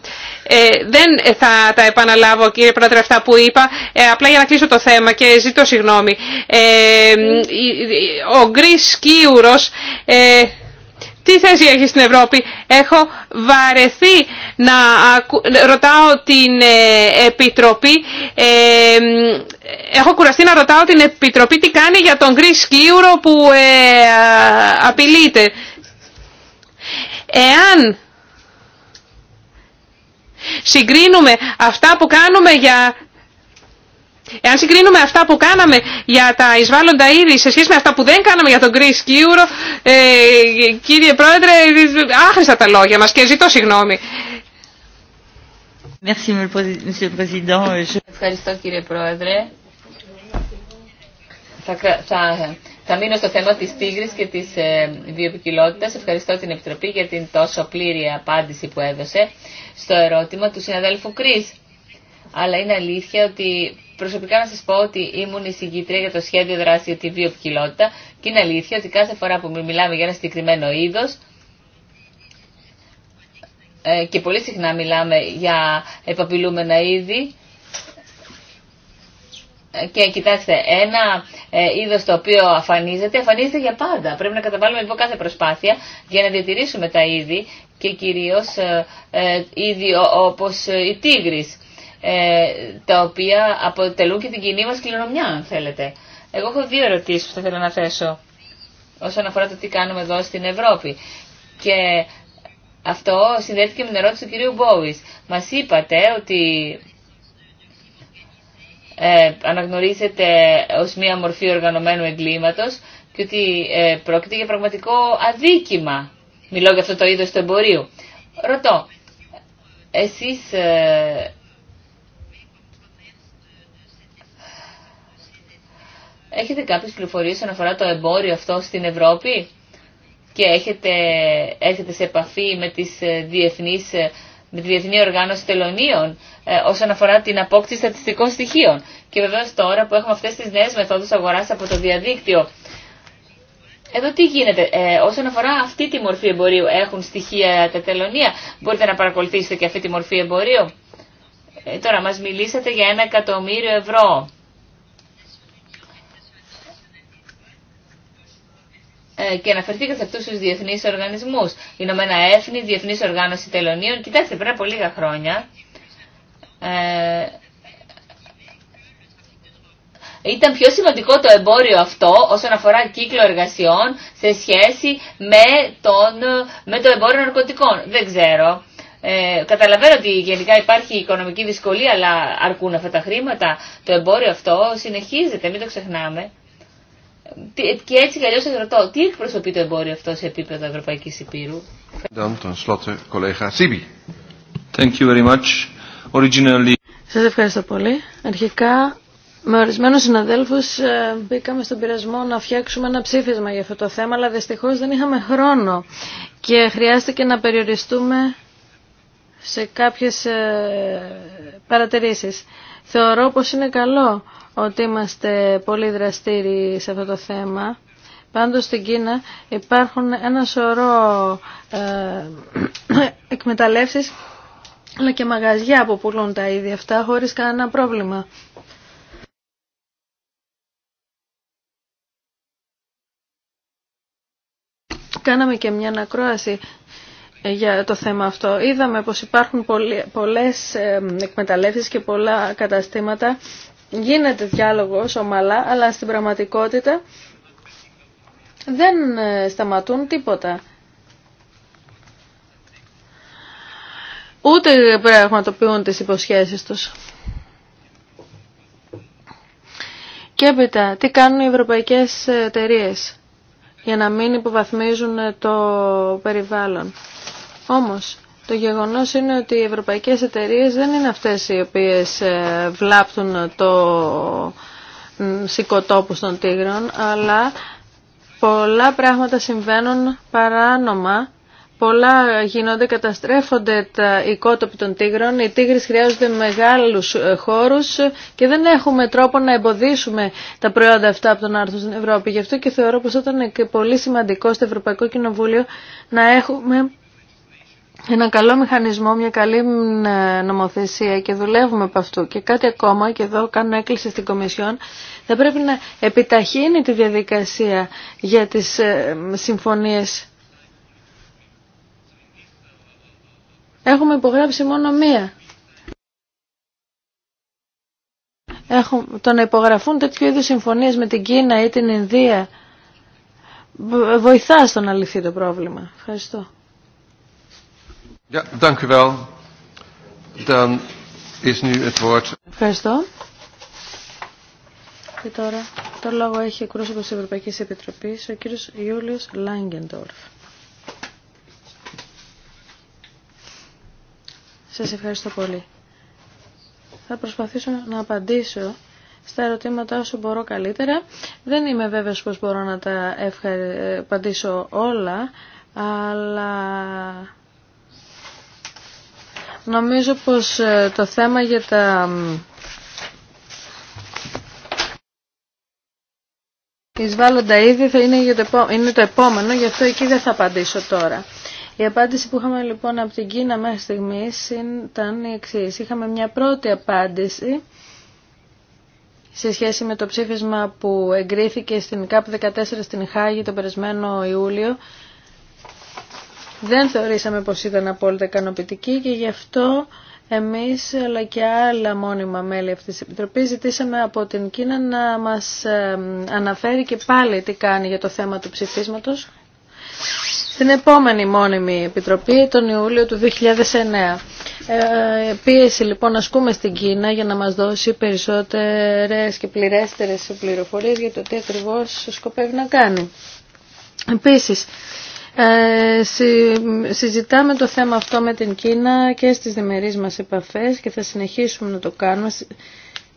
S3: Ε, δεν ε, θα τα επαναλάβω κύριε Πρόεδρε αυτά που είπα, ε, απλά για να κλείσω το θέμα και ζητώ συγγνώμη. ο Γκρις ε, Τι θέση έχει στην Ευρώπη. Έχω βαρεθεί να ρωτάω την Επιτροπή. Ε, έχω κουραστεί να ρωτάω την Επιτροπή τι κάνει για τον Γκρι Σκίουρο που ε, απειλείται. Εάν συγκρίνουμε αυτά που κάνουμε για... Εάν συγκρίνουμε αυτά που κάναμε για τα εισβάλλοντα ήδη σε σχέση με αυτά που δεν κάναμε για τον Κρι Κύουρο, ε, κύριε Πρόεδρε, άχρηστα τα λόγια μας και ζητώ συγγνώμη.
S4: Ευχαριστώ κύριε Πρόεδρε. Θα μείνω στο θέμα της τίγρης και της ε, βιοποικιλότητας. Ευχαριστώ την Επιτροπή για την τόσο πλήρη απάντηση που έδωσε στο ερώτημα του συναδέλφου Κρίς. Αλλά είναι αλήθεια ότι προσωπικά να σας πω ότι ήμουν εισηγήτρια για το σχέδιο δράση για τη βιοποικιλότητα και είναι αλήθεια ότι κάθε φορά που μιλάμε για ένα συγκεκριμένο είδος ε, και πολύ συχνά μιλάμε για επαπειλούμενα είδη και κοιτάξτε, ένα ε, είδος το οποίο αφανίζεται, αφανίζεται για πάντα. Πρέπει να καταβάλουμε λοιπόν κάθε προσπάθεια για να διατηρήσουμε τα είδη και κυρίως ε, ε, είδη όπως η τίγρης, τα οποία αποτελούν και την κοινή μας κληρονομιά, αν θέλετε. Εγώ έχω δύο ερωτήσεις που θα ήθελα να θέσω όσον αφορά το τι κάνουμε εδώ στην Ευρώπη. Και αυτό συνδέθηκε με την ερώτηση του κυρίου Μπόβης. Μα είπατε ότι ε, αναγνωρίζεται ως μία μορφή οργανωμένου εγκλήματος και ότι ε, πρόκειται για πραγματικό αδίκημα. Μιλώ για αυτό το είδος του εμπορίου. Ρωτώ, εσείς ε, έχετε κάποιες πληροφορίες όσον αφορά το εμπόριο αυτό στην Ευρώπη και έχετε, έχετε σε επαφή με τις διεθνείς με τη Διεθνή Οργάνωση Τελωνίων ε, όσον αφορά την απόκτηση στατιστικών στοιχείων. Και βεβαίως τώρα που έχουμε αυτές τις νέες μεθόδους αγοράς από το διαδίκτυο. Εδώ τι γίνεται, ε, όσον αφορά αυτή τη μορφή εμπορίου, έχουν στοιχεία τα τελωνία, μπορείτε να παρακολουθήσετε και αυτή τη μορφή εμπορίου. Ε, τώρα μας μιλήσατε για ένα εκατομμύριο ευρώ. Ε, και αναφερθήκατε σε αυτού του διεθνεί οργανισμού. Ηνωμένα Έθνη, Διεθνή Οργάνωση Τελωνίων. Κοιτάξτε, πριν από λίγα χρόνια ε, ήταν πιο σημαντικό το εμπόριο αυτό όσον αφορά κύκλο εργασιών σε σχέση με, τον, με το εμπόριο ναρκωτικών. Δεν ξέρω. Ε, καταλαβαίνω ότι γενικά υπάρχει οικονομική δυσκολία, αλλά αρκούν αυτά τα χρήματα. Το εμπόριο αυτό συνεχίζεται, μην το ξεχνάμε. Και έτσι κι σα ρωτώ, τι εκπροσωπεί το εμπόριο αυτό σε επίπεδο Ευρωπαϊκή Υπήρου.
S1: Σα
S2: Σας ευχαριστώ πολύ. Αρχικά με ορισμένου συναδέλφου ε, μπήκαμε στον πειρασμό να φτιάξουμε ένα ψήφισμα για αυτό το θέμα, αλλά δυστυχώ δεν είχαμε χρόνο και χρειάστηκε να περιοριστούμε σε κάποιες ε, παρατηρήσεις. Θεωρώ πως είναι καλό ότι είμαστε πολύ δραστήριοι σε αυτό το θέμα. Πάντως στην Κίνα υπάρχουν ένα σωρό ε, [clears throat] εκμεταλλεύσεις αλλά και μαγαζιά που πουλούν τα ίδια αυτά χωρίς κανένα πρόβλημα. Κάναμε και μια ανακρόαση ε, για το θέμα αυτό. Είδαμε πως υπάρχουν πολλές ε, εκμεταλλεύσεις και πολλά καταστήματα γίνεται διάλογος ομαλά, αλλά στην πραγματικότητα δεν ε, σταματούν τίποτα. Ούτε πραγματοποιούν τις υποσχέσεις τους. Και έπειτα, τι κάνουν οι ευρωπαϊκές εταιρείε για να μην υποβαθμίζουν το περιβάλλον. Όμως, το γεγονός είναι ότι οι ευρωπαϊκές εταιρείες δεν είναι αυτές οι οποίες ε, βλάπτουν το σηκωτόπους των τίγρων, αλλά πολλά πράγματα συμβαίνουν παράνομα Πολλά γίνονται, καταστρέφονται τα οικότοποι των τίγρων. Οι τίγρες χρειάζονται μεγάλους ε, χώρους και δεν έχουμε τρόπο να εμποδίσουμε τα προϊόντα αυτά από τον άρθρο στην Ευρώπη. Γι' αυτό και θεωρώ πως ήταν και πολύ σημαντικό στο Ευρωπαϊκό Κοινοβούλιο να έχουμε ένα καλό μηχανισμό, μια καλή νομοθεσία και δουλεύουμε από αυτού. Και κάτι ακόμα, και εδώ κάνω έκκληση στην Κομισιόν, θα πρέπει να επιταχύνει τη διαδικασία για τις ε, συμφωνίες. Έχουμε υπογράψει μόνο μία. Έχω, το να υπογραφούν τέτοιου είδους συμφωνίες με την Κίνα ή την Ινδία βοηθά στο να λυθεί το πρόβλημα. Ευχαριστώ.
S1: Ja, dank u wel. Dan is nu het woord.
S2: Ευχαριστώ. Και τώρα το λόγο έχει ο εκπρόσωπο τη Ευρωπαϊκή Επιτροπή, ο κύριο Ιούλιο Λάγκεντορφ. Σα ευχαριστώ πολύ. Θα προσπαθήσω να απαντήσω στα ερωτήματα όσο μπορώ καλύτερα. Δεν είμαι βέβαιος πως μπορώ να τα ε, απαντήσω όλα, αλλά Νομίζω πως ε, το θέμα για τα εισβάλλοντα είδη θα είναι, για το είναι το επόμενο, γι' αυτό εκεί δεν θα απαντήσω τώρα. Η απάντηση που είχαμε λοιπόν από την Κίνα μέχρι στιγμή ήταν η εξή. Είχαμε μια πρώτη απάντηση σε σχέση με το ψήφισμα που εγκρίθηκε στην ΚΑΠ 14 στην Χάγη τον περασμένο Ιούλιο δεν θεωρήσαμε πως ήταν απόλυτα ικανοποιητική και γι' αυτό εμείς αλλά και άλλα μόνιμα μέλη αυτής της Επιτροπής ζητήσαμε από την Κίνα να μας αναφέρει και πάλι τι κάνει για το θέμα του ψηφίσματος στην επόμενη μόνιμη επιτροπή τον Ιούλιο του 2009. Ε, ε, πίεση λοιπόν ασκούμε στην Κίνα για να μας δώσει περισσότερες και πληρέστερες πληροφορίες για το τι ακριβώς σκοπεύει να κάνει. Επίσης, ε, συζητάμε το θέμα αυτό με την Κίνα και στις διμερείς μας επαφές και θα συνεχίσουμε να το κάνουμε.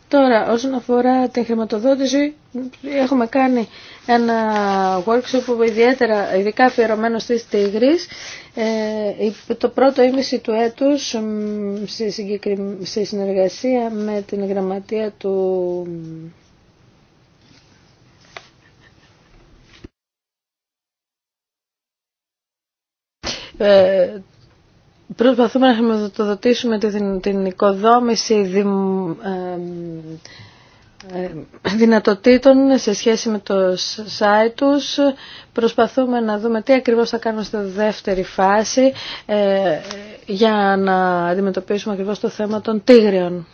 S2: Τώρα, όσον αφορά την χρηματοδότηση, έχουμε κάνει ένα workshop που ιδιαίτερα, ειδικά αφιερωμένο στις Τίγρης. Ε, το πρώτο ήμιση του έτους, σε συνεργασία με την γραμματεία του Ε, προσπαθούμε να χρηματοδοτήσουμε την οικοδόμηση ε, ε, δυνατοτήτων σε σχέση με το site τους. Προσπαθούμε να δούμε τι ακριβώς θα κάνουμε στη δεύτερη φάση για να αντιμετωπίσουμε ακριβώς το θέμα των τίγριων.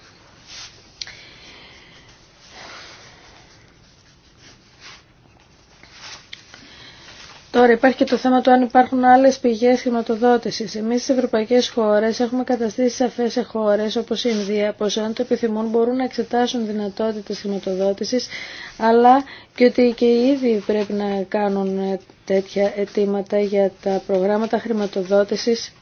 S2: Τώρα υπάρχει και το θέμα του αν υπάρχουν άλλε πηγέ χρηματοδότηση. Εμεί στι ευρωπαϊκέ χώρε έχουμε καταστήσει σαφέ σε χώρε όπω η Ινδία πω αν το επιθυμούν μπορούν να εξετάσουν δυνατότητε χρηματοδότηση αλλά και ότι και ίδιοι πρέπει να κάνουν τέτοια αιτήματα για τα προγράμματα χρηματοδότηση.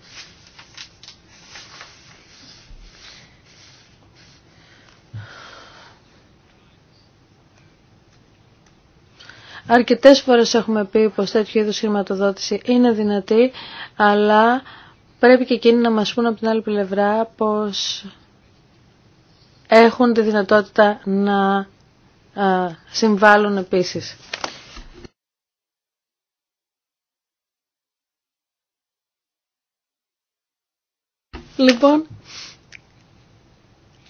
S2: Αρκετές φορές έχουμε πει πως τέτοιου είδους χρηματοδότηση είναι δυνατή, αλλά πρέπει και εκείνοι να μας πούν από την άλλη πλευρά πως έχουν τη δυνατότητα να συμβάλλουν επίσης. Λοιπόν,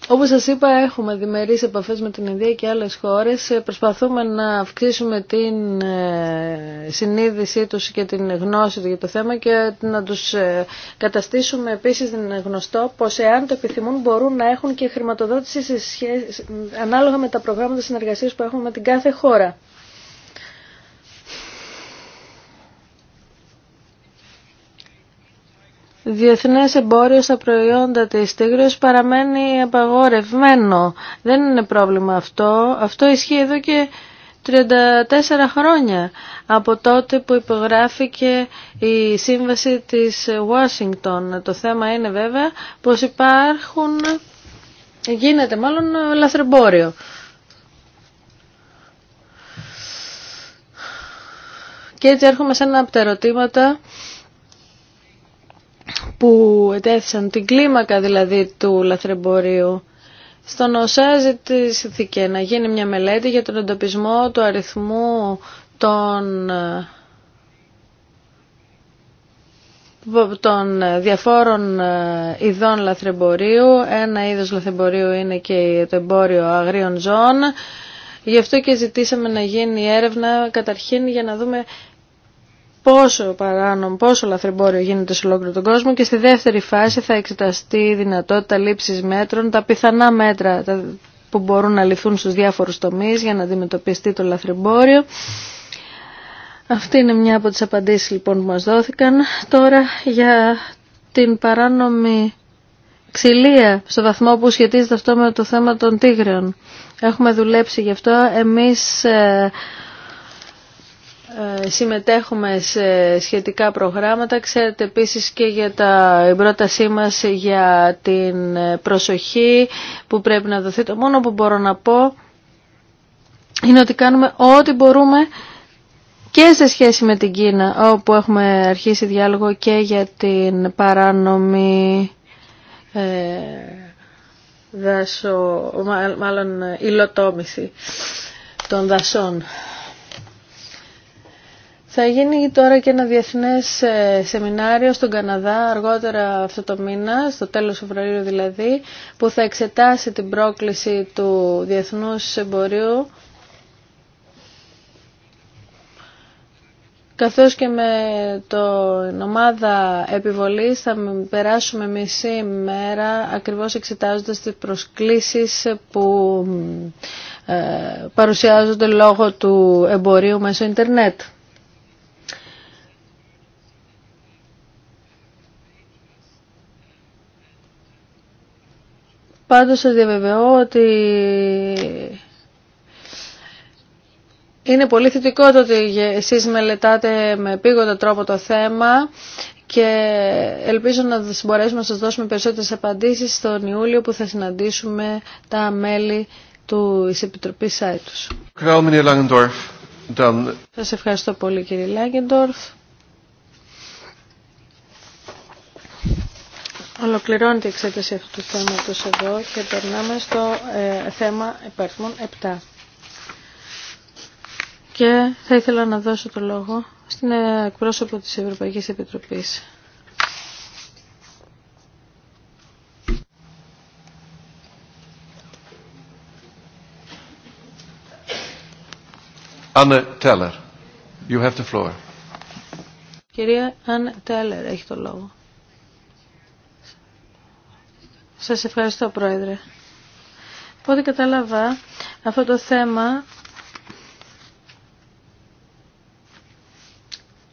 S2: όπως σας είπα, έχουμε διμερείς επαφές με την Ινδία και άλλες χώρες. Ε, προσπαθούμε να αυξήσουμε την ε, συνείδησή τους και την γνώση για το θέμα και να τους ε, καταστήσουμε επίσης γνωστό πως εάν το επιθυμούν μπορούν να έχουν και χρηματοδότηση σχέση, ανάλογα με τα προγράμματα συνεργασίας που έχουμε με την κάθε χώρα. διεθνές εμπόριο στα προϊόντα της τίγρης παραμένει απαγορευμένο. Δεν είναι πρόβλημα αυτό. Αυτό ισχύει εδώ και 34 χρόνια από τότε που υπογράφηκε η σύμβαση της Ουάσιγκτον. Το θέμα είναι βέβαια πως υπάρχουν, γίνεται μάλλον λαθρεμπόριο. Και έτσι έρχομαι σε ένα από τα ερωτήματα που ετέθησαν την κλίμακα δηλαδή του λαθρεμπορίου. Στον ΩΣΑ ζητήθηκε να γίνει μια μελέτη για τον εντοπισμό του αριθμού των των διαφόρων ειδών λαθρεμπορίου. Ένα είδος λαθρεμπορίου είναι και το εμπόριο αγρίων ζώων. Γι' αυτό και ζητήσαμε να γίνει έρευνα καταρχήν για να δούμε πόσο παράνομο, πόσο λαθρεμπόριο γίνεται σε ολόκληρο τον κόσμο και στη δεύτερη φάση θα εξεταστεί η δυνατότητα λήψης μέτρων, τα πιθανά μέτρα που μπορούν να ληφθούν στους διάφορους τομείς για να αντιμετωπιστεί το λαθρεμπόριο. Αυτή είναι μια από τις απαντήσεις λοιπόν που μας δόθηκαν. Τώρα για την παράνομη ξυλία στο βαθμό που σχετίζεται αυτό με το θέμα των τίγρεων. Έχουμε δουλέψει γι' αυτό. Εμείς ε, ε, συμμετέχουμε σε σχετικά προγράμματα. Ξέρετε επίσης και για τα, η πρότασή μας για την προσοχή που πρέπει να δοθεί. Το μόνο που μπορώ να πω είναι ότι κάνουμε ό,τι μπορούμε και σε σχέση με την Κίνα, όπου έχουμε αρχίσει διάλογο και για την παράνομη ε, δάσο, μάλλον υλοτόμηση των δασών. Θα γίνει τώρα και ένα διεθνές ε, σεμινάριο στον Καναδά αργότερα αυτό το μήνα, στο τέλος Φεβρουαρίου δηλαδή, που θα εξετάσει την πρόκληση του διεθνούς εμπορίου καθώς και με την ομάδα επιβολής θα περάσουμε μισή μέρα ακριβώς εξετάζοντας τις προσκλήσεις που ε, παρουσιάζονται λόγω του εμπορίου μέσω ίντερνετ. Πάντως σας διαβεβαιώ ότι είναι πολύ θετικό το ότι εσείς μελετάτε με επίγοντα τρόπο το θέμα και ελπίζω να μπορέσουμε να σας δώσουμε περισσότερες απαντήσεις στον Ιούλιο που θα συναντήσουμε τα μέλη του Επιτροπής ΣΑΕΤΟΥΣ. Σας ευχαριστώ πολύ κύριε Λάγκεντορφ. Ολοκληρώνεται η εξέταση αυτού του θέματος εδώ και περνάμε στο ε, θέμα υπάρχουν 7. Και θα ήθελα να δώσω το λόγο στην ε, εκπρόσωπο της Ευρωπαϊκής Επιτροπής.
S1: Anne Teller, you have the floor.
S2: Κυρία Αν Τέλερ έχει το λόγο. Σας ευχαριστώ Πρόεδρε. Πότε κατάλαβα αυτό το θέμα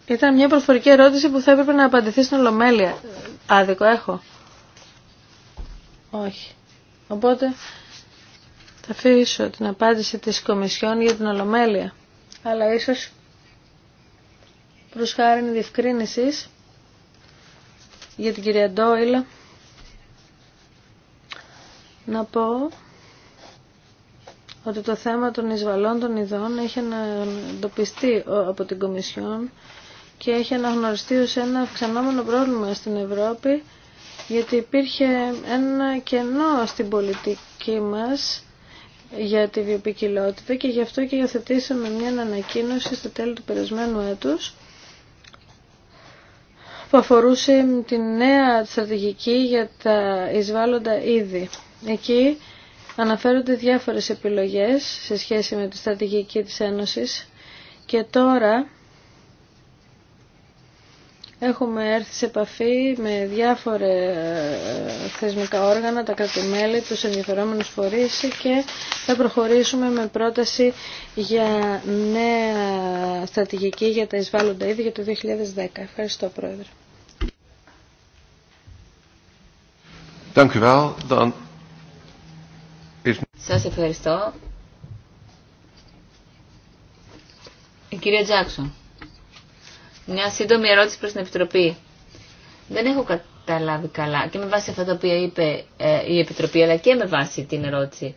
S2: ήταν μια προφορική ερώτηση που θα έπρεπε να απαντηθεί στην Ολομέλεια. Άδικο έχω. Όχι. Οπότε θα αφήσω την απάντηση της Κομισιόν για την Ολομέλεια. Αλλά ίσως προς χάρη διευκρίνησης για την κυρία Ντόιλα να πω ότι το θέμα των εισβαλών των ειδών έχει αναντοπιστεί από την Κομισιόν και έχει αναγνωριστεί ως ένα αυξανόμενο πρόβλημα στην Ευρώπη γιατί υπήρχε ένα κενό στην πολιτική μας για τη βιοπικιλότητα και γι' αυτό και υιοθετήσαμε μια ανακοίνωση στο τέλος του περασμένου έτους που αφορούσε τη νέα στρατηγική για τα εισβάλλοντα είδη. Εκεί αναφέρονται διάφορες επιλογές σε σχέση με τη στρατηγική της Ένωσης και τώρα έχουμε έρθει σε επαφή με διάφορα ε, θεσμικά όργανα, τα κρατημέλη, τους ενδιαφερόμενους φορείς και θα προχωρήσουμε με πρόταση για νέα στρατηγική για τα εισβάλλοντα είδη για το 2010. Ευχαριστώ
S4: Πρόεδρε.
S1: Dank u
S4: σας ευχαριστώ. Η κυρία Τζάξον. Μια σύντομη ερώτηση προς την Επιτροπή. Δεν έχω καταλάβει καλά και με βάση αυτά τα οποία είπε ε, η Επιτροπή αλλά και με βάση την ερώτηση.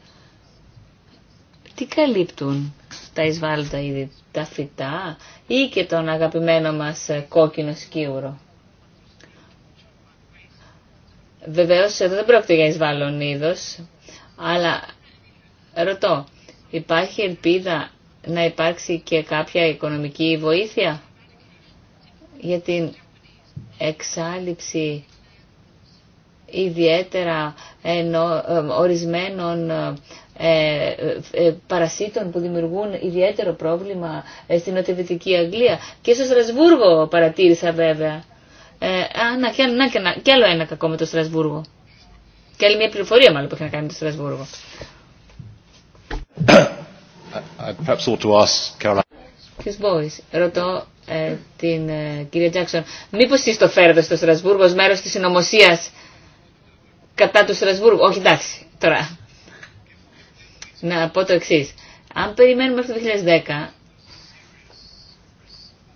S4: Τι καλύπτουν τα εισβάλλοντα είδη, τα φυτά ή και τον αγαπημένο μας ε, κόκκινο σκίουρο. Βεβαίως εδώ δεν πρόκειται για εισβάλλον είδος, αλλά ρωτώ, υπάρχει ελπίδα να υπάρξει και κάποια οικονομική βοήθεια για την εξάλληψη ιδιαίτερα ε, ορισμένων ε, ε, ε που δημιουργούν ιδιαίτερο πρόβλημα στην νοτιοδυτική Αγγλία. Και στο Στρασβούργο παρατήρησα βέβαια. α, να, και, να, και άλλο ένα κακό με το Στρασβούργο. Και άλλη μια πληροφορία μάλλον που έχει να κάνει με το Στρασβούργο. Ποιος [coughs] ρωτώ ε, την ε, κυρία Τζάξον, μήπως εσείς το φέρετε στο Στρασβούργο ως μέρος της συνωμοσία κατά του Στρασβούργου. Όχι εντάξει, τώρα. Να πω το εξή. Αν περιμένουμε αυτό το 2010,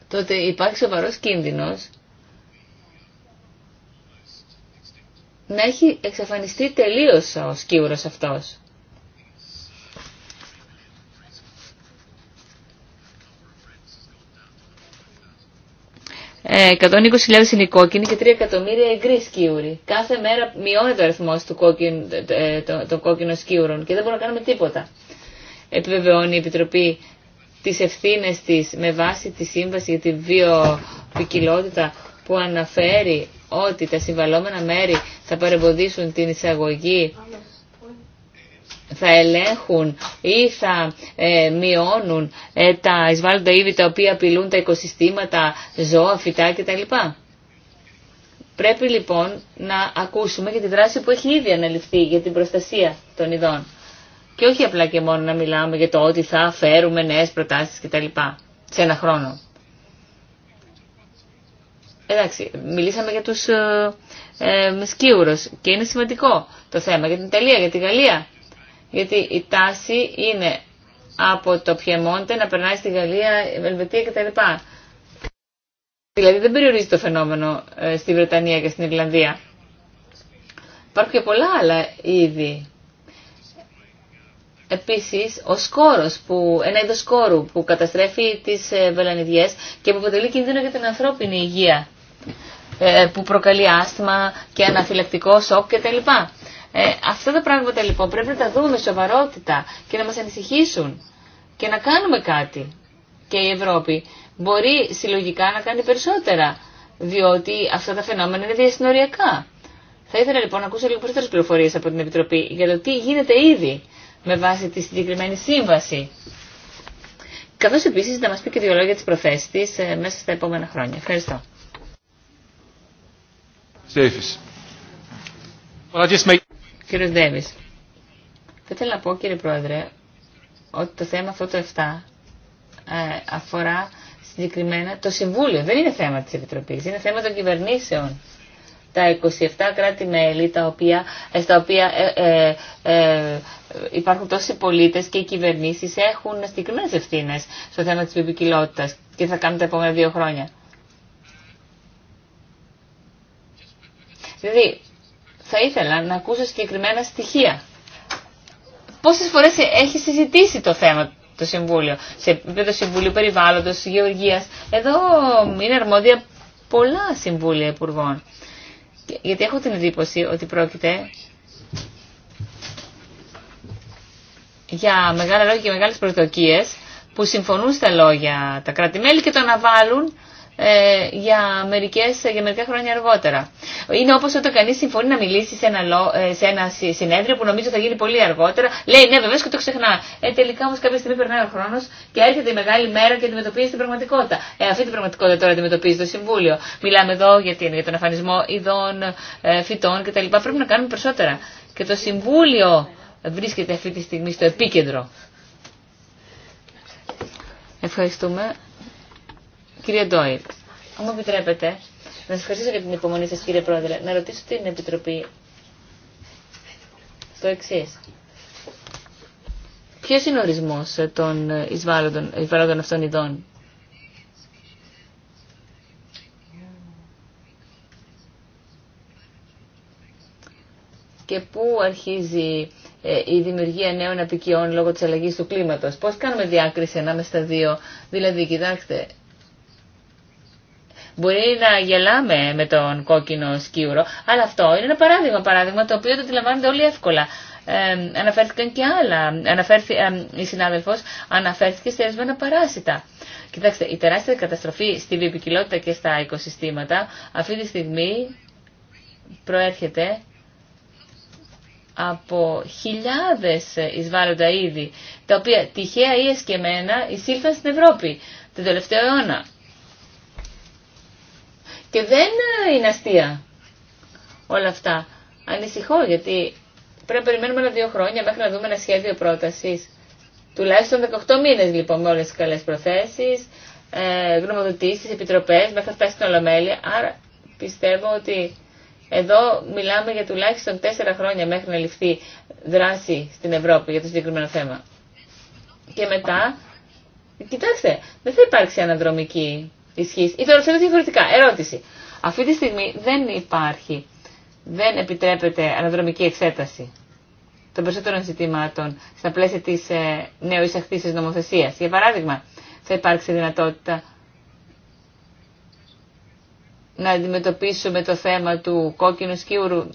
S4: τότε υπάρχει σοβαρός κίνδυνος να έχει εξαφανιστεί τελείως ο σκύουρος αυτός. Ε, 120.000 είναι οι κόκκινοι και 3 εκατομμύρια οι γκρι Κάθε μέρα μειώνεται ο αριθμό των κόκκινων ε, ε, σκύουρων και δεν μπορούμε να κάνουμε τίποτα. Επιβεβαιώνει η Επιτροπή τι ευθύνε τη με βάση τη Σύμβαση για τη βιοποικιλότητα που αναφέρει ότι τα συμβαλόμενα μέρη θα παρεμποδίσουν την εισαγωγή θα ελέγχουν ή θα ε, μειώνουν ε, τα εισβάλλοντα είδη τα οποία απειλούν τα οικοσυστήματα, ζώα, φυτά κτλ. Πρέπει λοιπόν να ακούσουμε για τη δράση που έχει ήδη αναλυφθεί για την προστασία των ειδών. Και όχι απλά και μόνο να μιλάμε για το ότι θα φέρουμε νέες προτάσεις κτλ. σε ένα χρόνο. Εντάξει, μιλήσαμε για τους ε, ε και είναι σημαντικό το θέμα για την Ιταλία, για τη Γαλλία. Γιατί η τάση είναι από το Πιεμόντε να περνάει στη Γαλλία, η Βελβετία κτλ. Δηλαδή δεν περιορίζει το φαινόμενο ε, στη Βρετανία και στην Ιρλανδία. Υπάρχουν και πολλά άλλα είδη. Επίσης, ο σκόρος, που, ένα είδος σκόρου που καταστρέφει τις ε, βελανιδιές και που αποτελεί κίνδυνο για την ανθρώπινη υγεία. Ε, που προκαλεί άσθημα και αναφυλακτικό σοκ κτλ. Ε, αυτά τα πράγματα λοιπόν πρέπει να τα δούμε σοβαρότητα και να μας ανησυχήσουν και να κάνουμε κάτι. Και η Ευρώπη μπορεί συλλογικά να κάνει περισσότερα, διότι αυτά τα φαινόμενα είναι διασυνοριακά. Θα ήθελα λοιπόν να ακούσω λίγο περισσότερες πληροφορίες από την Επιτροπή για το τι γίνεται ήδη με βάση τη συγκεκριμένη σύμβαση. Καθώς επίσης να μας πει και δύο λόγια της προθέσης ε, της μέσα στα επόμενα χρόνια. Ευχαριστώ. Κύριος Ντέβις, θα ήθελα να πω κύριε Πρόεδρε ότι το θέμα αυτό το 7 ε, αφορά συγκεκριμένα το Συμβούλιο. Δεν είναι θέμα της Επιτροπής, είναι θέμα των κυβερνήσεων. Τα 27 κράτη-μέλη ε, στα οποία, ε, ε, ε, υπάρχουν τόσοι πολίτες και οι κυβερνήσεις έχουν συγκεκριμένες ευθύνες στο θέμα της βιοποικιλότητας και θα κάνουν τα επόμενα δύο χρόνια. Δηλαδή, θα ήθελα να ακούσω συγκεκριμένα στοιχεία. Πόσε φορές έχει συζητήσει το θέμα το Συμβούλιο, σε επίπεδο Συμβουλίου Περιβάλλοντος, γεωργία. Εδώ είναι αρμόδια πολλά Συμβούλια Υπουργών. Γιατί έχω την εντύπωση ότι πρόκειται για μεγάλα λόγια και μεγάλες προσδοκίε που συμφωνούν στα λόγια τα κρατη και το αναβάλουν ε, για, μερικές, για μερικά χρόνια αργότερα. Είναι όπως όταν κανείς συμφωνεί να μιλήσει σε ένα, ε, σε ένα συνέδριο που νομίζω θα γίνει πολύ αργότερα. Λέει ναι βεβαίως και το ξεχνά. Ε, τελικά όμως κάποια στιγμή περνάει ο χρόνος και έρχεται η μεγάλη μέρα και αντιμετωπίζει την πραγματικότητα. Ε, αυτή την πραγματικότητα τώρα αντιμετωπίζει το Συμβούλιο. Μιλάμε εδώ για, την, για τον αφανισμό ειδών, ε, φυτών κτλ. Πρέπει να κάνουμε περισσότερα. Και το Συμβούλιο βρίσκεται αυτή τη στιγμή στο επίκεντρο. Ευχαριστούμε. Κύριε Ντόιλ, αν μου επιτρέπετε, να σα ευχαριστήσω για την υπομονή σα, κύριε Πρόεδρε, να ρωτήσω την Επιτροπή το εξή. Ποιο είναι ο ορισμό των εισβάλλοντων αυτών ειδών. και πού αρχίζει ε, η δημιουργία νέων απικιών λόγω της αλλαγής του κλίματος. Πώς κάνουμε διάκριση ανάμεσα στα δύο. Δηλαδή, κοιτάξτε, Μπορεί να γελάμε με τον κόκκινο σκιούρο, αλλά αυτό είναι ένα παράδειγμα, παράδειγμα το οποίο το αντιλαμβάνεται όλοι εύκολα. Ε, αναφέρθηκαν και άλλα. Αναφέρθη, ε, η συνάδελφο αναφέρθηκε σε ορισμένα παράσιτα. Κοιτάξτε, η τεράστια καταστροφή στη βιοπικιλότητα και στα οικοσυστήματα αυτή τη στιγμή προέρχεται από χιλιάδες εισβάλλοντα είδη, τα οποία τυχαία ή εσκεμένα εισήλθαν στην Ευρώπη τον τελευταίο αιώνα. Και δεν ε, είναι αστεία όλα αυτά. Ανησυχώ γιατί πρέπει να περιμένουμε ένα-δύο χρόνια μέχρι να δούμε ένα σχέδιο πρόταση. Τουλάχιστον 18 μήνε λοιπόν με όλε τι καλέ προθέσει, ε, γνωμοδοτήσει, επιτροπέ, μέχρι να φτάσει στην Ολομέλεια. Άρα πιστεύω ότι εδώ μιλάμε για τουλάχιστον 4 χρόνια μέχρι να ληφθεί δράση στην Ευρώπη για το συγκεκριμένο θέμα. Και μετά, κοιτάξτε, δεν θα υπάρξει αναδρομική ισχύει. Ή το ξέρω διαφορετικά. Ερώτηση. Αυτή τη στιγμή δεν υπάρχει, δεν επιτρέπεται αναδρομική εξέταση των περισσότερων ζητημάτων στα πλαίσια τη ε, νέου τη νομοθεσίας. Για παράδειγμα, θα υπάρξει δυνατότητα να αντιμετωπίσουμε το θέμα του κόκκινου σκιούρου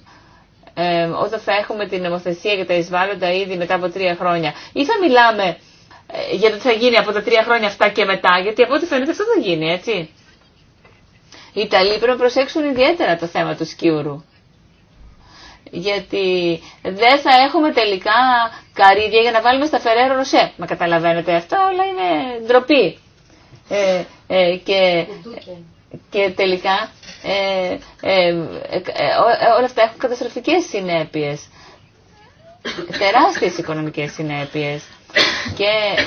S4: ε, όταν θα έχουμε την νομοθεσία για τα εισβάλλοντα ήδη μετά από τρία χρόνια. Ή θα μιλάμε ε, γιατί θα γίνει από τα τρία χρόνια αυτά και μετά, γιατί από ό,τι φαίνεται αυτό θα γίνει, έτσι. Οι Ιταλοί πρέπει να προσέξουν ιδιαίτερα το θέμα του σκιούρου. Γιατί δεν θα έχουμε τελικά καρύδια για να βάλουμε στα Φεραίρο Ροσέ. Μα καταλαβαίνετε αυτό, όλα είναι ντροπή. Ε, ε, και, και τελικά ε, όλα αυτά έχουν καταστροφικές συνέπειες. Τεράστιες οικονομικές συνέπειες και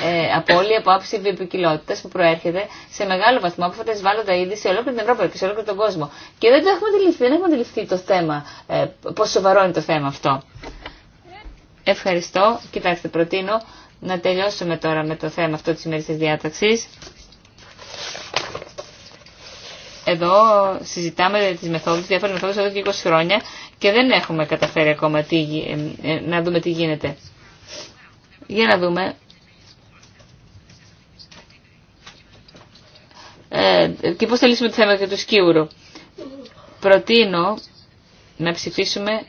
S4: ε, απώλεια από άψη βιοποικιλότητα που προέρχεται σε μεγάλο βαθμό από αυτά τα εισβάλλοντα είδη σε ολόκληρη την Ευρώπη και σε ολόκληρο τον κόσμο. Και δεν το έχουμε αντιληφθεί, δεν έχουμε αντιληφθεί το θέμα, ε, πόσο σοβαρό είναι το θέμα αυτό. Ευχαριστώ. Κοιτάξτε, προτείνω να τελειώσουμε τώρα με το θέμα αυτό τη ημέρης της διάταξης. Εδώ συζητάμε τι μεθόδου, διάφορε μεθόδου εδώ και 20 χρόνια και δεν έχουμε καταφέρει ακόμα τι, ε, ε, να δούμε τι γίνεται. Για να δούμε. Ε, και πώς θα λύσουμε το θέμα για το σκιούρο. Προτείνω να ψηφίσουμε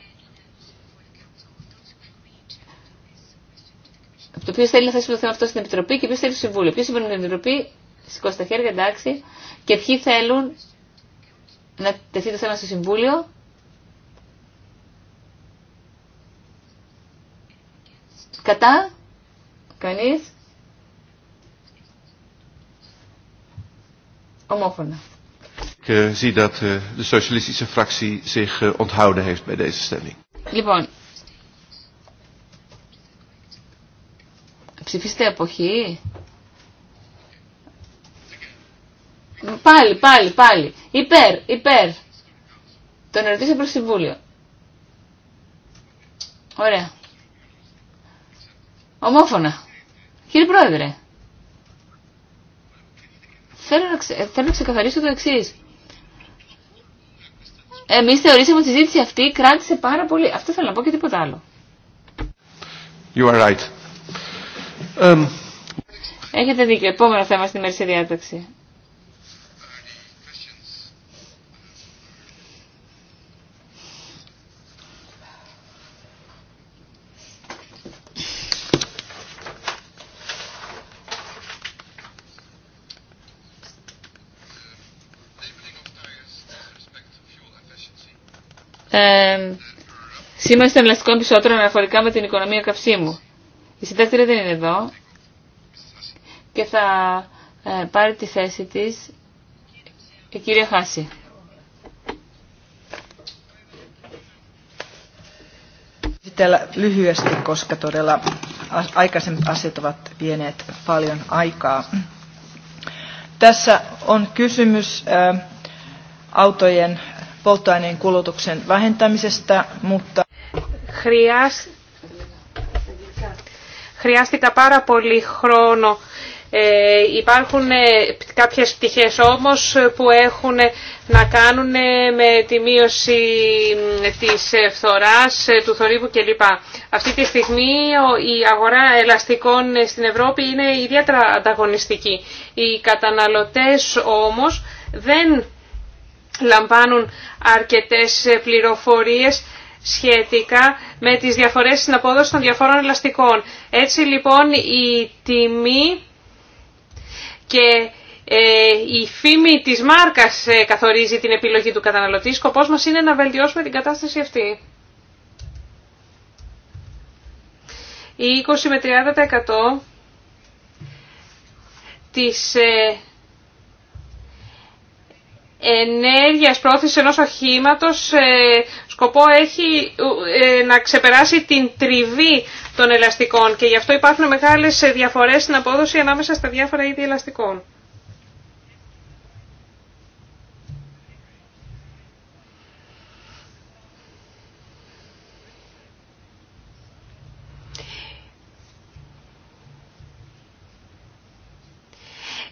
S4: το οποίο θέλει να θέσει το θέμα αυτό στην Επιτροπή και ποιο θέλει στο Συμβούλιο. Ποιο θέλει την Επιτροπή, σηκώστε τα χέρια, εντάξει. Και ποιοι θέλουν να τεθεί το θέμα στο Συμβούλιο. Κατά. Κανείς. Ομόφωνα. Λοιπόν, ψηφίστε εποχή. Πάλι, πάλι, πάλι. Υπέρ, υπέρ. Τον ερωτήσε προς συμβούλιο. Ωραία. Ομόφωνα. Κύριε Πρόεδρε, θέλω να, ξε... ξεκαθαρίσω το εξή. Εμεί θεωρήσαμε ότι η συζήτηση αυτή κράτησε πάρα πολύ. Αυτό θέλω να πω και τίποτα άλλο.
S1: You are right. Um,
S4: Έχετε δίκιο. Επόμενο θέμα στη ημερήσια διάταξη. ε, σήμερα των ελαστικών πισώτρων αναφορικά με την οικονομία καυσίμου. Η συντάκτρια δεν είναι εδώ και θα ε, πάρει τη θέση της η κυρία Χάση. Täällä lyhyesti, koska todella aikaisemmat asiat ovat vieneet paljon aikaa. Tässä on kysymys autojen
S2: polttoaineen kulutuksen vähentämisestä, mutta...
S3: Χρειάστηκα πάρα πολύ χρόνο. Ε, υπάρχουν κάποιες πτυχές όμως που έχουν να κάνουν με τη μείωση της φθοράς, του θορύβου κλπ. Αυτή τη στιγμή η αγορά ελαστικών στην Ευρώπη είναι ιδιαίτερα ανταγωνιστική. Οι καταναλωτές όμως δεν λαμβάνουν αρκετές πληροφορίες σχετικά με τις διαφορές στην απόδοση των διαφόρων ελαστικών. Έτσι λοιπόν η τιμή και ε, η φήμη της μάρκας ε, καθορίζει την επιλογή του καταναλωτή. Σκοπός μας είναι να βελτιώσουμε την κατάσταση αυτή. Η 20 με 30% της ε, ενέργειας πρόθεση ενός οχήματος ε, σκοπό έχει ε, να ξεπεράσει την τριβή των ελαστικών και γι' αυτό υπάρχουν μεγάλες διαφορές στην απόδοση ανάμεσα στα διάφορα είδη ελαστικών.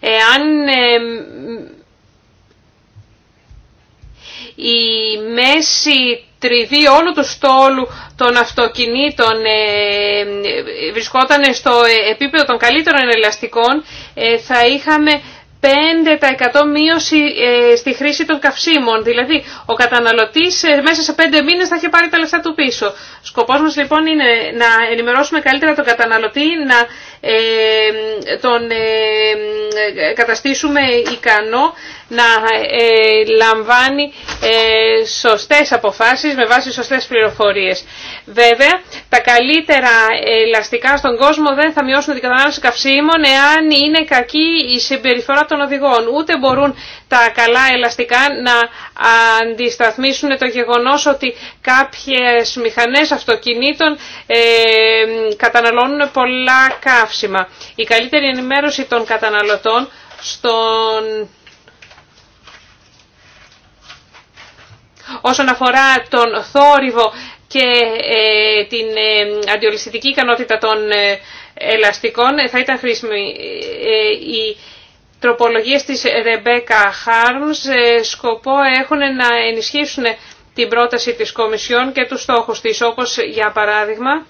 S3: Εάν η μέση τριβή όλου του στόλου των αυτοκινήτων ε, ε, βρισκόταν στο ε, επίπεδο των καλύτερων ελαστικών, θα είχαμε 5% μείωση στη χρήση των καυσίμων. Δηλαδή, ο καταναλωτής μέσα σε 5 μήνες θα είχε πάρει τα λεφτά του πίσω. Σκοπός μας λοιπόν είναι να ενημερώσουμε καλύτερα τον καταναλωτή, να ε, τον καταστήσουμε ικανό να ε, λαμβάνει ε, σωστές αποφάσεις με βάση σωστές πληροφορίες. Βέβαια, τα καλύτερα ελαστικά στον κόσμο δεν θα μειώσουν την κατανάλωση καυσίμων εάν είναι κακή η συμπεριφορά των οδηγών. Ούτε μπορούν τα καλά ελαστικά να αντισταθμίσουν το γεγονός ότι κάποιες μηχανές αυτοκινήτων ε, καταναλώνουν πολλά καύσιμα. Η καλύτερη ενημέρωση των καταναλωτών στον όσον αφορά τον θόρυβο και ε, την ε, αντιολυσθητική ικανότητα των ε, ελαστικών θα ήταν χρήσιμη. Οι τροπολογίες της Rebecca Harms σκοπό έχουν να ενισχύσουν την πρόταση της Κομισιόν και τους στόχους της, όπως για παράδειγμα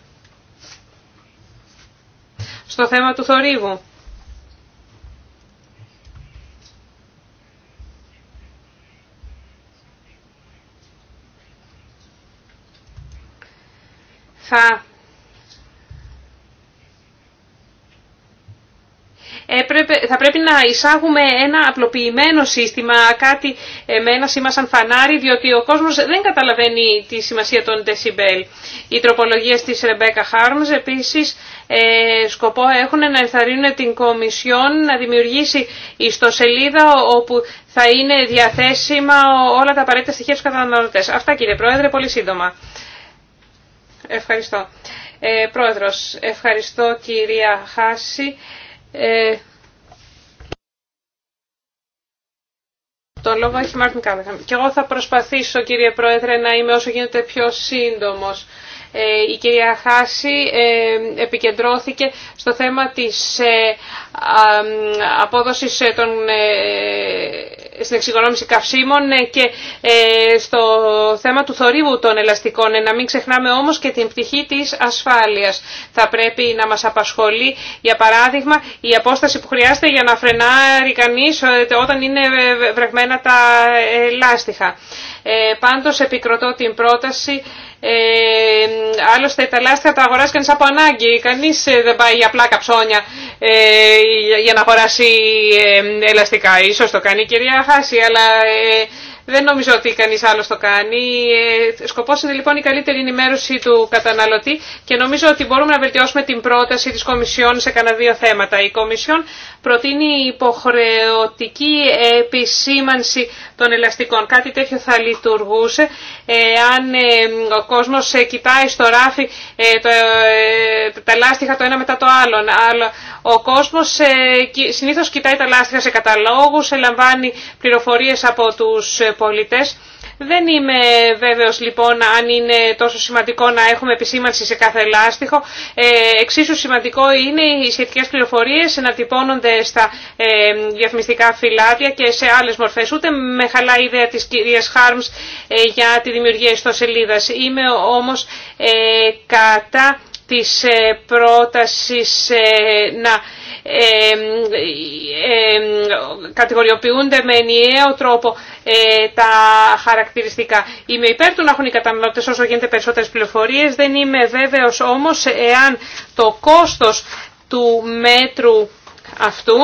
S3: στο θέμα του θορύβου. θα θα πρέπει να εισάγουμε ένα απλοποιημένο σύστημα, κάτι με ένα σήμα σαν φανάρι, διότι ο κόσμος δεν καταλαβαίνει τη σημασία των decibel. Οι τροπολογίες της Rebecca Harms επίσης ε, σκοπό έχουν να ενθαρρύνουν την Κομισιόν να δημιουργήσει ιστοσελίδα όπου θα είναι διαθέσιμα όλα τα απαραίτητα στοιχεία στους καταναλωτές. Αυτά κύριε Πρόεδρε, πολύ σύντομα. Ευχαριστώ. Ε, πρόεδρος, ευχαριστώ κυρία Χάση. Ε, το λόγο έχει Μάρτιν Και εγώ θα προσπαθήσω κύριε Πρόεδρε να είμαι όσο γίνεται πιο σύντομος. Ε, η κυρία Χάση ε, επικεντρώθηκε στο θέμα της ε, απόδοσης των, στην εξοικονόμηση καυσίμων και στο θέμα του θορύβου των ελαστικών. Να μην ξεχνάμε όμως και την πτυχή της ασφάλειας. Θα πρέπει να μας απασχολεί, για παράδειγμα, η απόσταση που χρειάζεται για να φρενάρει κανείς όταν είναι βρεγμένα τα λάστιχα. Πάντως επικροτώ την πρόταση ε, άλλωστε τα λάστιχα τα αγοράζει κανείς από ανάγκη. Κανείς ε, δεν πάει για απλά καψόνια ε, για να αγοράσει ελαστικά. Ίσως το κάνει η κυρία Χάση, αλλά δεν νομίζω ότι κανείς άλλος το κάνει. Ε, σκοπός είναι λοιπόν η καλύτερη ενημέρωση του καταναλωτή και νομίζω ότι μπορούμε να βελτιώσουμε την πρόταση της Κομισιόν σε κανένα δύο θέματα. Η Κομισιόν προτείνει υποχρεωτική επισήμανση των ελαστικών. Κάτι τέτοιο θα λειτουργούσε ε, αν ε, ο κόσμος κοιτάει στο ράφι τα λάστιχα το ένα μετά το άλλο. ο κόσμος συνήθως κοιτάει τα λάστιχα σε καταλόγους, λαμβάνει πληροφορίες από τους πολίτες. Δεν είμαι βέβαιος λοιπόν αν είναι τόσο σημαντικό να έχουμε επισήμανση σε κάθε λάστιχο. Ε, εξίσου σημαντικό είναι οι σχετικές πληροφορίες να τυπώνονται στα ε, διαφημιστικά φυλάδια και σε άλλες μορφές. Ούτε με χαλά ιδέα της κυρίας Χάρμς ε, για τη δημιουργία ιστοσελίδας. Είμαι όμως ε, κατά της ε, πρότασης ε, να ε, κατηγοριοποιούνται με ενιαίο τρόπο τα χαρακτηριστικά. Είμαι υπέρ του να έχουν οι καταναλωτές όσο γίνεται περισσότερες πληροφορίες, δεν είμαι βέβαιος όμως εάν το κόστος του μέτρου αυτού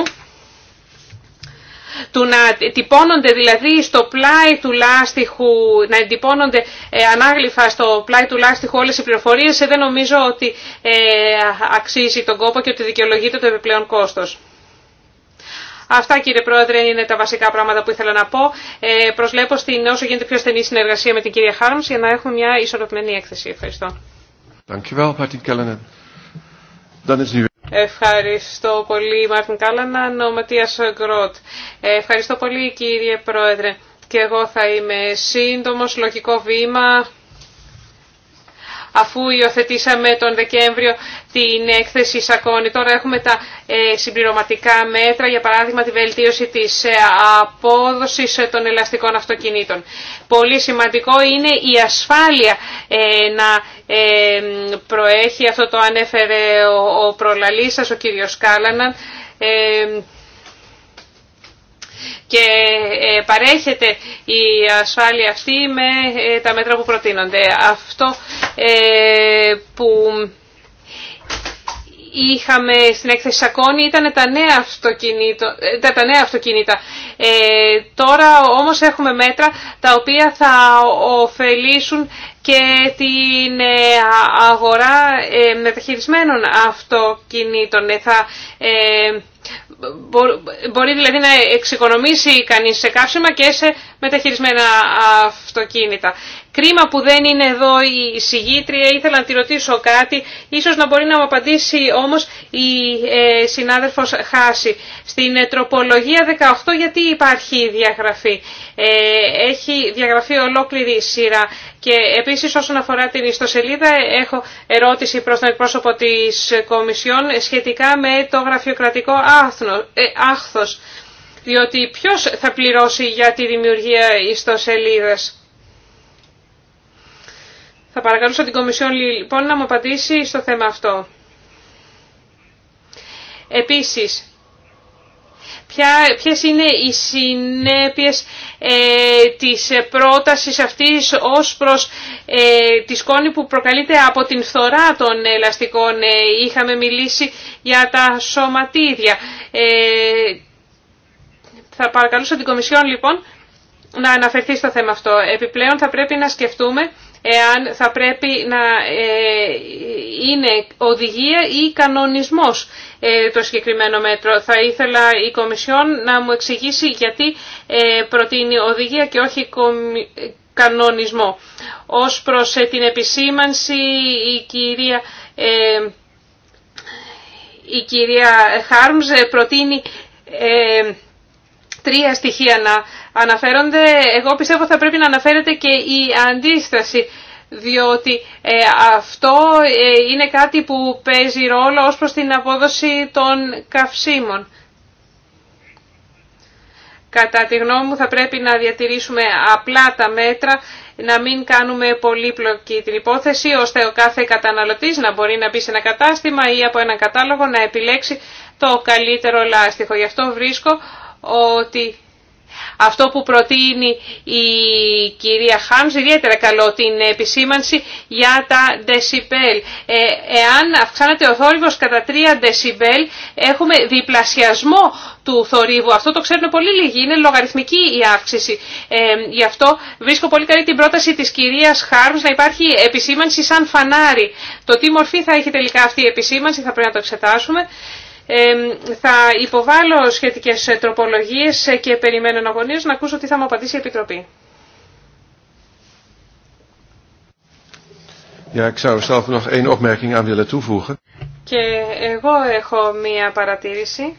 S3: του να τυπώνονται δηλαδή στο πλάι του λάστιχου, να εντυπώνονται ε, ανάγλυφα στο πλάι του λάστιχου όλες οι πληροφορίες, ε, δεν νομίζω ότι ε, αξίζει τον κόπο και ότι δικαιολογείται το επιπλέον κόστος. Αυτά κύριε Πρόεδρε είναι τα βασικά πράγματα που ήθελα να πω. Ε, προσλέπω στην όσο γίνεται πιο στενή συνεργασία με την κυρία Χάρμς για να έχουμε μια ισορροπημένη έκθεση. Ευχαριστώ. Ευχαριστώ πολύ Μάρτιν Κάλανα, ο Ματίας Γκρότ. Ευχαριστώ πολύ κύριε Πρόεδρε. Και εγώ θα είμαι σύντομος, λογικό βήμα αφού υιοθετήσαμε τον Δεκέμβριο την έκθεση Σακώνη. Τώρα έχουμε τα ε, συμπληρωματικά μέτρα, για παράδειγμα τη βελτίωση της ε, απόδοσης ε, των ελαστικών αυτοκινήτων. Πολύ σημαντικό είναι η ασφάλεια να προέχει, αυτό το ανέφερε ο προλαλής σας, ο κύριος Κάλαναν, και ε, παρέχεται η ασφάλεια αυτή με ε, τα μέτρα που προτείνονται. Αυτό ε, που είχαμε στην έκθεση Σακώνη ήταν τα νέα αυτοκίνητα. Τα, νέα αυτοκίνητα. τώρα όμως έχουμε μέτρα τα οποία θα ωφελήσουν και την αγορά μεταχειρισμένων αυτοκινήτων. θα Μπορεί δηλαδή να εξοικονομήσει κανείς σε καύσιμα και σε μεταχειρισμένα αυτοκίνητα. Κρίμα που δεν είναι εδώ η συγγήτρια, ήθελα να τη ρωτήσω κάτι, ίσως να μπορεί να μου απαντήσει όμως η ε, συνάδελφος Χάση. Στην ε, τροπολογία 18 γιατί υπάρχει διαγραφή. Ε, έχει διαγραφεί ολόκληρη σειρά και επίσης όσον αφορά την ιστοσελίδα έχω ερώτηση προς τον εκπρόσωπο της Κομισιόν σχετικά με το γραφειοκρατικό άχθο, ε, άχθος διότι ποιος θα πληρώσει για τη δημιουργία ιστοσελίδας. Θα παρακαλούσα την Κομισιόν λοιπόν να μου απαντήσει στο θέμα αυτό. Επίσης, ποια, ποιες είναι οι συνέπειες ε, της πρότασης αυτής ως προς ε, τη σκόνη που προκαλείται από την φθορά των ελαστικών. Ε, είχαμε μιλήσει για τα σωματίδια. Ε, θα παρακαλούσα την Κομισιόν λοιπόν να αναφερθεί στο θέμα αυτό. Επιπλέον θα πρέπει να σκεφτούμε εάν θα πρέπει να ε, είναι οδηγία ή κανονισμός ε, το συγκεκριμένο μέτρο. Θα ήθελα η Κομισιόν να μου εξηγήσει γιατί ε, προτείνει οδηγία και όχι κανονισμό. Ως προς την επισήμανση η κυρία... Η κυρία Χάρμς προτείνει τρία στοιχεία να αναφέρονται, εγώ πιστεύω θα πρέπει να αναφέρεται και η αντίσταση διότι ε, αυτό ε, είναι κάτι που παίζει ρόλο ως προς την απόδοση των καυσίμων. Κατά τη γνώμη μου θα πρέπει να διατηρήσουμε απλά τα μέτρα, να μην κάνουμε πολύπλοκη την υπόθεση, ώστε ο κάθε καταναλωτής να μπορεί να μπει σε ένα κατάστημα ή από έναν κατάλογο να επιλέξει το καλύτερο λάστιχο. Γι' αυτό βρίσκω ότι αυτό που προτείνει η κυρία Χάμς, ιδιαίτερα καλό την επισήμανση για τα δεσιμπέλ. Ε, εάν αυξάνεται ο θόρυβος κατά 3 δεσιμπέλ, έχουμε διπλασιασμό του θορύβου. Αυτό το ξέρουν πολύ λίγοι, είναι λογαριθμική η αύξηση. Ε, γι' αυτό βρίσκω πολύ καλή την πρόταση της κυρίας Χάρμς να υπάρχει επισήμανση σαν φανάρι. Το τι μορφή θα έχει τελικά αυτή η επισήμανση θα πρέπει να το εξετάσουμε θα υποβάλω σχετικές τροπολογίες και περιμένω αγωνίως να ακούσω τι θα μου απαντήσει η Επιτροπή. Και εγώ έχω μία παρατήρηση.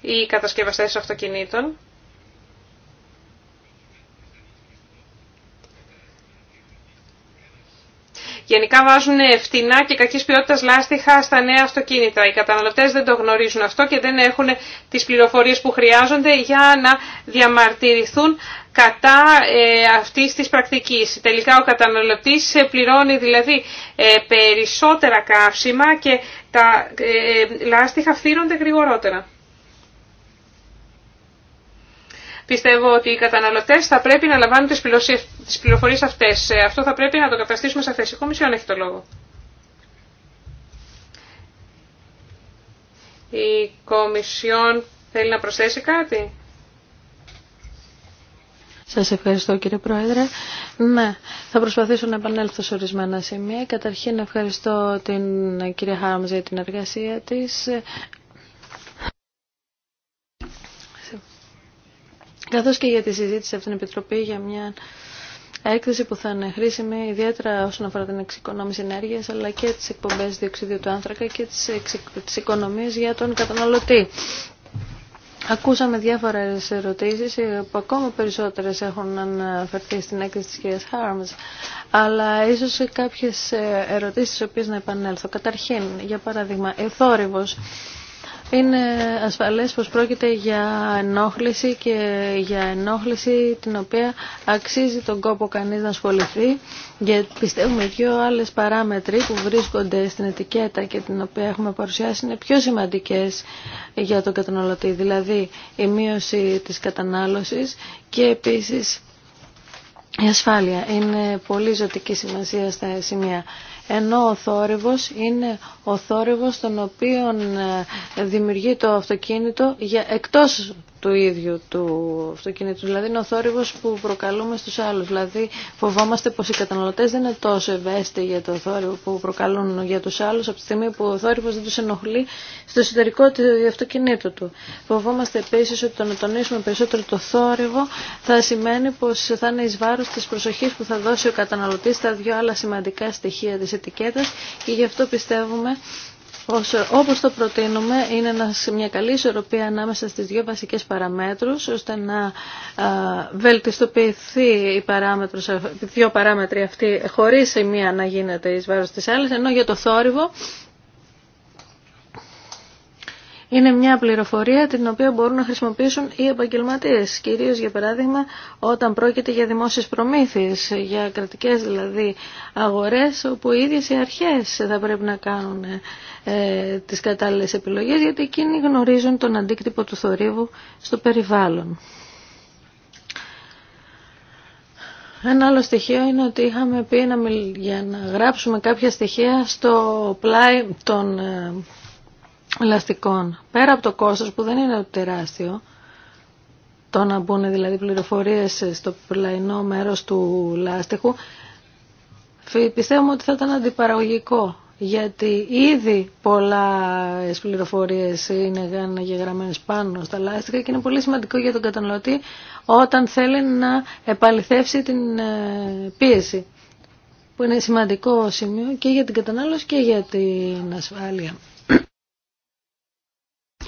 S3: Οι κατασκευαστές αυτοκινήτων Γενικά βάζουν φτηνά και κακή ποιότητα λάστιχα στα νέα αυτοκίνητα. Οι καταναλωτέ δεν το γνωρίζουν αυτό και δεν έχουν τι πληροφορίε που χρειάζονται για να διαμαρτυρηθούν κατά ε, αυτής της πρακτικής. Τελικά ο καταναλωτής ε, πληρώνει δηλαδή ε, περισσότερα καύσιμα και τα ε, λάστιχα φύρονται γρηγορότερα. Πιστεύω ότι οι καταναλωτές θα πρέπει να λαμβάνουν τις πληροφορίες αυτές. Ε, αυτό θα πρέπει να το καταστήσουμε θέση Η Κομισιόν έχει το λόγο. Η Κομισιόν θέλει να προσθέσει κάτι.
S2: Σας ευχαριστώ κύριε Πρόεδρε. Ναι, θα προσπαθήσω να επανέλθω σε ορισμένα σημεία. Καταρχήν ευχαριστώ την ε, κυρία Χάμζη για την εργασία της. Καθώ και για τη συζήτηση αυτήν την Επιτροπή για μια έκθεση που θα είναι χρήσιμη ιδιαίτερα όσον αφορά την εξοικονόμηση ενέργεια, αλλά και τι εκπομπέ διοξιδίου του άνθρακα και τις, εξ, για τον καταναλωτή. Ακούσαμε διάφορες ερωτήσεις ε, που ακόμα περισσότερες έχουν αναφερθεί στην έκθεση της κυρία Χάρμς αλλά ίσως κάποιες ε, ερωτήσεις τι οποίες να επανέλθω. Καταρχήν, για παράδειγμα, θόρυβος είναι ασφαλές πως πρόκειται για ενόχληση και για ενόχληση την οποία αξίζει τον κόπο κανείς να ασχοληθεί γιατί πιστεύουμε δύο άλλες παράμετροι που βρίσκονται στην ετικέτα και την οποία έχουμε παρουσιάσει είναι πιο σημαντικές για τον καταναλωτή δηλαδή η μείωση της κατανάλωσης και επίσης η ασφάλεια είναι πολύ ζωτική σημασία στα σημεία ενώ ο θόρυβος είναι ο θόρυβος τον οποίο ε, δημιουργεί το αυτοκίνητο για, εκτός του ίδιου του αυτοκίνητου. Δηλαδή είναι ο θόρυβος που προκαλούμε στους άλλους. Δηλαδή φοβόμαστε πως οι καταναλωτές δεν είναι τόσο ευαίσθητοι για το θόρυβο που προκαλούν για τους άλλους από τη στιγμή που ο θόρυβος δεν τους ενοχλεί στο εσωτερικό του αυτοκινήτου του. Φοβόμαστε επίσης ότι το να τονίσουμε περισσότερο το θόρυβο θα σημαίνει πως θα είναι εις βάρος της προσοχής που θα δώσει ο καταναλωτής στα δύο άλλα σημαντικά στοιχεία της ετικέτας και γι' αυτό πιστεύουμε όπως το προτείνουμε είναι μια καλή ισορροπία ανάμεσα στις δύο βασικές παραμέτρους ώστε να βελτιστοποιηθεί οι, οι δύο παράμετροι αυτοί χωρίς η μία να γίνεται εις βάρος της άλλης ενώ για το θόρυβο είναι μια πληροφορία την οποία μπορούν να χρησιμοποιήσουν οι επαγγελματίε, κυρίω για παράδειγμα όταν πρόκειται για δημόσιε προμήθειε, για κρατικέ δηλαδή αγορέ, όπου οι ίδιε οι αρχέ θα πρέπει να κάνουν ε, τι κατάλληλε επιλογέ, γιατί εκείνοι γνωρίζουν τον αντίκτυπο του θορύβου στο περιβάλλον. Ένα άλλο στοιχείο είναι ότι είχαμε πει για να γράψουμε κάποια στοιχεία στο πλάι των ε, ελαστικών. Πέρα από το κόστος που δεν είναι τεράστιο, το να μπουν δηλαδή πληροφορίες στο πλαϊνό μέρος του λάστιχου, πιστεύουμε ότι θα ήταν αντιπαραγωγικό γιατί ήδη πολλά πληροφορίε είναι γεγραμμένες πάνω στα λάστιχα και είναι πολύ σημαντικό για τον καταναλωτή όταν θέλει να επαληθεύσει την ε, πίεση που είναι σημαντικό σημείο και για την κατανάλωση και για την ασφάλεια.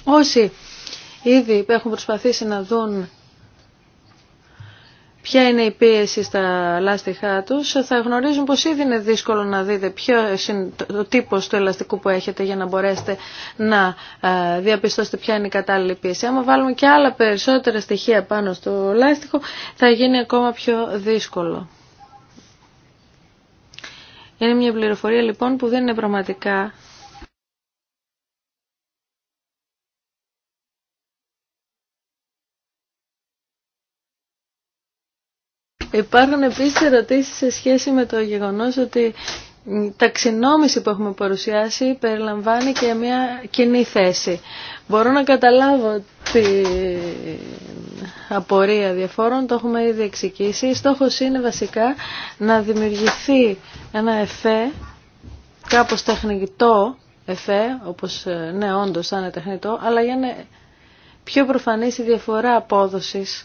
S2: Όσοι ήδη έχουν προσπαθήσει να δουν ποια είναι η πίεση στα λάστιχά τους, θα γνωρίζουν πως ήδη είναι δύσκολο να δείτε ποιο είναι το τύπος του ελαστικού που έχετε για να μπορέσετε να ε, διαπιστώσετε ποια είναι η κατάλληλη πίεση. Άμα βάλουμε και άλλα περισσότερα στοιχεία πάνω στο λάστιχο, θα γίνει ακόμα πιο δύσκολο. Είναι μια πληροφορία λοιπόν που δεν είναι πραγματικά Υπάρχουν επίσης ερωτήσεις σε σχέση με το γεγονός ότι τα ταξινόμηση που έχουμε παρουσιάσει περιλαμβάνει και μια κοινή θέση. Μπορώ να καταλάβω την ε, απορία διαφόρων, το έχουμε ήδη εξηγήσει. Στόχος είναι βασικά να δημιουργηθεί ένα εφέ, κάπως τεχνητό εφέ, όπως ε, ναι όντως θα είναι τεχνητό, αλλά για να πιο προφανής η διαφορά απόδοσης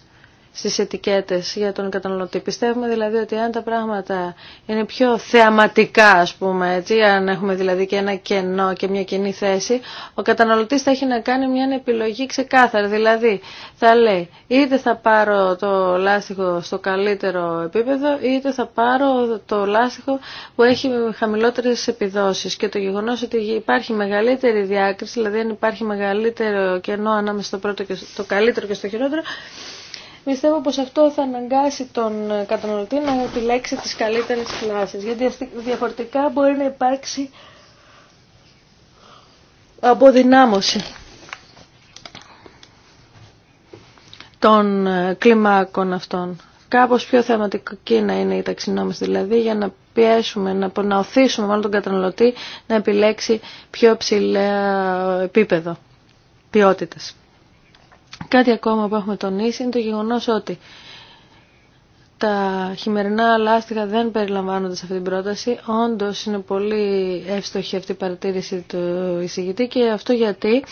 S2: στις ετικέτες για τον καταναλωτή. Πιστεύουμε δηλαδή ότι αν τα πράγματα είναι πιο θεαματικά, ας πούμε, έτσι, αν έχουμε δηλαδή και ένα κενό και μια κοινή θέση, ο καταναλωτής θα έχει να κάνει μια επιλογή ξεκάθαρη. Δηλαδή θα λέει είτε θα πάρω το λάστιχο στο καλύτερο επίπεδο, είτε θα πάρω το λάστιχο που έχει χαμηλότερες επιδόσεις. Και το γεγονός ότι υπάρχει μεγαλύτερη διάκριση, δηλαδή αν υπάρχει μεγαλύτερο κενό ανάμεσα στο πρώτο και στο καλύτερο και στο χειρότερο, Πιστεύω πως αυτό θα αναγκάσει τον καταναλωτή να επιλέξει τις καλύτερες κλάσεις, γιατί διαφορετικά μπορεί να υπάρξει αποδυνάμωση των ε, κλιμάκων αυτών. Κάπως πιο θεματική να είναι η ταξινόμηση δηλαδή για να πιέσουμε, να, να οθήσουμε μάλλον τον καταναλωτή να επιλέξει πιο ψηλά επίπεδο ποιότητας. Κάτι ακόμα που έχουμε τονίσει είναι το γεγονός ότι τα χειμερινά λάστιχα δεν περιλαμβάνονται σε αυτή την πρόταση. Όντως είναι πολύ εύστοχη αυτή η παρατήρηση του εισηγητή και αυτό γιατί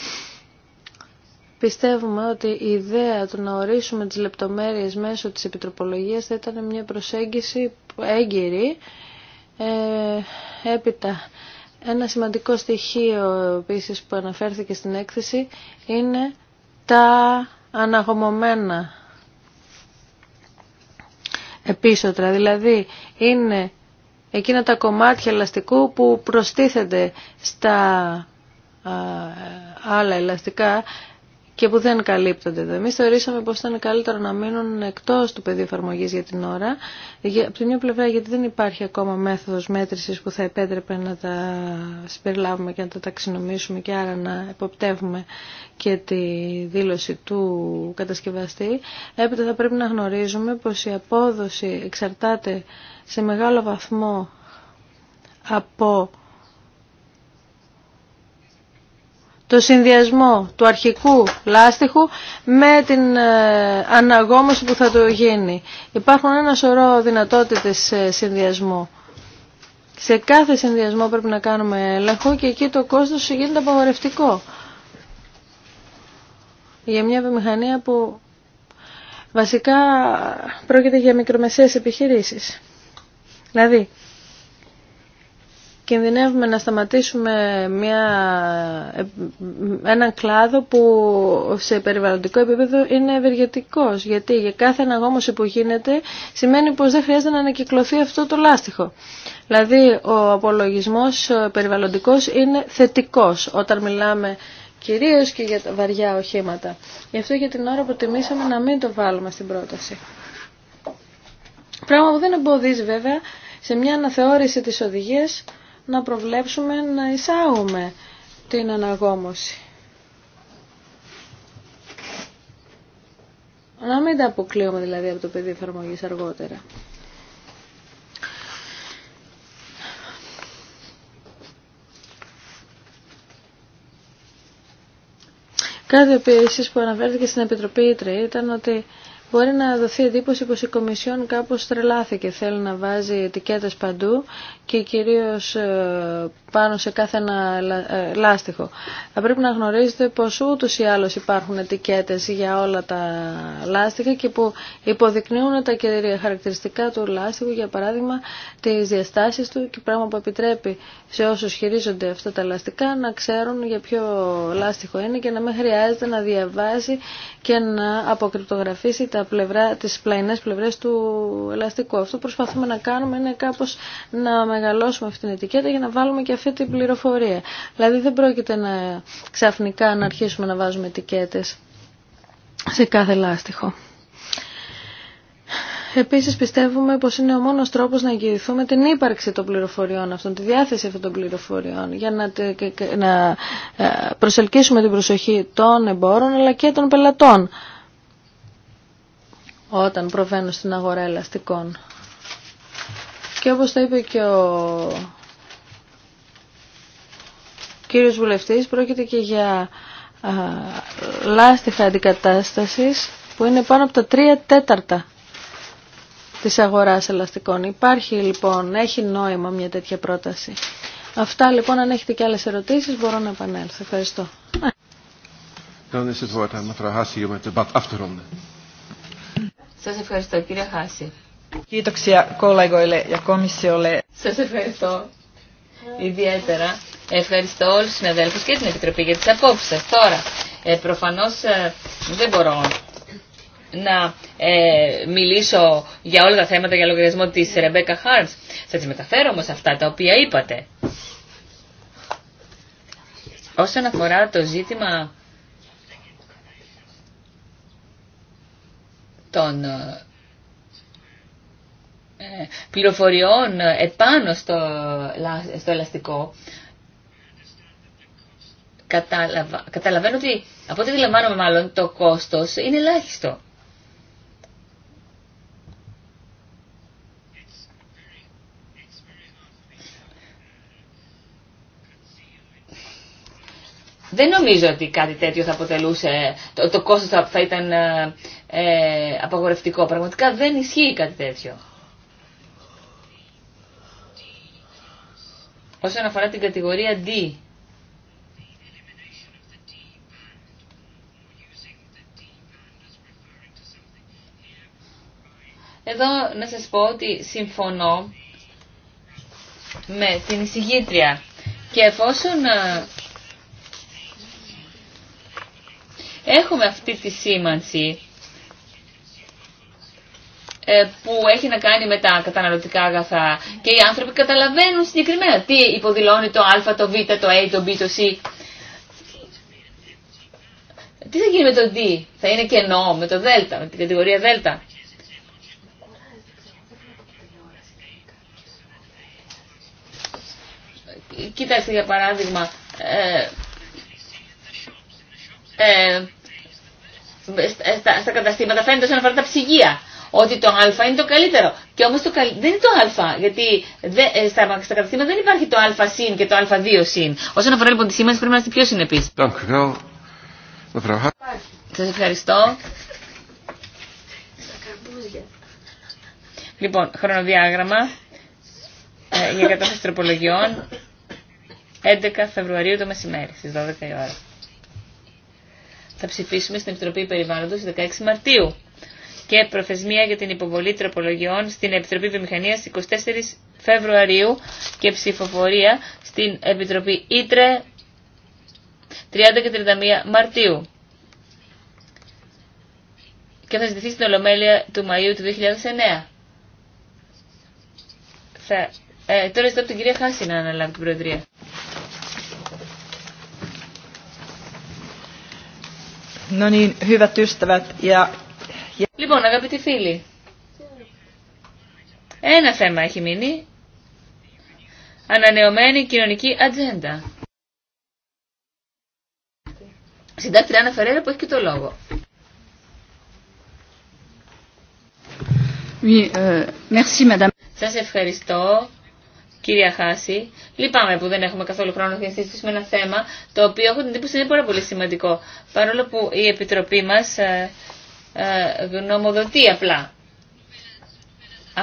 S2: πιστεύουμε ότι η ιδέα του να ορίσουμε τις λεπτομέρειες μέσω της επιτροπολογίας θα ήταν μια προσέγγιση έγκυρη. Ε, έπειτα, ένα σημαντικό στοιχείο επίσης που αναφέρθηκε στην έκθεση είναι τα αναγωμωμένα επίσωτρα. Δηλαδή είναι εκείνα τα κομμάτια ελαστικού που προστίθενται στα άλλα ελαστικά και που δεν καλύπτονται εδώ. Εμεί θεωρήσαμε πω ήταν καλύτερο να μείνουν εκτό του πεδίου εφαρμογή για την ώρα. Από τη μια πλευρά, γιατί δεν υπάρχει ακόμα μέθοδο μέτρηση που θα επέτρεπε να τα συμπεριλάβουμε και να τα ταξινομήσουμε και άρα να εποπτεύουμε και τη δήλωση του κατασκευαστή. Έπειτα θα πρέπει να γνωρίζουμε πω η απόδοση εξαρτάται σε μεγάλο βαθμό από το συνδυασμό του αρχικού λάστιχου με την ε, αναγόμωση που θα το γίνει. Υπάρχουν ένα σωρό δυνατότητες συνδυασμού. Σε κάθε συνδυασμό πρέπει να κάνουμε έλεγχο και εκεί το κόστος γίνεται απαγορευτικό. Για μια επιμηχανία που βασικά πρόκειται για μικρομεσαίες επιχειρήσεις. Δηλαδή, κινδυνεύουμε να σταματήσουμε μια, έναν κλάδο που σε περιβαλλοντικό επίπεδο είναι ευεργετικός. Γιατί για κάθε αναγόμωση που γίνεται σημαίνει πως δεν χρειάζεται να ανακυκλωθεί αυτό το λάστιχο. Δηλαδή ο απολογισμός περιβαλλοντικός είναι θετικός όταν μιλάμε κυρίως και για τα βαριά οχήματα. Γι' αυτό για την ώρα προτιμήσαμε να μην το βάλουμε στην πρόταση. Πράγμα που δεν εμποδίζει βέβαια σε μια αναθεώρηση της οδηγίας να προβλέψουμε να εισάγουμε την αναγόμωση. Να μην τα αποκλείουμε δηλαδή από το πεδίο εφαρμογή αργότερα. Κάτι επίση που αναφέρθηκε στην Επιτροπή Ήτρε ήταν ότι Μπορεί να δοθεί εντύπωση πως η Κομισιόν κάπως τρελάθηκε, θέλει να βάζει ετικέτες παντού και κυρίως ε, πάνω σε κάθε ένα ε, λάστιχο. Θα πρέπει να γνωρίζετε πως ούτως ή άλλως υπάρχουν ετικέτες για όλα τα λάστιχα και που υποδεικνύουν τα κυρία χαρακτηριστικά του λάστιχου, για παράδειγμα τις διαστάσεις του και πράγμα που επιτρέπει σε όσους χειρίζονται αυτά τα λαστικά να ξέρουν για ποιο λάστιχο είναι και να μην χρειάζεται να διαβάσει και να αποκρυπτογραφήσει τα τα πλευρά, τις πλαϊνές πλευρές του ελαστικού. Αυτό που προσπαθούμε να κάνουμε είναι κάπως να μεγαλώσουμε αυτή την ετικέτα για να βάλουμε και αυτή την πληροφορία. Δηλαδή δεν πρόκειται να ξαφνικά να αρχίσουμε να βάζουμε ετικέτες σε κάθε ελάστιχο. Επίσης πιστεύουμε πως είναι ο μόνος τρόπος να εγγυηθούμε την ύπαρξη των πληροφοριών αυτών, τη διάθεση αυτών των πληροφοριών, για να ε, προσελκύσουμε την προσοχή των εμπόρων αλλά και των πελατών όταν προβαίνουν στην αγορά ελαστικών. Και όπως το είπε και ο κύριος βουλευτής, πρόκειται και για λάστιχα αντικατάστασης που είναι πάνω από τα τρία τέταρτα της αγοράς ελαστικών. Υπάρχει λοιπόν, έχει νόημα μια τέτοια πρόταση. Αυτά λοιπόν, αν έχετε και άλλες ερωτήσεις μπορώ να επανέλθω. Ευχαριστώ.
S1: Dan is het woord
S4: σας ευχαριστώ κύριε Χάση. Σας ευχαριστώ ιδιαίτερα. Ευχαριστώ όλους τους συναδέλφους και την Επιτροπή για τις απόψεις σας. Τώρα, ε, προφανώς ε, δεν μπορώ να ε, μιλήσω για όλα τα θέματα για λογαριασμό της Ρεμπέκα Χάρμς. Θα τις μεταφέρω όμως αυτά τα οποία είπατε. Όσον αφορά το ζήτημα των ε, ε, πληροφοριών ε, επάνω στο, στο ελαστικό, καταλαβαίνω ότι, από ό,τι αντιλαμβάνομαι μάλλον, το κόστος είναι ελάχιστο. Δεν νομίζω ότι κάτι τέτοιο θα αποτελούσε, το, το κόστος θα, ήταν ε, ε, απαγορευτικό. Πραγματικά δεν ισχύει κάτι τέτοιο. Όσον αφορά την κατηγορία D, Εδώ να σας πω ότι συμφωνώ με την εισηγήτρια και εφόσον ε, έχουμε αυτή τη σήμανση ε, που έχει να κάνει με τα καταναλωτικά αγαθά και οι άνθρωποι καταλαβαίνουν συγκεκριμένα τι υποδηλώνει το α, το β, το a, το b, το c. Τι θα γίνει με το D, θα είναι κενό με το Δέλτα, με την κατηγορία Δέλτα. Κοίταξε για παράδειγμα, ε, ε, ε, στα, στα καταστήματα φαίνεται όσον αφορά τα ψυγεία ότι το α είναι το καλύτερο. Και όμως το καλ... δεν είναι το α, γιατί δε, ε, στα, στα καταστήματα δεν υπάρχει το α συν και το α2 συν. Όσον αφορά λοιπόν τη σήμανση πρέπει να είστε πιο συνεπείς. Σας ευχαριστώ. Λοιπόν, χρονοδιάγραμμα ε, για κατάσταση τροπολογιών 11 Φεβρουαρίου το μεσημέρι στις 12 η ώρα θα ψηφίσουμε στην Επιτροπή Περιβάλλοντος 16 Μαρτίου και προθεσμία για την υποβολή τροπολογιών στην Επιτροπή Βιομηχανίας 24 Φεβρουαρίου και ψηφοφορία στην Επιτροπή Ήτρε 30 και 31 Μαρτίου και θα ζητηθεί στην Ολομέλεια του Μαΐου του 2009. Ε, τώρα ζητώ από την κυρία Χάση να αναλάβει την Προεδρία.
S1: No niin, hyvät ystävät
S4: Λοιπόν, αγαπητοί φίλοι, ένα θέμα έχει μείνει. Ανανεωμένη κοινωνική ατζέντα. Συντάκτη Άννα Φερέρα που έχει και το λόγο. Oui, euh, Σας ευχαριστώ κυρία Χάση. Λυπάμαι που δεν έχουμε καθόλου χρόνο να συζητήσουμε ένα θέμα το οποίο έχω την εντύπωση είναι πάρα πολύ σημαντικό. Παρόλο που η Επιτροπή μα ε, ε, γνωμοδοτεί απλά.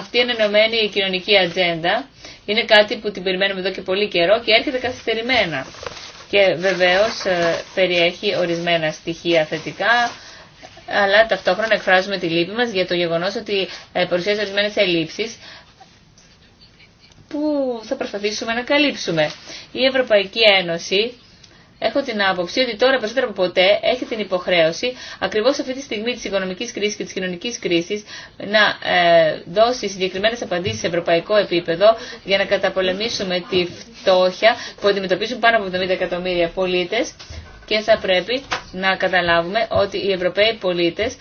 S4: Αυτή η ενωμένη κοινωνική ατζέντα είναι κάτι που την περιμένουμε εδώ και πολύ καιρό και έρχεται καθυστερημένα. Και βεβαίω ε, περιέχει ορισμένα στοιχεία θετικά, αλλά ταυτόχρονα εκφράζουμε τη λύπη μα για το γεγονό ότι ε, παρουσιάζει ορισμένε ελλείψει που θα προσπαθήσουμε να καλύψουμε. Η Ευρωπαϊκή Ένωση, έχω την άποψη ότι τώρα περισσότερο από ποτέ έχει την υποχρέωση, ακριβώς αυτή τη στιγμή της οικονομικής κρίσης και της κοινωνικής κρίσης, να ε, δώσει συγκεκριμένες απαντήσεις σε ευρωπαϊκό επίπεδο για να καταπολεμήσουμε τη φτώχεια που αντιμετωπίζουν πάνω από 70 εκατομμύρια πολίτες και θα πρέπει να καταλάβουμε ότι οι Ευρωπαίοι πολίτες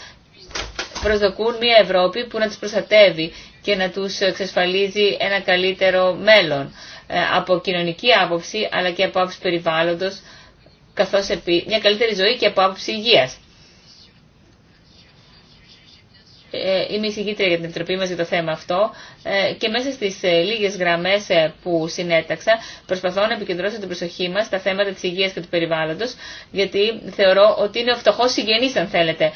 S4: προσδοκούν μια Ευρώπη που να τους προστατεύει και να τους εξασφαλίζει ένα καλύτερο μέλλον ε, από κοινωνική άποψη αλλά και από άποψη περιβάλλοντος καθώς επί... μια καλύτερη ζωή και από άποψη υγείας. Ε, είμαι εισηγήτρια για την Επιτροπή μας για το θέμα αυτό ε, και μέσα στις ε, λίγες γραμμές που συνέταξα προσπαθώ να επικεντρώσω την προσοχή μας στα θέματα της υγείας και του περιβάλλοντος γιατί θεωρώ ότι είναι ο φτωχός συγγενής αν θέλετε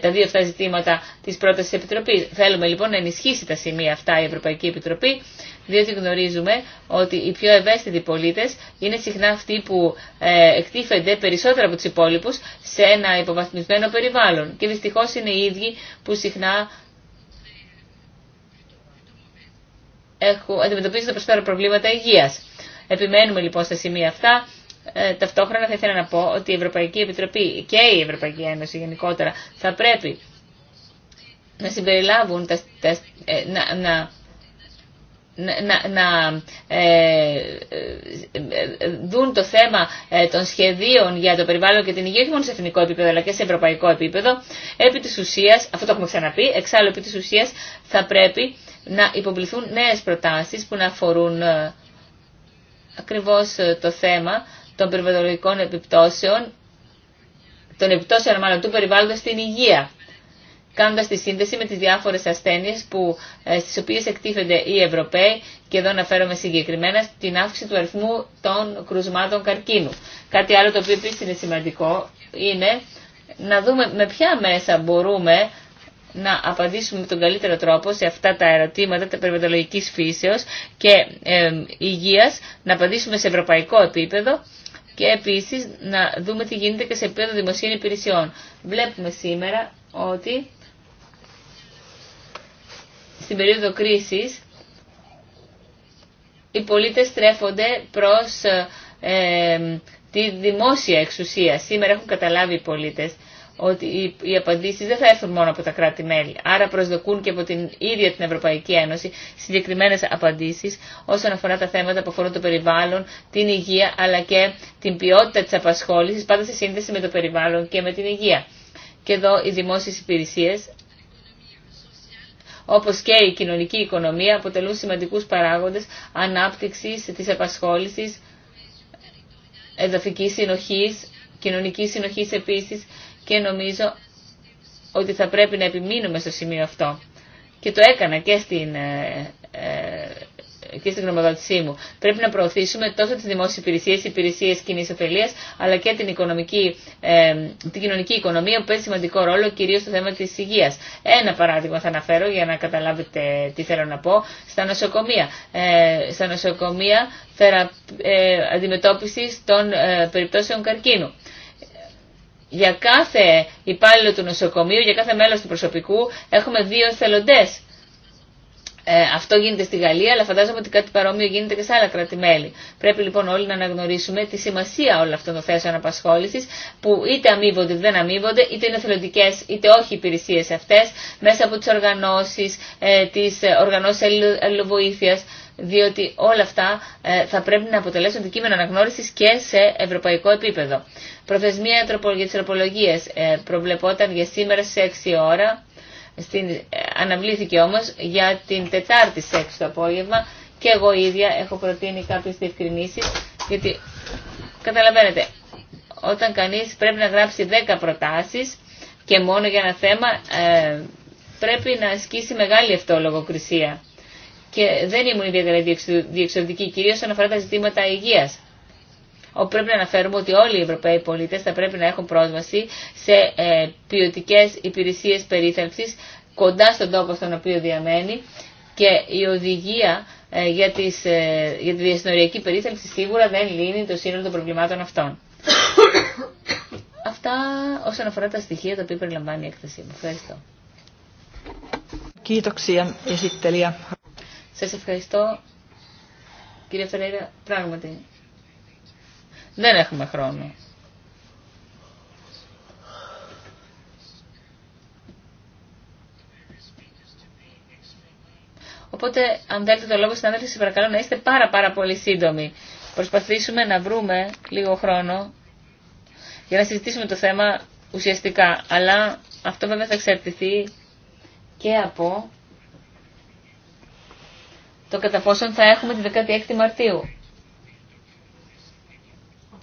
S4: τα δύο αυτά ζητήματα της πρόταση Επιτροπής. Θέλουμε λοιπόν να ενισχύσει τα σημεία αυτά η Ευρωπαϊκή Επιτροπή διότι γνωρίζουμε ότι οι πιο ευαίσθητοι πολίτες είναι συχνά αυτοί που ε, εκτίθενται περισσότερο από τους υπόλοιπους σε ένα υποβαθμισμένο περιβάλλον και δυστυχώς είναι οι ίδιοι που συχνά έχουν, αντιμετωπίζουν τα προβλήματα υγείας. Επιμένουμε λοιπόν στα σημεία αυτά. Ε, ταυτόχρονα θα ήθελα να πω ότι η Ευρωπαϊκή Επιτροπή και η Ευρωπαϊκή Ένωση γενικότερα θα πρέπει να συμπεριλάβουν, τα, τα, ε, να, να ε, ε, ε, δουν το θέμα ε, των σχεδίων για το περιβάλλον και την υγεία όχι μόνο σε εθνικό επίπεδο αλλά και σε ευρωπαϊκό επίπεδο επί της ουσίας, αυτό το έχουμε ξαναπεί εξάλλου επί της ουσίας θα πρέπει να υποβληθούν νέες προτάσεις που να αφορούν ακριβώς το θέμα των περιβαλλοντικών επιπτώσεων των επιπτώσεων μάλλον του περιβάλλοντος στην υγεία κάνοντας τη σύνδεση με τις διάφορες ασθένειες που, ε, στις οποίες εκτίθενται οι Ευρωπαίοι και εδώ αναφέρομαι συγκεκριμένα στην αύξηση του αριθμού των κρουσμάτων καρκίνου. Κάτι άλλο το οποίο επίσης είναι σημαντικό είναι να δούμε με ποια μέσα μπορούμε να απαντήσουμε με τον καλύτερο τρόπο σε αυτά τα ερωτήματα τα περιβαλλοντικής φύσεως και ε, υγείας, να απαντήσουμε σε ευρωπαϊκό επίπεδο και επίσης να δούμε τι γίνεται και σε επίπεδο δημοσίων υπηρεσιών. Βλέπουμε σήμερα ότι στην περίοδο κρίσης οι πολίτες στρέφονται προς ε, τη δημόσια εξουσία. Σήμερα έχουν καταλάβει οι πολίτες ότι οι απαντήσεις δεν θα έρθουν μόνο από τα κράτη-μέλη. Άρα προσδοκούν και από την ίδια την Ευρωπαϊκή Ένωση συγκεκριμένες απαντήσεις όσον αφορά τα θέματα που αφορούν το περιβάλλον, την υγεία αλλά και την ποιότητα της απασχόλησης πάντα σε σύνδεση με το περιβάλλον και με την υγεία. Και εδώ οι δημόσιες υπηρεσίες όπως και η κοινωνική οικονομία, αποτελούν σημαντικούς παράγοντες ανάπτυξης της επασχόλησης, εδαφικής συνοχής, κοινωνικής συνοχής επίσης και νομίζω ότι θα πρέπει να επιμείνουμε στο σημείο αυτό. Και το έκανα και στην ε, ε, και στην γνωμοδότησή μου. Πρέπει να προωθήσουμε τόσο τι δημόσιες υπηρεσίε, υπηρεσίε υπηρεσίες κοινής αλλά και την, ε, κοινωνική οικονομία που παίζει σημαντικό ρόλο κυρίω στο θέμα τη υγεία. Ένα παράδειγμα θα αναφέρω για να καταλάβετε τι θέλω να πω. Στα νοσοκομεία. Ε, στα νοσοκομεία θερα, ε, αντιμετώπισης των ε, περιπτώσεων καρκίνου για κάθε υπάλληλο του νοσοκομείου, για κάθε μέλος του προσωπικού έχουμε δύο θελοντές ε, αυτό γίνεται στη Γαλλία, αλλά φαντάζομαι ότι κάτι παρόμοιο γίνεται και σε άλλα κράτη-μέλη. Πρέπει λοιπόν όλοι να αναγνωρίσουμε τη σημασία όλων αυτών των θέσεων απασχόληση, που είτε αμείβονται δεν αμείβονται, είτε είναι θελοντικέ είτε όχι υπηρεσίε αυτέ, μέσα από τι οργανώσει, ε, τι οργανώσει αλληλοβοήθεια, διότι όλα αυτά ε, θα πρέπει να αποτελέσουν αντικείμενο αναγνώριση και σε ευρωπαϊκό επίπεδο. Προθεσμία για τι τροπολογίε ε, προβλεπόταν για σήμερα σε 6 ώρα στην, αναβλήθηκε όμως για την Τετάρτη σεξ το απόγευμα και εγώ ίδια έχω προτείνει κάποιες διευκρινήσεις γιατί καταλαβαίνετε όταν κανείς πρέπει να γράψει 10 προτάσεις και μόνο για ένα θέμα ε, πρέπει να ασκήσει μεγάλη αυτό Και δεν ήμουν ιδιαίτερα διεξοδική κυρίως όσον αφορά τα ζητήματα υγείας. Πρέπει να αναφέρουμε ότι όλοι οι Ευρωπαίοι πολίτες θα πρέπει να έχουν πρόσβαση σε ε, ποιοτικέ υπηρεσίες περίθαλψης κοντά στον τόπο στον οποίο διαμένει και η οδηγία ε, για, τις, ε, για τη διασυνοριακή περίθαλψη σίγουρα δεν λύνει το σύνολο των προβλημάτων αυτών. Αυτά όσον αφορά τα στοιχεία τα οποία περιλαμβάνει η έκθεσή μου. Ευχαριστώ. Σας ευχαριστώ. Κύριε Φεραίρα, πράγματι δεν έχουμε χρόνο. Οπότε, αν θέλετε το λόγο, συνάδελφοι, παρακαλώ να είστε πάρα πάρα πολύ σύντομοι. Προσπαθήσουμε να βρούμε λίγο χρόνο για να συζητήσουμε το θέμα ουσιαστικά. Αλλά αυτό βέβαια θα εξαρτηθεί και από το κατά πόσον θα έχουμε τη 16η Μαρτίου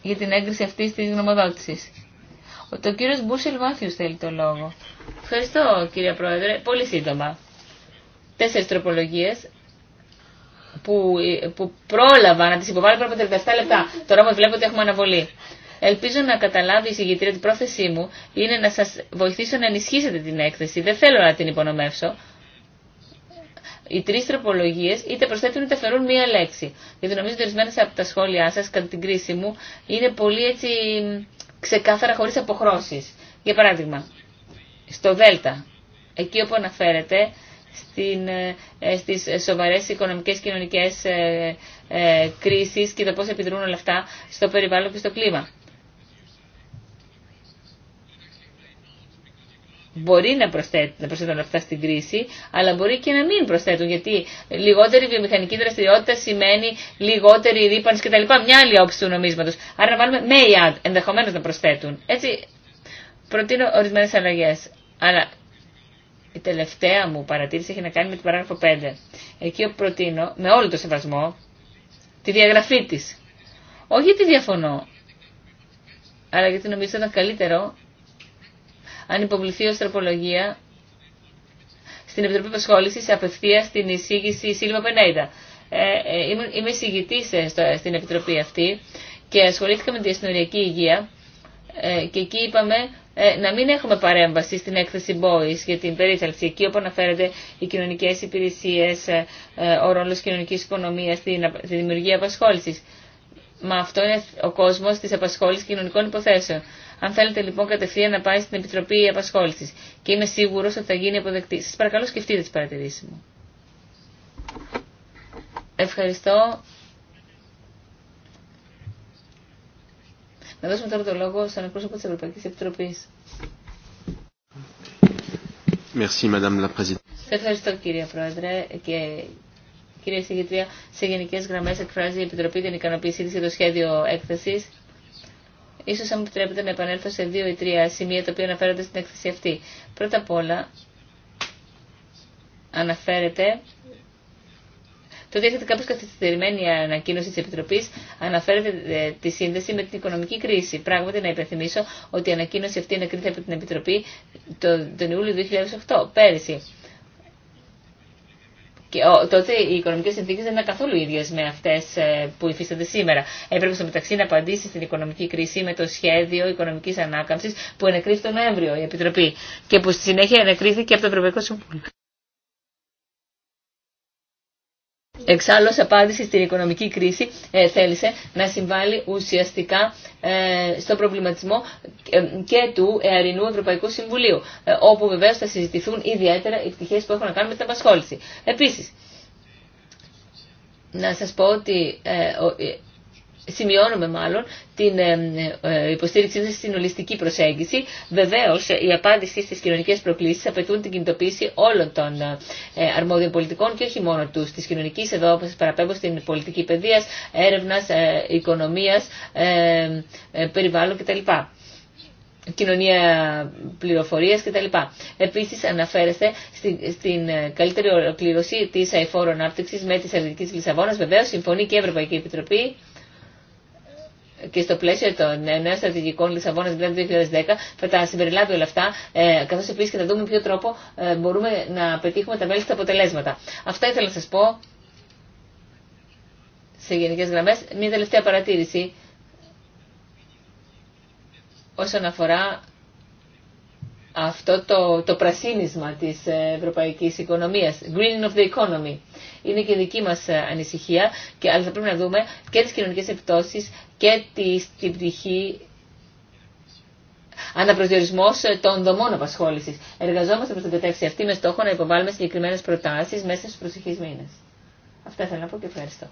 S4: για την έγκριση αυτή τη γνωμοδότηση. Ο κύριο Μπούσελ Μάθιου θέλει το λόγο. Ευχαριστώ κύριε Πρόεδρε. Πολύ σύντομα. Τέσσερι τροπολογίε που, πρόλαβα να τι υποβάλω πριν από 37 λεπτά. Τώρα όμω βλέπω ότι έχουμε αναβολή. Ελπίζω να καταλάβει η συγγητρία ότι η πρόθεσή μου είναι να σα βοηθήσω να ενισχύσετε την έκθεση. Δεν θέλω να την υπονομεύσω οι τρει τροπολογίε είτε προσθέτουν είτε αφαιρούν μία λέξη. Γιατί νομίζω ότι ορισμένε από τα σχόλιά σα, κατά την κρίση μου, είναι πολύ έτσι ξεκάθαρα χωρί αποχρώσει. Για παράδειγμα, στο Δέλτα, εκεί όπου αναφέρεται στην, ε, ε, στις σοβαρές οικονομικές και κοινωνικές ε, ε, κρίσεις και το πώς επιδρούν όλα αυτά στο περιβάλλον και στο κλίμα. μπορεί να, προσθέτουν, να προσθέτουν αυτά στην κρίση, αλλά μπορεί και να μην προσθέτουν, γιατί λιγότερη βιομηχανική δραστηριότητα σημαίνει λιγότερη ρήπανση κτλ. Μια άλλη όψη του νομίσματος. Άρα να βάλουμε may add, ενδεχομένως να προσθέτουν. Έτσι, προτείνω ορισμένες αλλαγέ. Αλλά η τελευταία μου παρατήρηση έχει να κάνει με την παράγραφο 5. Εκεί όπου προτείνω, με όλο το σεβασμό, τη διαγραφή της. Όχι γιατί διαφωνώ, αλλά γιατί νομίζω ήταν καλύτερο αν υποβληθεί ω τροπολογία στην Επιτροπή σε απευθεία στην εισήγηση Σίλβα ε, ε είμαι εισηγητή ε, στην Επιτροπή αυτή και ασχολήθηκα με την αστυνομιακή υγεία ε, και εκεί είπαμε να μην έχουμε παρέμβαση στην έκθεση Boys για την περίθαλψη, εκεί όπου αναφέρεται οι κοινωνικές υπηρεσίες, ο ρόλος κοινωνικής οικονομίας, τη δημιουργία απασχόληση. Μα αυτό είναι ο κόσμο τη απασχόληση κοινωνικών υποθέσεων. Αν θέλετε λοιπόν κατευθείαν να πάει στην Επιτροπή Απασχόληση και είμαι σίγουρο ότι θα γίνει αποδεκτή. Σα παρακαλώ σκεφτείτε τι παρατηρήσει μου. Ευχαριστώ. Να δώσουμε τώρα το λόγο στον εκπρόσωπο τη Ευρωπαϊκή Επιτροπή. Ευχαριστώ κύριε Πρόεδρε και κύριε Συγγετρία. Σε γενικέ γραμμέ εκφράζει η Επιτροπή την ικανοποίησή τη για το σχέδιο έκθεση. Ίσως αν μου επιτρέπετε να επανέλθω σε δύο ή τρία σημεία τα οποία αναφέρονται στην έκθεση αυτή. Πρώτα απ' όλα αναφέρεται το ότι έχετε κάπως καθυστερημένη ανακοίνωση τη Επιτροπής αναφέρεται ε, τη σύνδεση με την οικονομική κρίση. Πράγματι να υπενθυμίσω ότι η ανακοίνωση αυτή ανακρίθηκε από την Επιτροπή τον Ιούλιο 2008, πέρυσι και τότε οι οικονομικέ συνθήκε δεν ήταν καθόλου ίδιες με αυτές ε, που υφίστανται σήμερα. Έπρεπε στο μεταξύ να απαντήσει στην οικονομική κρίση με το σχέδιο οικονομική ανάκαμψη που ενεκρίθηκε τον Νοέμβριο η Επιτροπή και που στη συνέχεια ενεκρίθηκε από το Ευρωπαϊκό Συμβούλιο. Εξάλλου, ως απάντηση στην οικονομική κρίση ε, θέλησε να συμβάλλει ουσιαστικά ε, στο προβληματισμό ε, και του Εαρινού Ευρωπαϊκού Συμβουλίου, ε, όπου βεβαίως θα συζητηθούν ιδιαίτερα οι πτυχές που έχουν να κάνουν με την απασχόληση. Επίσης, να σας πω ότι σημειώνουμε μάλλον την ε, ε, ε, υποστήριξή σας στην ολιστική προσέγγιση. Βεβαίως, η απάντηση στις κοινωνικές προκλήσεις απαιτούν την κινητοποίηση όλων των αρμόδιων πολιτικών και όχι μόνο τους. Της κοινωνικής εδώ, όπως σας παραπέμπω, στην πολιτική παιδείας, έρευνας, οικονομίας, περιβάλλον κτλ κοινωνία πληροφορία κτλ. Επίση, αναφέρεστε στην, καλύτερη ολοκλήρωση τη αηφόρων ανάπτυξη με τη Σαρδικής Λισαβόνα, βεβαίω, συμφωνεί και η Ευρωπαϊκή Επιτροπή και στο πλαίσιο των ε, νέων στρατηγικών Λισαβόνα δηλαδή 2010 θα τα συμπεριλάβει όλα αυτά, ε, καθώ επίση και θα δούμε με ποιο τρόπο ε, μπορούμε να πετύχουμε τα μέλη στα αποτελέσματα. Αυτά ήθελα να σα πω σε γενικέ γραμμέ. Μια τελευταία παρατήρηση όσον αφορά αυτό το, το πρασίνισμα της ευρωπαϊκής οικονομίας, greening of the economy. Είναι και δική μας ανησυχία, και, αλλά θα πρέπει να δούμε και τις κοινωνικές επιπτώσεις και την πτυχή Αναπροσδιορισμό των δομών απασχόληση. Εργαζόμαστε προ την κατεύθυνση αυτή με στόχο να υποβάλουμε συγκεκριμένε προτάσει μέσα στου προσεχεί μήνε. Αυτά θέλω να πω και ευχαριστώ.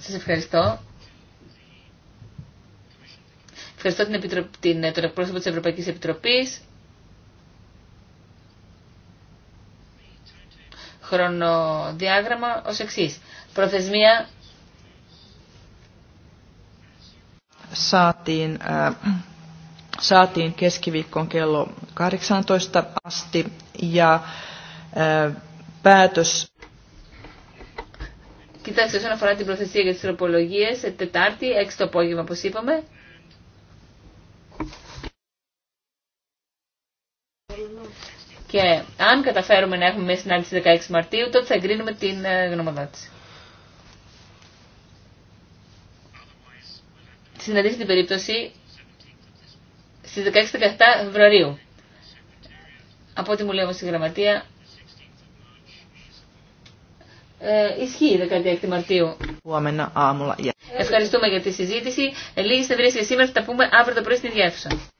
S4: Σα ευχαριστώ. Ευχαριστώ την, Επιτροπ... την... τον εκπρόσωπο τη Ευρωπαϊκή Επιτροπή. χρονοδιάγραμμα ως εξή. Προθεσμία
S2: saatiin, äh, saatiin keskiviikkoon kello 18 asti ja äh, päätös...
S4: Κοιτάξτε, όσον αφορά την προθεσία για τι τροπολογίε, Τετάρτη, 6 το απόγευμα, είπαμε, Και αν καταφέρουμε να έχουμε μια συνάντηση 16 Μαρτίου, τότε θα εγκρίνουμε την ε, γνωμοδότηση. Συναντήσει την περίπτωση στι 16-17 Φεβρουαρίου. Από ό,τι μου λέει όμως η γραμματεία, ε, ισχύει η 16 Μαρτίου. Ευχαριστούμε για τη συζήτηση. Λίγη συνεδρία για σήμερα. Θα τα πούμε αύριο το πρωί στην διεύθυνση.